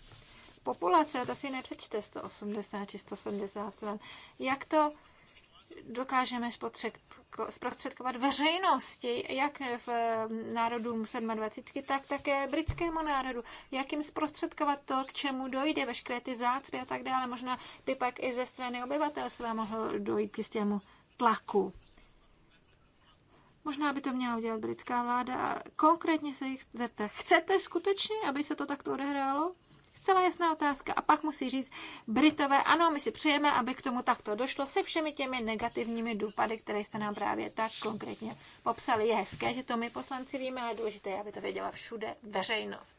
Populace, to si nepřečte 180 či 170 stran. Jak to dokážeme zprostředkovat veřejnosti, jak v eh, národům 27, tak také britskému národu, jak jim zprostředkovat to, k čemu dojde, veškeré ty zácpy a tak dále. Možná by pak i ze strany obyvatelstva mohlo dojít k jistému tlaku. Možná by to měla udělat britská vláda a konkrétně se jich zeptat, chcete skutečně, aby se to takto odehrálo? zcela jasná otázka a pak musí říct Britové, ano, my si přejeme, aby k tomu takto došlo se všemi těmi negativními dopady, které jste nám právě tak konkrétně popsali. Je hezké, že to my poslanci víme, ale důležité aby to věděla všude veřejnost.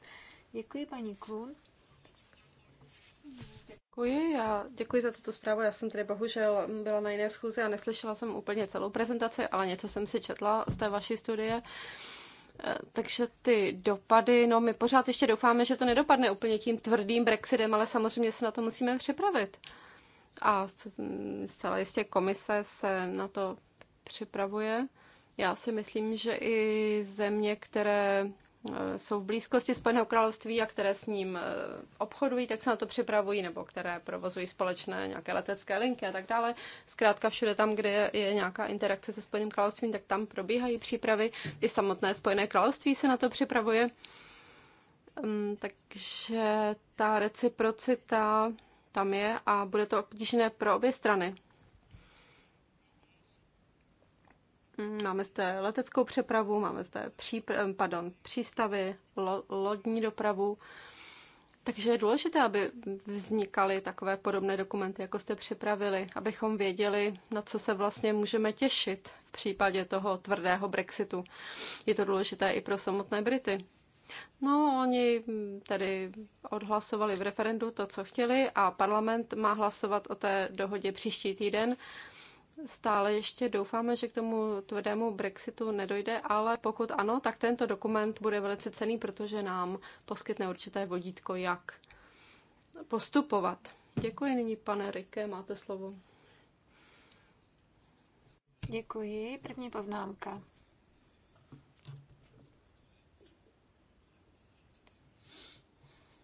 Děkuji, paní Klun. Děkuji, já děkuji za tuto zprávu. Já jsem tady bohužel byla na jiné schůzi a neslyšela jsem úplně celou prezentaci, ale něco jsem si četla z té vaší studie. Uh, Eh, takže ty dopady, no my pořád ještě doufáme, že to nedopadne úplně tím tvrdým Brexitem, ale samozřejmě se na to musíme připravit. A zcela jistě komise se na to připravuje. Já si myslím, že i země, které Eh, jsou v blízkosti Spojeného království a které s ním eh, obchodují, tak se na to připravují, nebo které provozují společné nějaké letecké linky a tak dále. Zkrátka všude tam, kde je nějaká interakce se Spojeným královstvím, tak tam probíhají přípravy. I samotné Spojené království se na to připravuje. Mm, takže ta reciprocita tam je a bude to obtížné pro obě strany. Mm, máme zde leteckou přepravu, máme zde pří, eh, pardon, přístavy, lo- lodní dopravu. Takže je důležité, aby vznikaly takové podobné dokumenty, jako jste připravili, abychom věděli, na co se vlastně můžeme těšit v případě toho tvrdého Brexitu. Je to důležité i pro samotné Brity. No, oni tedy odhlasovali v referendu to, co chtěli a parlament má hlasovat o té dohodě příští týden. Stále ještě doufáme, že k tomu tvrdému Brexitu nedojde, ale pokud ano, tak tento dokument bude velice cený, protože nám poskytne určité vodítko, jak postupovat. Děkuji nyní, pane Rike, máte slovo. Děkuji. První poznámka.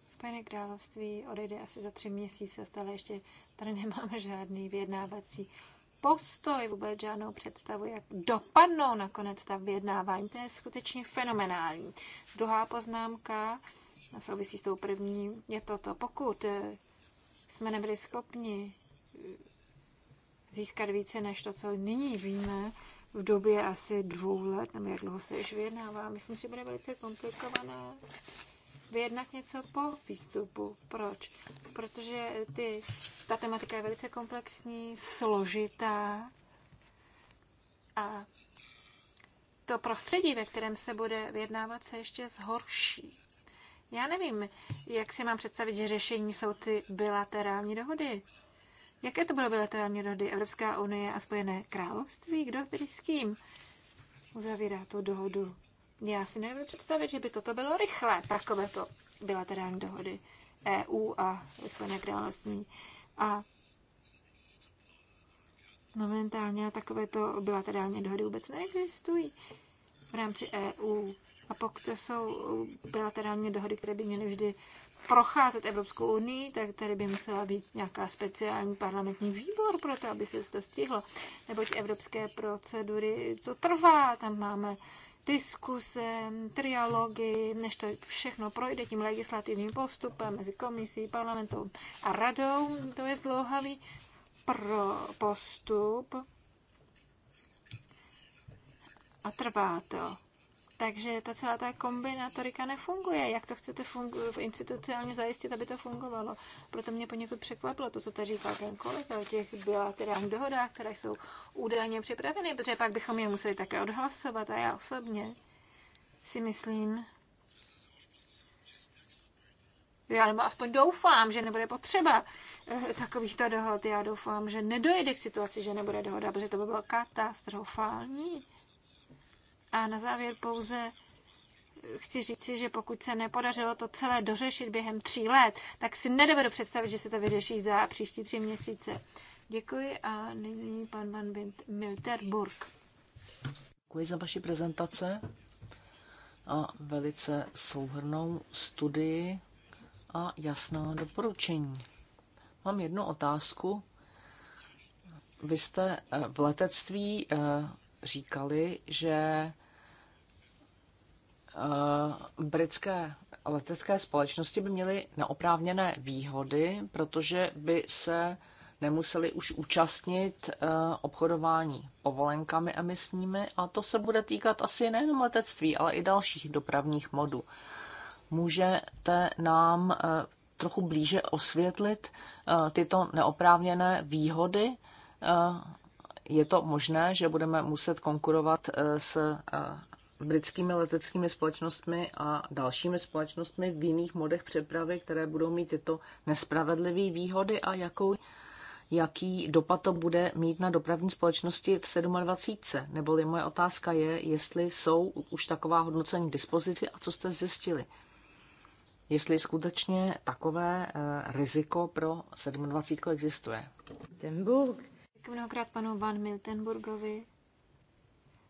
Spojené království odejde asi za tři měsíce, stále ještě tady nemáme žádný vyjednávací postoj, vůbec žádnou představu, jak dopadnou nakonec ta vyjednávání. To je skutečně fenomenální. Druhá poznámka, a souvisí s tou první, je toto. Pokud eh, jsme nebyli schopni eh, získat více než to, co nyní víme, v době asi dvou let, nebo jak dlouho se již vyjednává, myslím, že bude velice komplikované vyjednat něco po výstupu. Proč? Protože ty, ta tematika je velice komplexní, složitá a to prostředí, ve kterém se bude vyjednávat, se ještě zhorší. Já nevím, jak si mám představit, že řešení jsou ty bilaterální dohody. Jaké to bylo bilaterální dohody Evropská unie a Spojené království? Kdo tedy s kým uzavírá tu dohodu? Já si nevím představit, že by toto bylo rychlé, to bilaterální dohody EU a Spojené království. A momentálně takovéto bilaterální dohody vůbec neexistují v rámci EU. A pokud to jsou bilaterální dohody, které by měly vždy procházet Evropskou unii, tak tady by musela být nějaká speciální parlamentní výbor pro to, aby se to stihlo. Neboť evropské procedury, to trvá, tam máme diskuse, trialogy, než to všechno projde tím legislativním postupem mezi komisí, parlamentou a radou. To je zdlouhavý pro postup a trvá to. Takže ta celá ta kombinatorika nefunguje. Jak to chcete fungu- v institucionálně zajistit, aby to fungovalo? Proto mě poněkud překvapilo to, co tady říkal ten kolega o těch bilaterálních dohodách, které jsou údajně připraveny, protože pak bychom je museli také odhlasovat. A já osobně si myslím, já nebo aspoň doufám, že nebude potřeba eh, takovýchto dohod. Já doufám, že nedojde k situaci, že nebude dohoda, protože to by bylo katastrofální. A na závěr pouze chci si, že pokud se nepodařilo to celé dořešit během tří let, tak si nedovedu představit, že se to vyřeší za příští tři měsíce. Děkuji a nyní pan Van Bint Milterburg. Děkuji za vaši prezentace a velice souhrnou studii a jasná doporučení. Mám jednu otázku. Vy jste eh, v letectví eh, říkali, že Eh, britské letecké společnosti by měly neoprávněné výhody, protože by se nemuseli už účastnit eh, obchodování povolenkami emisními a to se bude týkat asi nejenom letectví, ale i dalších dopravních modů. Můžete nám eh, trochu blíže osvětlit tyto neoprávněné výhody? Je to možné, že budeme muset konkurovat s britskými leteckými společnostmi a dalšími společnostmi v jiných modech přepravy, které budou mít tyto nespravedlivé výhody a jakou, jaký dopad to bude mít na dopravní společnosti v 27. Neboli moje otázka je, jestli jsou už taková hodnocení k dispozici a co jste zjistili. Jestli skutečně takové eh, riziko pro 27. existuje. Děkuji Mnohokrát panu Van Miltenburgovi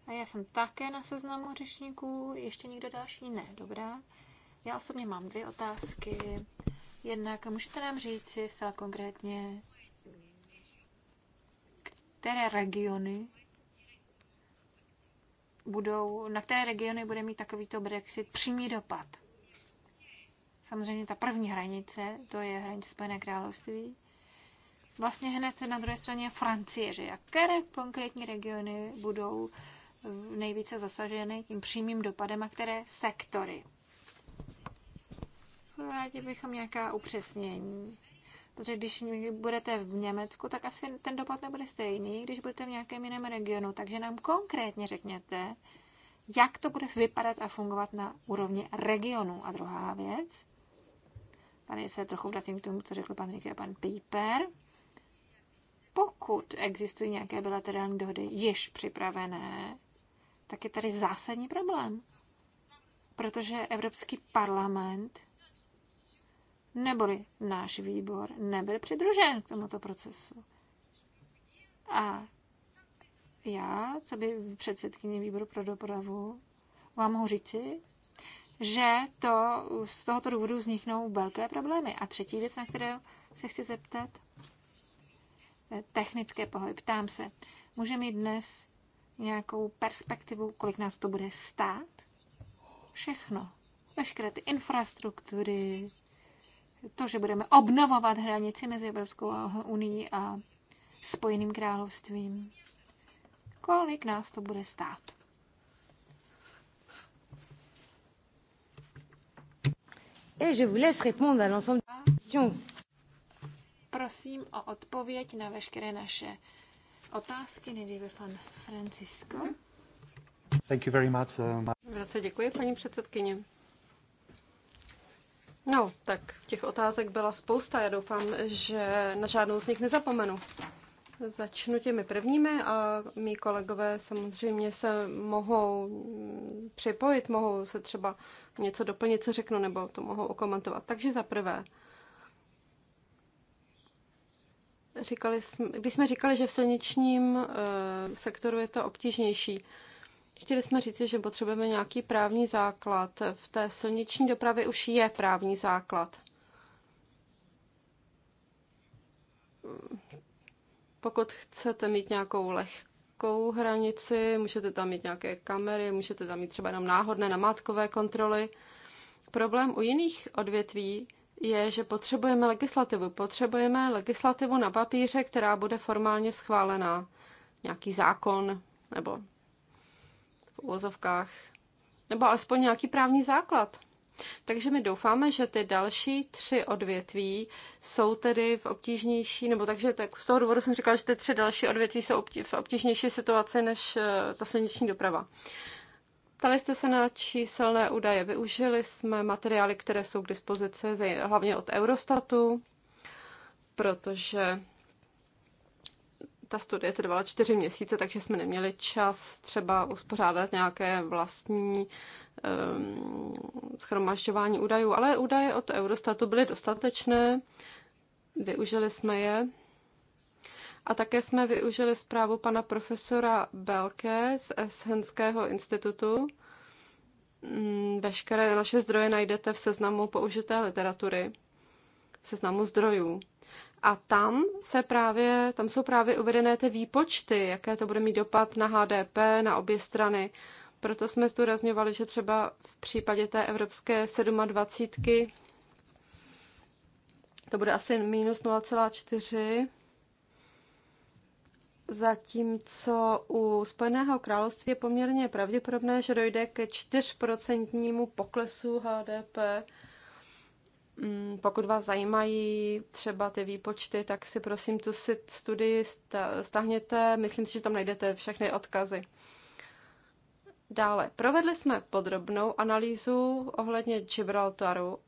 a já jsem také na seznamu řečníků. Ještě někdo další? Ne, dobrá. Já osobně mám dvě otázky. Jednak můžete nám říct si zcela konkrétně, které regiony budou, na které regiony bude mít takovýto Brexit přímý dopad. Samozřejmě ta první hranice, to je hranice Spojené království. Vlastně hned se na druhé straně Francie, že jaké konkrétní regiony budou nejvíce zasaženy tím přímým dopadem a které sektory. Rádi bychom nějaká upřesnění. Protože když budete v Německu, tak asi ten dopad nebude stejný, když budete v nějakém jiném regionu. Takže nám konkrétně řekněte, jak to bude vypadat a fungovat na úrovni regionu. A druhá věc, tady se trochu vracím k tomu, co řekl pan Ricky a pan Píper, pokud existují nějaké bilaterální dohody již připravené, tak je tady zásadní problém. Protože Evropský parlament neboli náš výbor nebyl přidružen k tomuto procesu. A já, co by předsedkyně výboru pro dopravu, vám mohu říci, že to, z tohoto důvodu vzniknou velké problémy. A třetí věc, na kterou se chci zeptat, technické pohyb. Ptám se, může mít dnes nějakou perspektivu, kolik nás to bude stát? Všechno. Veškeré ty infrastruktury, to, že budeme obnovovat hranici mezi Evropskou unii a Spojeným královstvím. Kolik nás to bude stát? Et je vous laisse répondre à l'ensemble des questions. Prosím o odpověď na veškeré naše otázky. Nejdříve pan Francisco. Thank you very much. Uh, Vrace děkuji, paní předsedkyně. No, tak těch otázek byla spousta. Já doufám, že na žádnou z nich nezapomenu. Začnu těmi prvními a mý kolegové samozřejmě se mohou připojit, mohou se třeba něco doplnit, co řeknu, nebo to mohou okomentovat. Takže za prvé, říkali, když jsme říkali, že v silničním eh, sektoru je to obtížnější, chtěli jsme říci, že potřebujeme nějaký právní základ. V té silniční dopravě už je právní základ. Pokud chcete mít nějakou lehkou hranici, můžete tam mít nějaké kamery, můžete tam mít třeba jenom náhodné namátkové kontroly. Problém u jiných odvětví je, že potřebujeme legislativu. Potřebujeme legislativu na papíře, která bude formálně schválená. Nějaký zákon nebo v uvozovkách, nebo alespoň nějaký právní základ. Takže my doufáme, že ty další tři odvětví jsou tedy v obtížnější, nebo takže tak z toho důvodu jsem říkala, že ty tři další odvětví jsou v obtížnější situaci než eh, ta silniční doprava. Ptali jste se na číselné údaje. Využili jsme materiály, které jsou k dispozici, hlavně od Eurostatu, protože ta studie trvala čtyři měsíce, takže jsme neměli čas třeba uspořádat nějaké vlastní um, ehm, schromažďování údajů, ale údaje od Eurostatu byly dostatečné, využili jsme je. A také jsme využili zprávu pana profesora Belke z Eshenského institutu. Mm, veškeré naše zdroje najdete v seznamu použité literatury, v seznamu zdrojů. A tam, se právě, tam jsou právě uvedené ty výpočty, jaké to bude mít dopad na HDP, na obě strany. Proto jsme zdůrazňovali, že třeba v případě té evropské 27 to bude asi minus Zatímco u Spojeného království je poměrně pravděpodobné, že dojde ke 4% poklesu HDP. Mm, pokud vás zajímají třeba ty výpočty, tak si prosím tu si studii stáhněte. Myslím si, že tam najdete všechny odkazy. Dále, provedli jsme podrobnou analýzu ohledně Gibraltaru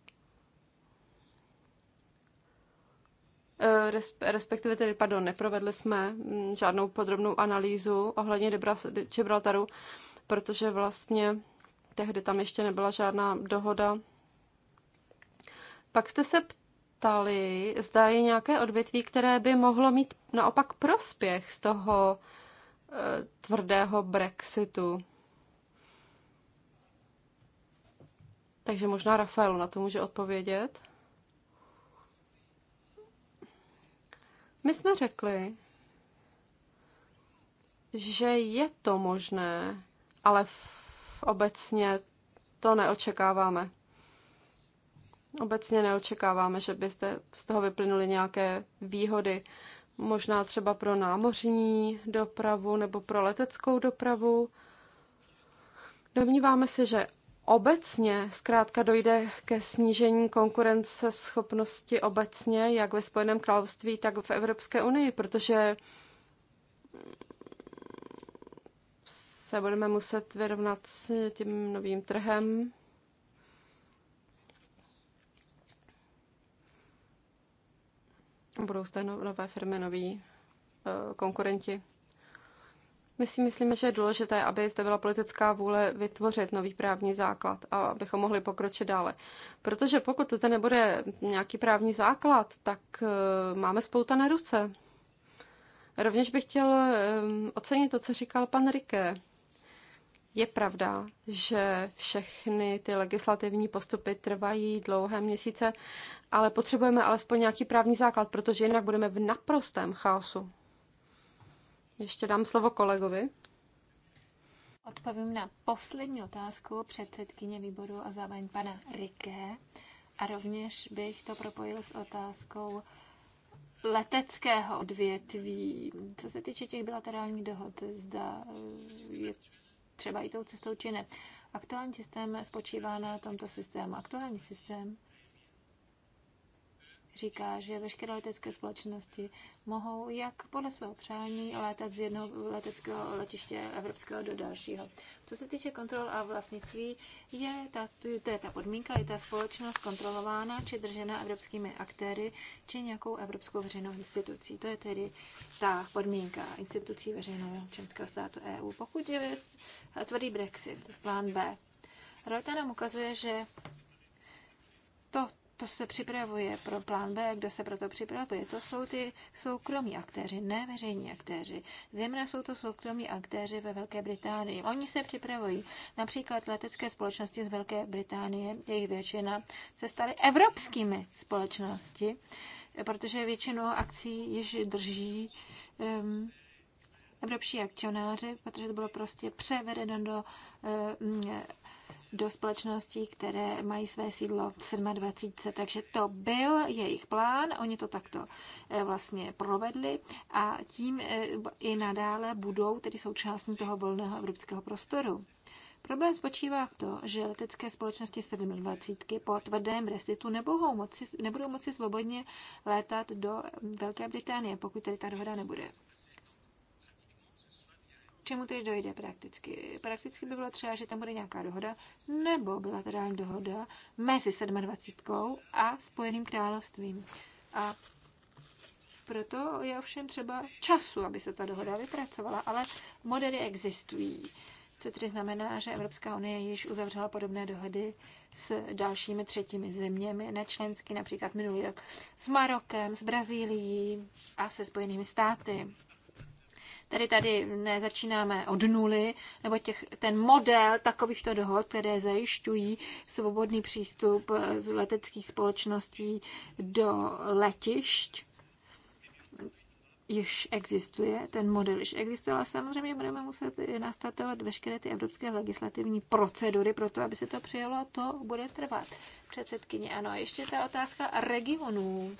Eh, respektive tedy, pardon, neprovedli jsme mm, žádnou podrobnou analýzu ohledně Gibraltaru, protože vlastně tehdy tam ještě nebyla žádná dohoda. Pak jste se ptali, zda je nějaké odvětví, které by mohlo mít naopak prospěch z toho eh, tvrdého Brexitu. Takže možná Rafael na to může odpovědět. My jsme řekli, že je to možné, ale v obecně to neočekáváme. Obecně neočekáváme, že byste z toho vyplynuli nějaké výhody. Možná třeba pro námořní dopravu nebo pro leteckou dopravu. Domníváme se, že obecně zkrátka dojde ke snížení konkurence schopnosti obecně, jak ve Spojeném království, tak v Evropské unii, protože se budeme muset vyrovnat s tím novým trhem. Budou zde no- nové firmy, noví eh, konkurenti. My si myslíme, že je důležité, aby zde byla politická vůle vytvořit nový právní základ a abychom mohli pokročit dále. Protože pokud zde nebude nějaký právní základ, tak eh, máme spoutané ruce. Rovněž bych chtěl eh, ocenit to, co říkal pan Riké. Je pravda, že všechny ty legislativní postupy trvají dlouhé měsíce, ale potřebujeme alespoň nějaký právní základ, protože jinak budeme v naprostém chaosu. Ještě dám slovo kolegovi. Odpovím na poslední otázku předsedkyně výboru a zároveň pana Rike. A rovněž bych to propojil s otázkou leteckého odvětví. Co se týče těch bilaterálních dohod, zda eh, je třeba i tou cestou či ne. Aktuální systém spočívá na tomto systému. Aktuální systém říká, že veškeré letecké společnosti mohou jak podle svého přání létat z jednoho leteckého letiště evropského do dalšího. Co se týče kontrol a vlastnictví, je ta, to je ta podmínka, je ta společnost kontrolována či držena evropskými aktéry či nějakou evropskou veřejnou institucí. To je tedy ta podmínka institucí veřejného členského státu EU. Pokud je tvrdý Brexit, plán B, Reuters nám ukazuje, že to, to se připravuje pro plán B, kdo se pro to připravuje. To jsou ty soukromí aktéři, ne veřejní aktéři. Zejména jsou to soukromí aktéři ve Velké Británii. Oni se připravují. Například letecké společnosti z Velké Británie, jejich většina, se staly evropskými společnosti, protože většinu akcí již drží um, evropští akcionáři, protože to bylo prostě převedeno do um, do společností, které mají své sídlo v 27. Takže to byl jejich plán, oni to takto eh, vlastně provedli a tím eh, i nadále budou tedy součástí toho volného evropského prostoru. Problém spočívá v tom, že letecké společnosti 27 po tvrdém restitu nebudou moci, nebudou moci svobodně létat do Velké Británie, pokud tady ta dohoda nebude čemu tedy dojde prakticky? Prakticky by bylo třeba, že tam bude nějaká dohoda nebo bilaterální dohoda mezi 27 a Spojeným královstvím. A proto je ovšem třeba času, aby se ta dohoda vypracovala, ale modely existují. Co tedy znamená, že Evropská unie již uzavřela podobné dohody s dalšími třetími zeměmi, nečlensky například minulý rok, s Marokem, s Brazílií a se Spojenými státy. Tedy tady nezačínáme od nuly, nebo těch, ten model takovýchto dohod, které zajišťují svobodný přístup eh, z leteckých společností do letišť, již existuje, ten model již existuje, ale samozřejmě budeme muset nastatovat veškeré ty evropské legislativní procedury pro to, aby se to přijelo, to bude trvat. Předsedkyně, ano, ještě ta otázka regionů.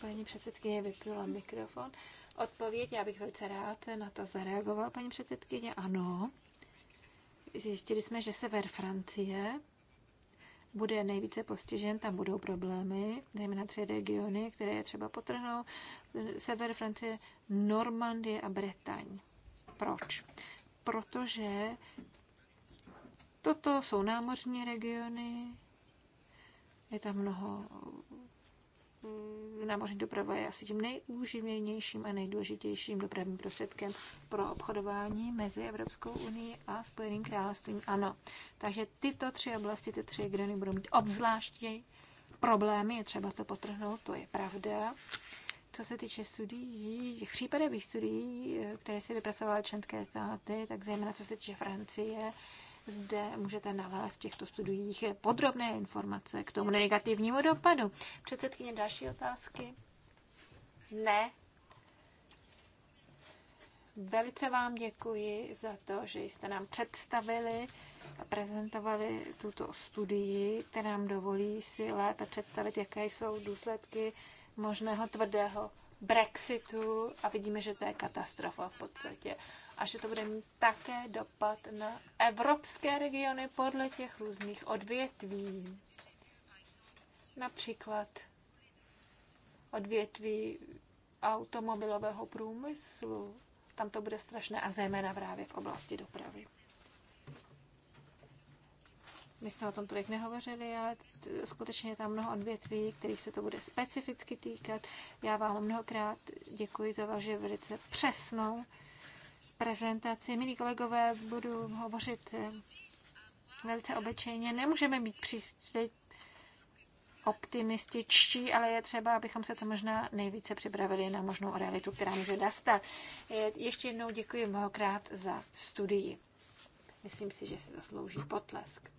Paní předsedkyně vypila mikrofon odpověď. Já bych velice rád na to zareagoval, paní předsedkyně. Ano, zjistili jsme, že sever Francie bude nejvíce postižen, tam budou problémy, zejména tři regiony, které je třeba potrhnout. Sever Francie, Normandie a Bretaň. Proč? Protože toto jsou námořní regiony, je tam mnoho námořní doprava je asi tím nejúživnějším a nejdůležitějším dopravním prostředkem pro obchodování mezi Evropskou unii a Spojeným královstvím. Ano, takže tyto tři oblasti, ty tři regiony budou mít obzvláště problémy, je třeba to potrhnout, to je pravda. Co se týče studií, těch případových studií, které si vypracovaly členské státy, tak zejména co se týče Francie, zde můžete nalézt v těchto studiích podrobné informace k tomu negativnímu dopadu. Předsedkyně, další otázky? Ne. Velice vám děkuji za to, že jste nám představili a prezentovali tuto studii, která nám dovolí si lépe představit, jaké jsou důsledky možného tvrdého Brexitu a vidíme, že to je katastrofa v podstatě a že to bude mít také dopad na evropské regiony podle těch různých odvětví. Například odvětví automobilového průmyslu. Tam to bude strašné a zejména právě v oblasti dopravy. My jsme o tom tolik nehovořili, ale skutečně je tam mnoho odvětví, kterých se to bude specificky týkat. Já vám mnohokrát děkuji za vaše velice přesnou prezentaci. Milí kolegové, budu hovořit eh, velice obyčejně. Nemůžeme být příliš optimističtí, ale je třeba, abychom se to možná nejvíce připravili na možnou realitu, která může nastat. Ještě jednou děkuji mnohokrát za studii. Myslím si, že si zaslouží potlesk.